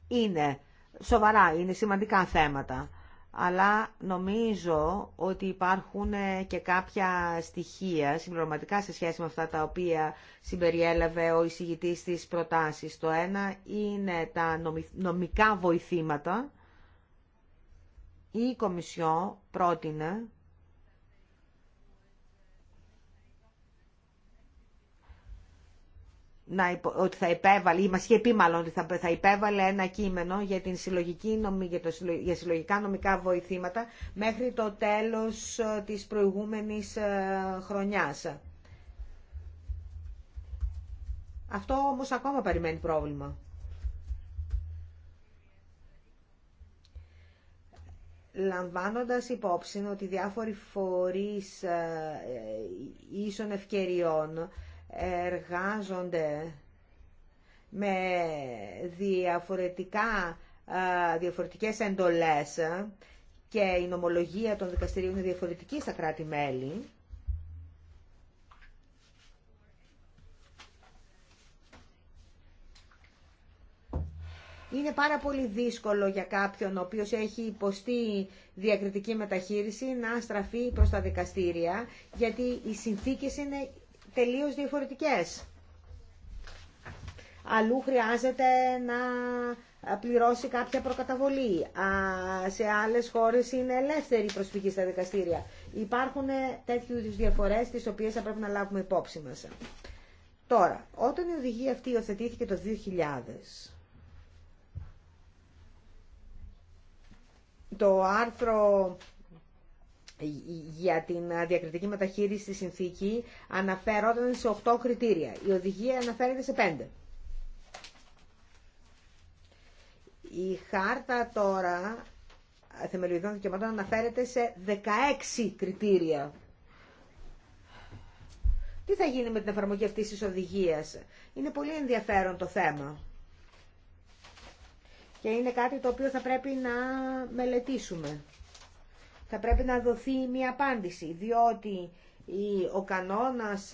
Είναι σοβαρά, είναι σημαντικά θέματα, αλλά νομίζω ότι υπάρχουν και κάποια στοιχεία συμπληρωματικά σε σχέση με αυτά τα οποία συμπεριέλαβε ο εισηγητής της προτάσεις. Το ένα είναι τα νομικά βοηθήματα, η Κομισιό πρότεινε να, ότι θα υπέβαλε, μας είχε πει μάλλον ότι θα, θα υπέβαλε ένα κείμενο για, την συλλογική, για, το, για συλλογικά νομικά βοηθήματα μέχρι το τέλος ε, της προηγούμενης ε, χρονιάς. Αυτό όμως ακόμα περιμένει πρόβλημα. λαμβάνοντας υπόψη ότι διάφοροι φορείς ε, ε, ίσων ευκαιριών εργάζονται με διαφορετικά, ε, διαφορετικές εντολές και η νομολογία των δικαστηρίων είναι διαφορετική στα κράτη-μέλη, Είναι πάρα πολύ δύσκολο για κάποιον ο οποίος έχει υποστεί διακριτική μεταχείριση να στραφεί προς τα δικαστήρια, γιατί οι συνθήκες είναι τελείως διαφορετικές. Αλλού χρειάζεται να πληρώσει κάποια προκαταβολή. σε άλλες χώρες είναι ελεύθερη η προσφυγή στα δικαστήρια. Υπάρχουν τέτοιου είδους διαφορές τις οποίες θα πρέπει να λάβουμε υπόψη μας. Τώρα, όταν η οδηγία αυτή υιοθετήθηκε το 2000, το άρθρο για την διακριτική μεταχείριση στη συνθήκη αναφέρονταν σε 8 κριτήρια. Η οδηγία αναφέρεται σε 5. Η χάρτα τώρα θεμελιωδών δικαιωμάτων αναφέρεται σε 16 κριτήρια. Τι θα γίνει με την εφαρμογή αυτής της οδηγίας. Είναι πολύ ενδιαφέρον το θέμα. Και είναι κάτι το οποίο θα πρέπει να μελετήσουμε. Θα πρέπει να δοθεί μια απάντηση, διότι ο κανόνας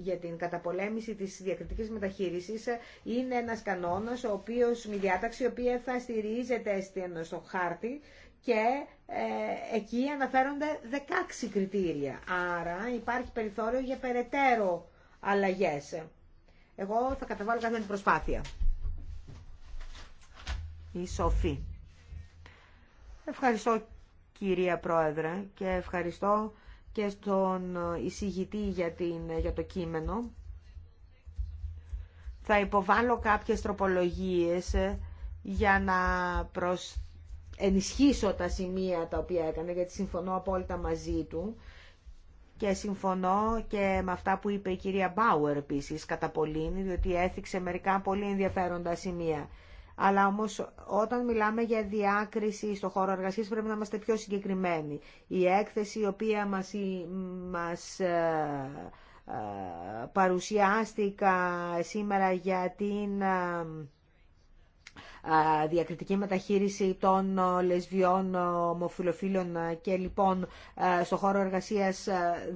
για την καταπολέμηση της διακριτικής μεταχείρισης είναι ένας κανόνας, ο οποίος, μια διάταξη, η οποία θα στηρίζεται στο χάρτη και ε, εκεί αναφέρονται 16 κριτήρια. Άρα υπάρχει περιθώριο για περαιτέρω αλλαγές. Εγώ θα καταβάλω κάθε προσπάθεια η Σοφή. Ευχαριστώ κυρία Πρόεδρε και ευχαριστώ και στον εισηγητή για, την, για το κείμενο. Θα υποβάλω κάποιες τροπολογίες για να ενισχύσω τα σημεία τα οποία έκανε, γιατί συμφωνώ απόλυτα μαζί του και συμφωνώ και με αυτά που είπε η κυρία Μπάουερ επίσης κατά πολύ, διότι έθιξε μερικά πολύ ενδιαφέροντα σημεία. Αλλά όμως όταν μιλάμε για διάκριση στον χώρο εργασίας πρέπει να είμαστε πιο συγκεκριμένοι. Η έκθεση η οποία μας, μας ε, ε, παρουσιάστηκα σήμερα για την ε, διακριτική μεταχείριση των λεσβιών, ομοφιλοφίλων και λοιπόν στο χώρο εργασίας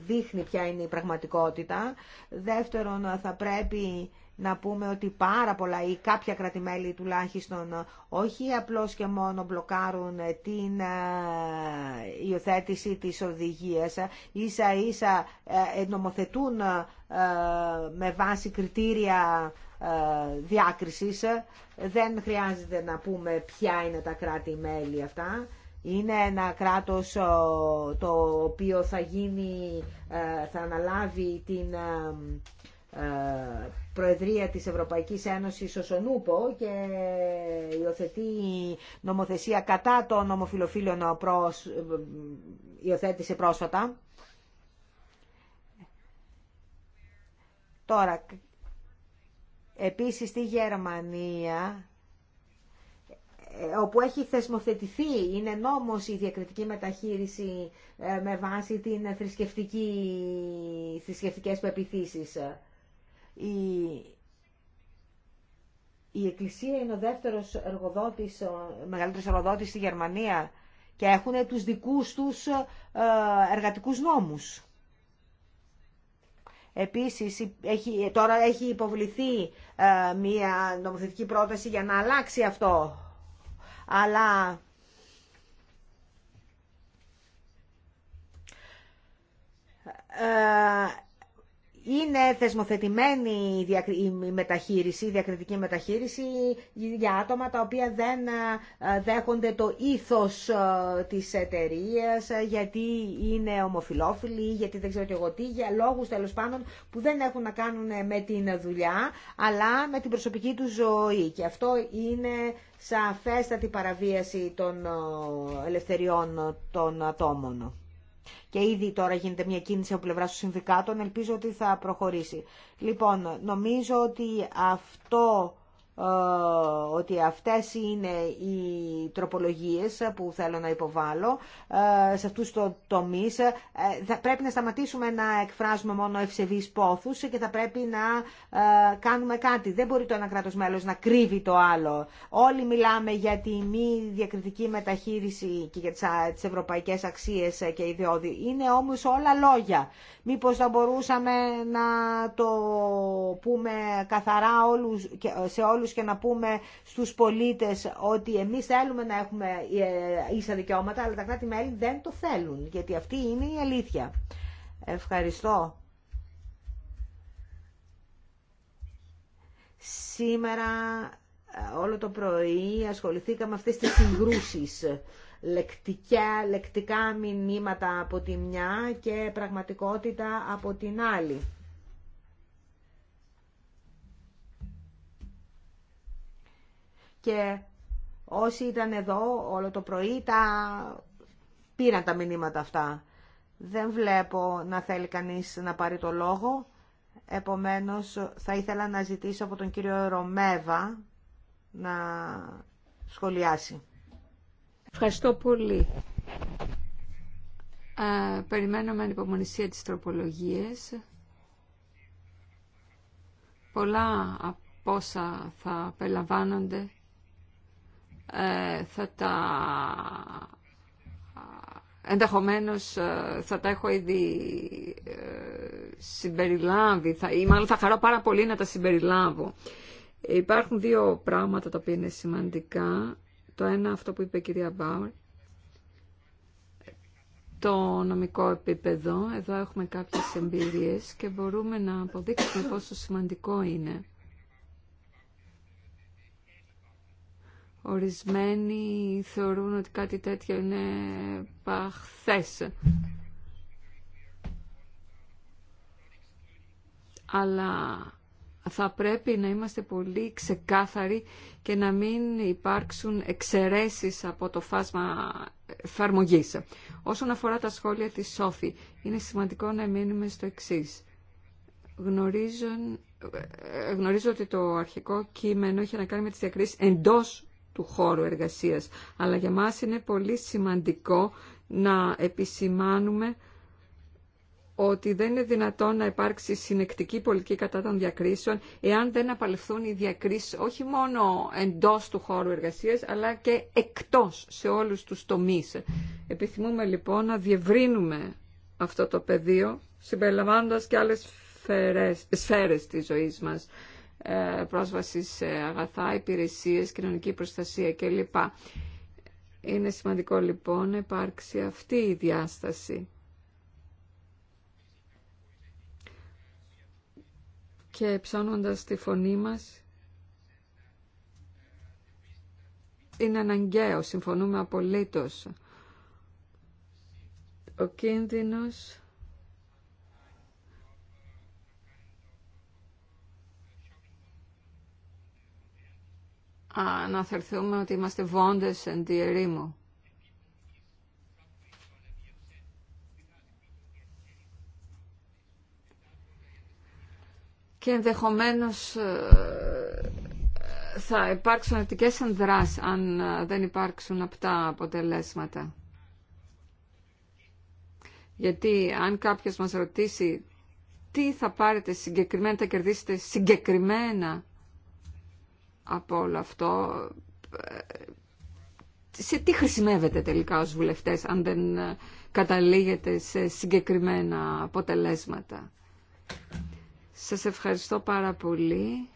δείχνει ποια είναι η πραγματικότητα. Δεύτερον, θα πρέπει να πούμε ότι πάρα πολλά ή κάποια κρατημέλη τουλάχιστον όχι απλώς και μόνο μπλοκάρουν την ε, υιοθέτηση της οδηγίας, ίσα ίσα ε, νομοθετούν ε, με βάση κριτήρια διάκρισης. Δεν χρειάζεται να πούμε ποια είναι τα κράτη-μέλη αυτά. Είναι ένα κράτος το οποίο θα, γίνει, θα αναλάβει την ε, Προεδρία της Ευρωπαϊκής Ένωσης Σονούπο και υιοθετεί νομοθεσία κατά των ομοφιλοφίλων προς, ε, υιοθέτησε πρόσφατα. Τώρα, επίσης στη Γερμανία, ε, όπου έχει θεσμοθετηθεί, είναι νόμος η διακριτική μεταχείριση με βάση την θρησκευτική, θρησκευτικές πεπιθήσεις. Η, η Εκκλησία είναι ο δεύτερος εργοδότης, ο μεγαλύτερος εργοδότης στη Γερμανία και έχουν τους δικούς τους ε, εργατικούς νόμους. Επίσης, έχει, τώρα έχει υποβληθεί ε, μία νομοθετική πρόταση για να αλλάξει αυτό. Αλλά ε, είναι θεσμοθετημένη η μεταχείριση, η διακριτική μεταχείριση για άτομα τα οποία δεν ε, δέχονται το ήθος ε, της εταιρεία ε, γιατί είναι ομοφιλόφιλοι, γιατί δεν ξέρω και εγώ τι, για λόγους τέλος πάντων που δεν έχουν να κάνουν με την δουλειά αλλά με την προσωπική του ζωή και αυτό είναι σαφέστατη παραβίαση των ελευθεριών των ατόμων. Και ήδη τώρα γίνεται μια κίνηση από πλευρά των συνδικάτων, ελπίζω ότι θα προχωρήσει. Λοιπόν, νομίζω ότι αυτό ε, ότι αυτές είναι οι τροπολογίες που θέλω να υποβάλω ε, σε αυτούς το τομείς. Ε, θα πρέπει να σταματήσουμε να εκφράζουμε μόνο ευσεβείς πόθους και θα πρέπει να κάνουμε κάτι. Δεν μπορεί το ένα κράτος μέλος να κρύβει το άλλο. Όλοι μιλάμε για τη μη διακριτική μεταχείριση και για τις ευρωπαϊκές αξίες και ιδιώδη. Είναι όμως όλα λόγια. Μήπως θα μπορούσαμε να το πούμε καθαρά όλους, σε όλους και να πούμε στους πολίτες ότι εμείς θέλουμε να έχουμε ε, ίσα δικαιώματα, αλλά τα κράτη-μέλη δεν το θέλουν, γιατί αυτή είναι η αλήθεια. Ευχαριστώ. Σήμερα ε, όλο το πρωί ασχοληθήκαμε αυτές τις συγκρούσεις λεκτικά, λεκτικά μηνύματα από τη μια και πραγματικότητα από την άλλη. και όσοι ήταν εδώ όλο το πρωί τα πήραν τα μηνύματα αυτά. Δεν βλέπω να θέλει κανείς να πάρει το λόγο. Επομένως, θα ήθελα να ζητήσω από τον κύριο Ρωμέβα να σχολιάσει. Ευχαριστώ πολύ. Α, περιμένω με ανυπομονησία τις τροπολογίες. Πολλά από όσα θα περιλαμβάνονται ε, θα τα ε, ενδεχομένως ε, θα τα έχω ήδη συμπεριλάβει θα, ή μάλλον θα χαρώ πάρα πολύ να τα συμπεριλάβω. Υπάρχουν δύο πράγματα τα οποία είναι σημαντικά. Το ένα αυτό που είπε η κυρία Μπάουρ, το νομικό επίπεδο. Εδώ έχουμε κάποιες εμπειρίες και μπορούμε να αποδείξουμε πόσο σημαντικό είναι Ορισμένοι θεωρούν ότι κάτι τέτοιο είναι παχθές. Αλλά θα πρέπει να είμαστε πολύ ξεκάθαροι και να μην υπάρξουν εξαιρέσεις από το φάσμα εφαρμογή. Όσον αφορά τα σχόλια της Σόφη, είναι σημαντικό να μείνουμε στο εξή. Ε, ε, γνωρίζω ότι το αρχικό κείμενο είχε να κάνει με τις διακρίσεις εντός του χώρου εργασίας. Αλλά για μας είναι πολύ σημαντικό να επισημάνουμε ότι δεν είναι δυνατόν να υπάρξει συνεκτική πολιτική κατά των διακρίσεων εάν δεν απαλληφθούν οι διακρίσεις όχι μόνο εντός του χώρου εργασίας αλλά και εκτός σε όλους τους τομείς. Επιθυμούμε λοιπόν να διευρύνουμε αυτό το πεδίο συμπεριλαμβάνοντας και άλλες σφαίρες της ζωής μας. Ε, πρόσβαση σε αγαθά, υπηρεσίες, κοινωνική προστασία κλπ. Είναι σημαντικό λοιπόν να υπάρξει αυτή η διάσταση. Και ψώνοντας τη φωνή μας, είναι αναγκαίο, συμφωνούμε απολύτως. Ο κίνδυνος αναθερθούμε ότι είμαστε βόντες εν τη ερήμου. Και ενδεχομένως ε, θα υπάρξουν αρνητικές ανδράσεις αν ε, δεν υπάρξουν απτά αποτελέσματα. Γιατί αν κάποιος μας ρωτήσει τι θα πάρετε συγκεκριμένα, θα κερδίσετε συγκεκριμένα από όλο αυτό. Ε, σε τι χρησιμεύετε τελικά ως βουλευτές αν δεν ε, καταλήγετε σε συγκεκριμένα αποτελέσματα. Σας ευχαριστώ πάρα πολύ.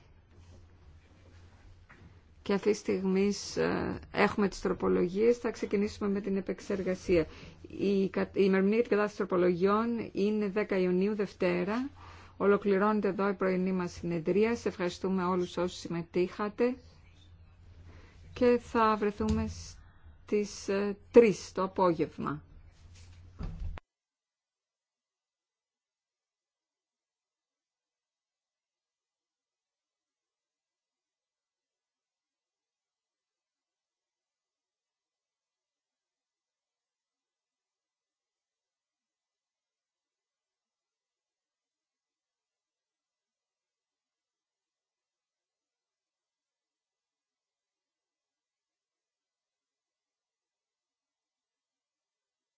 Και αυτή τη στιγμή ε, έχουμε τις τροπολογίες, θα ξεκινήσουμε με την επεξεργασία. Η ημερομηνία για την κατάσταση τροπολογιών είναι 10 Ιουνίου, Δευτέρα. Ολοκληρώνεται εδώ η πρωινή μας συνεδρία. Σε ευχαριστούμε όλους όσους συμμετείχατε και θα βρεθούμε στις 3 ε, το απόγευμα.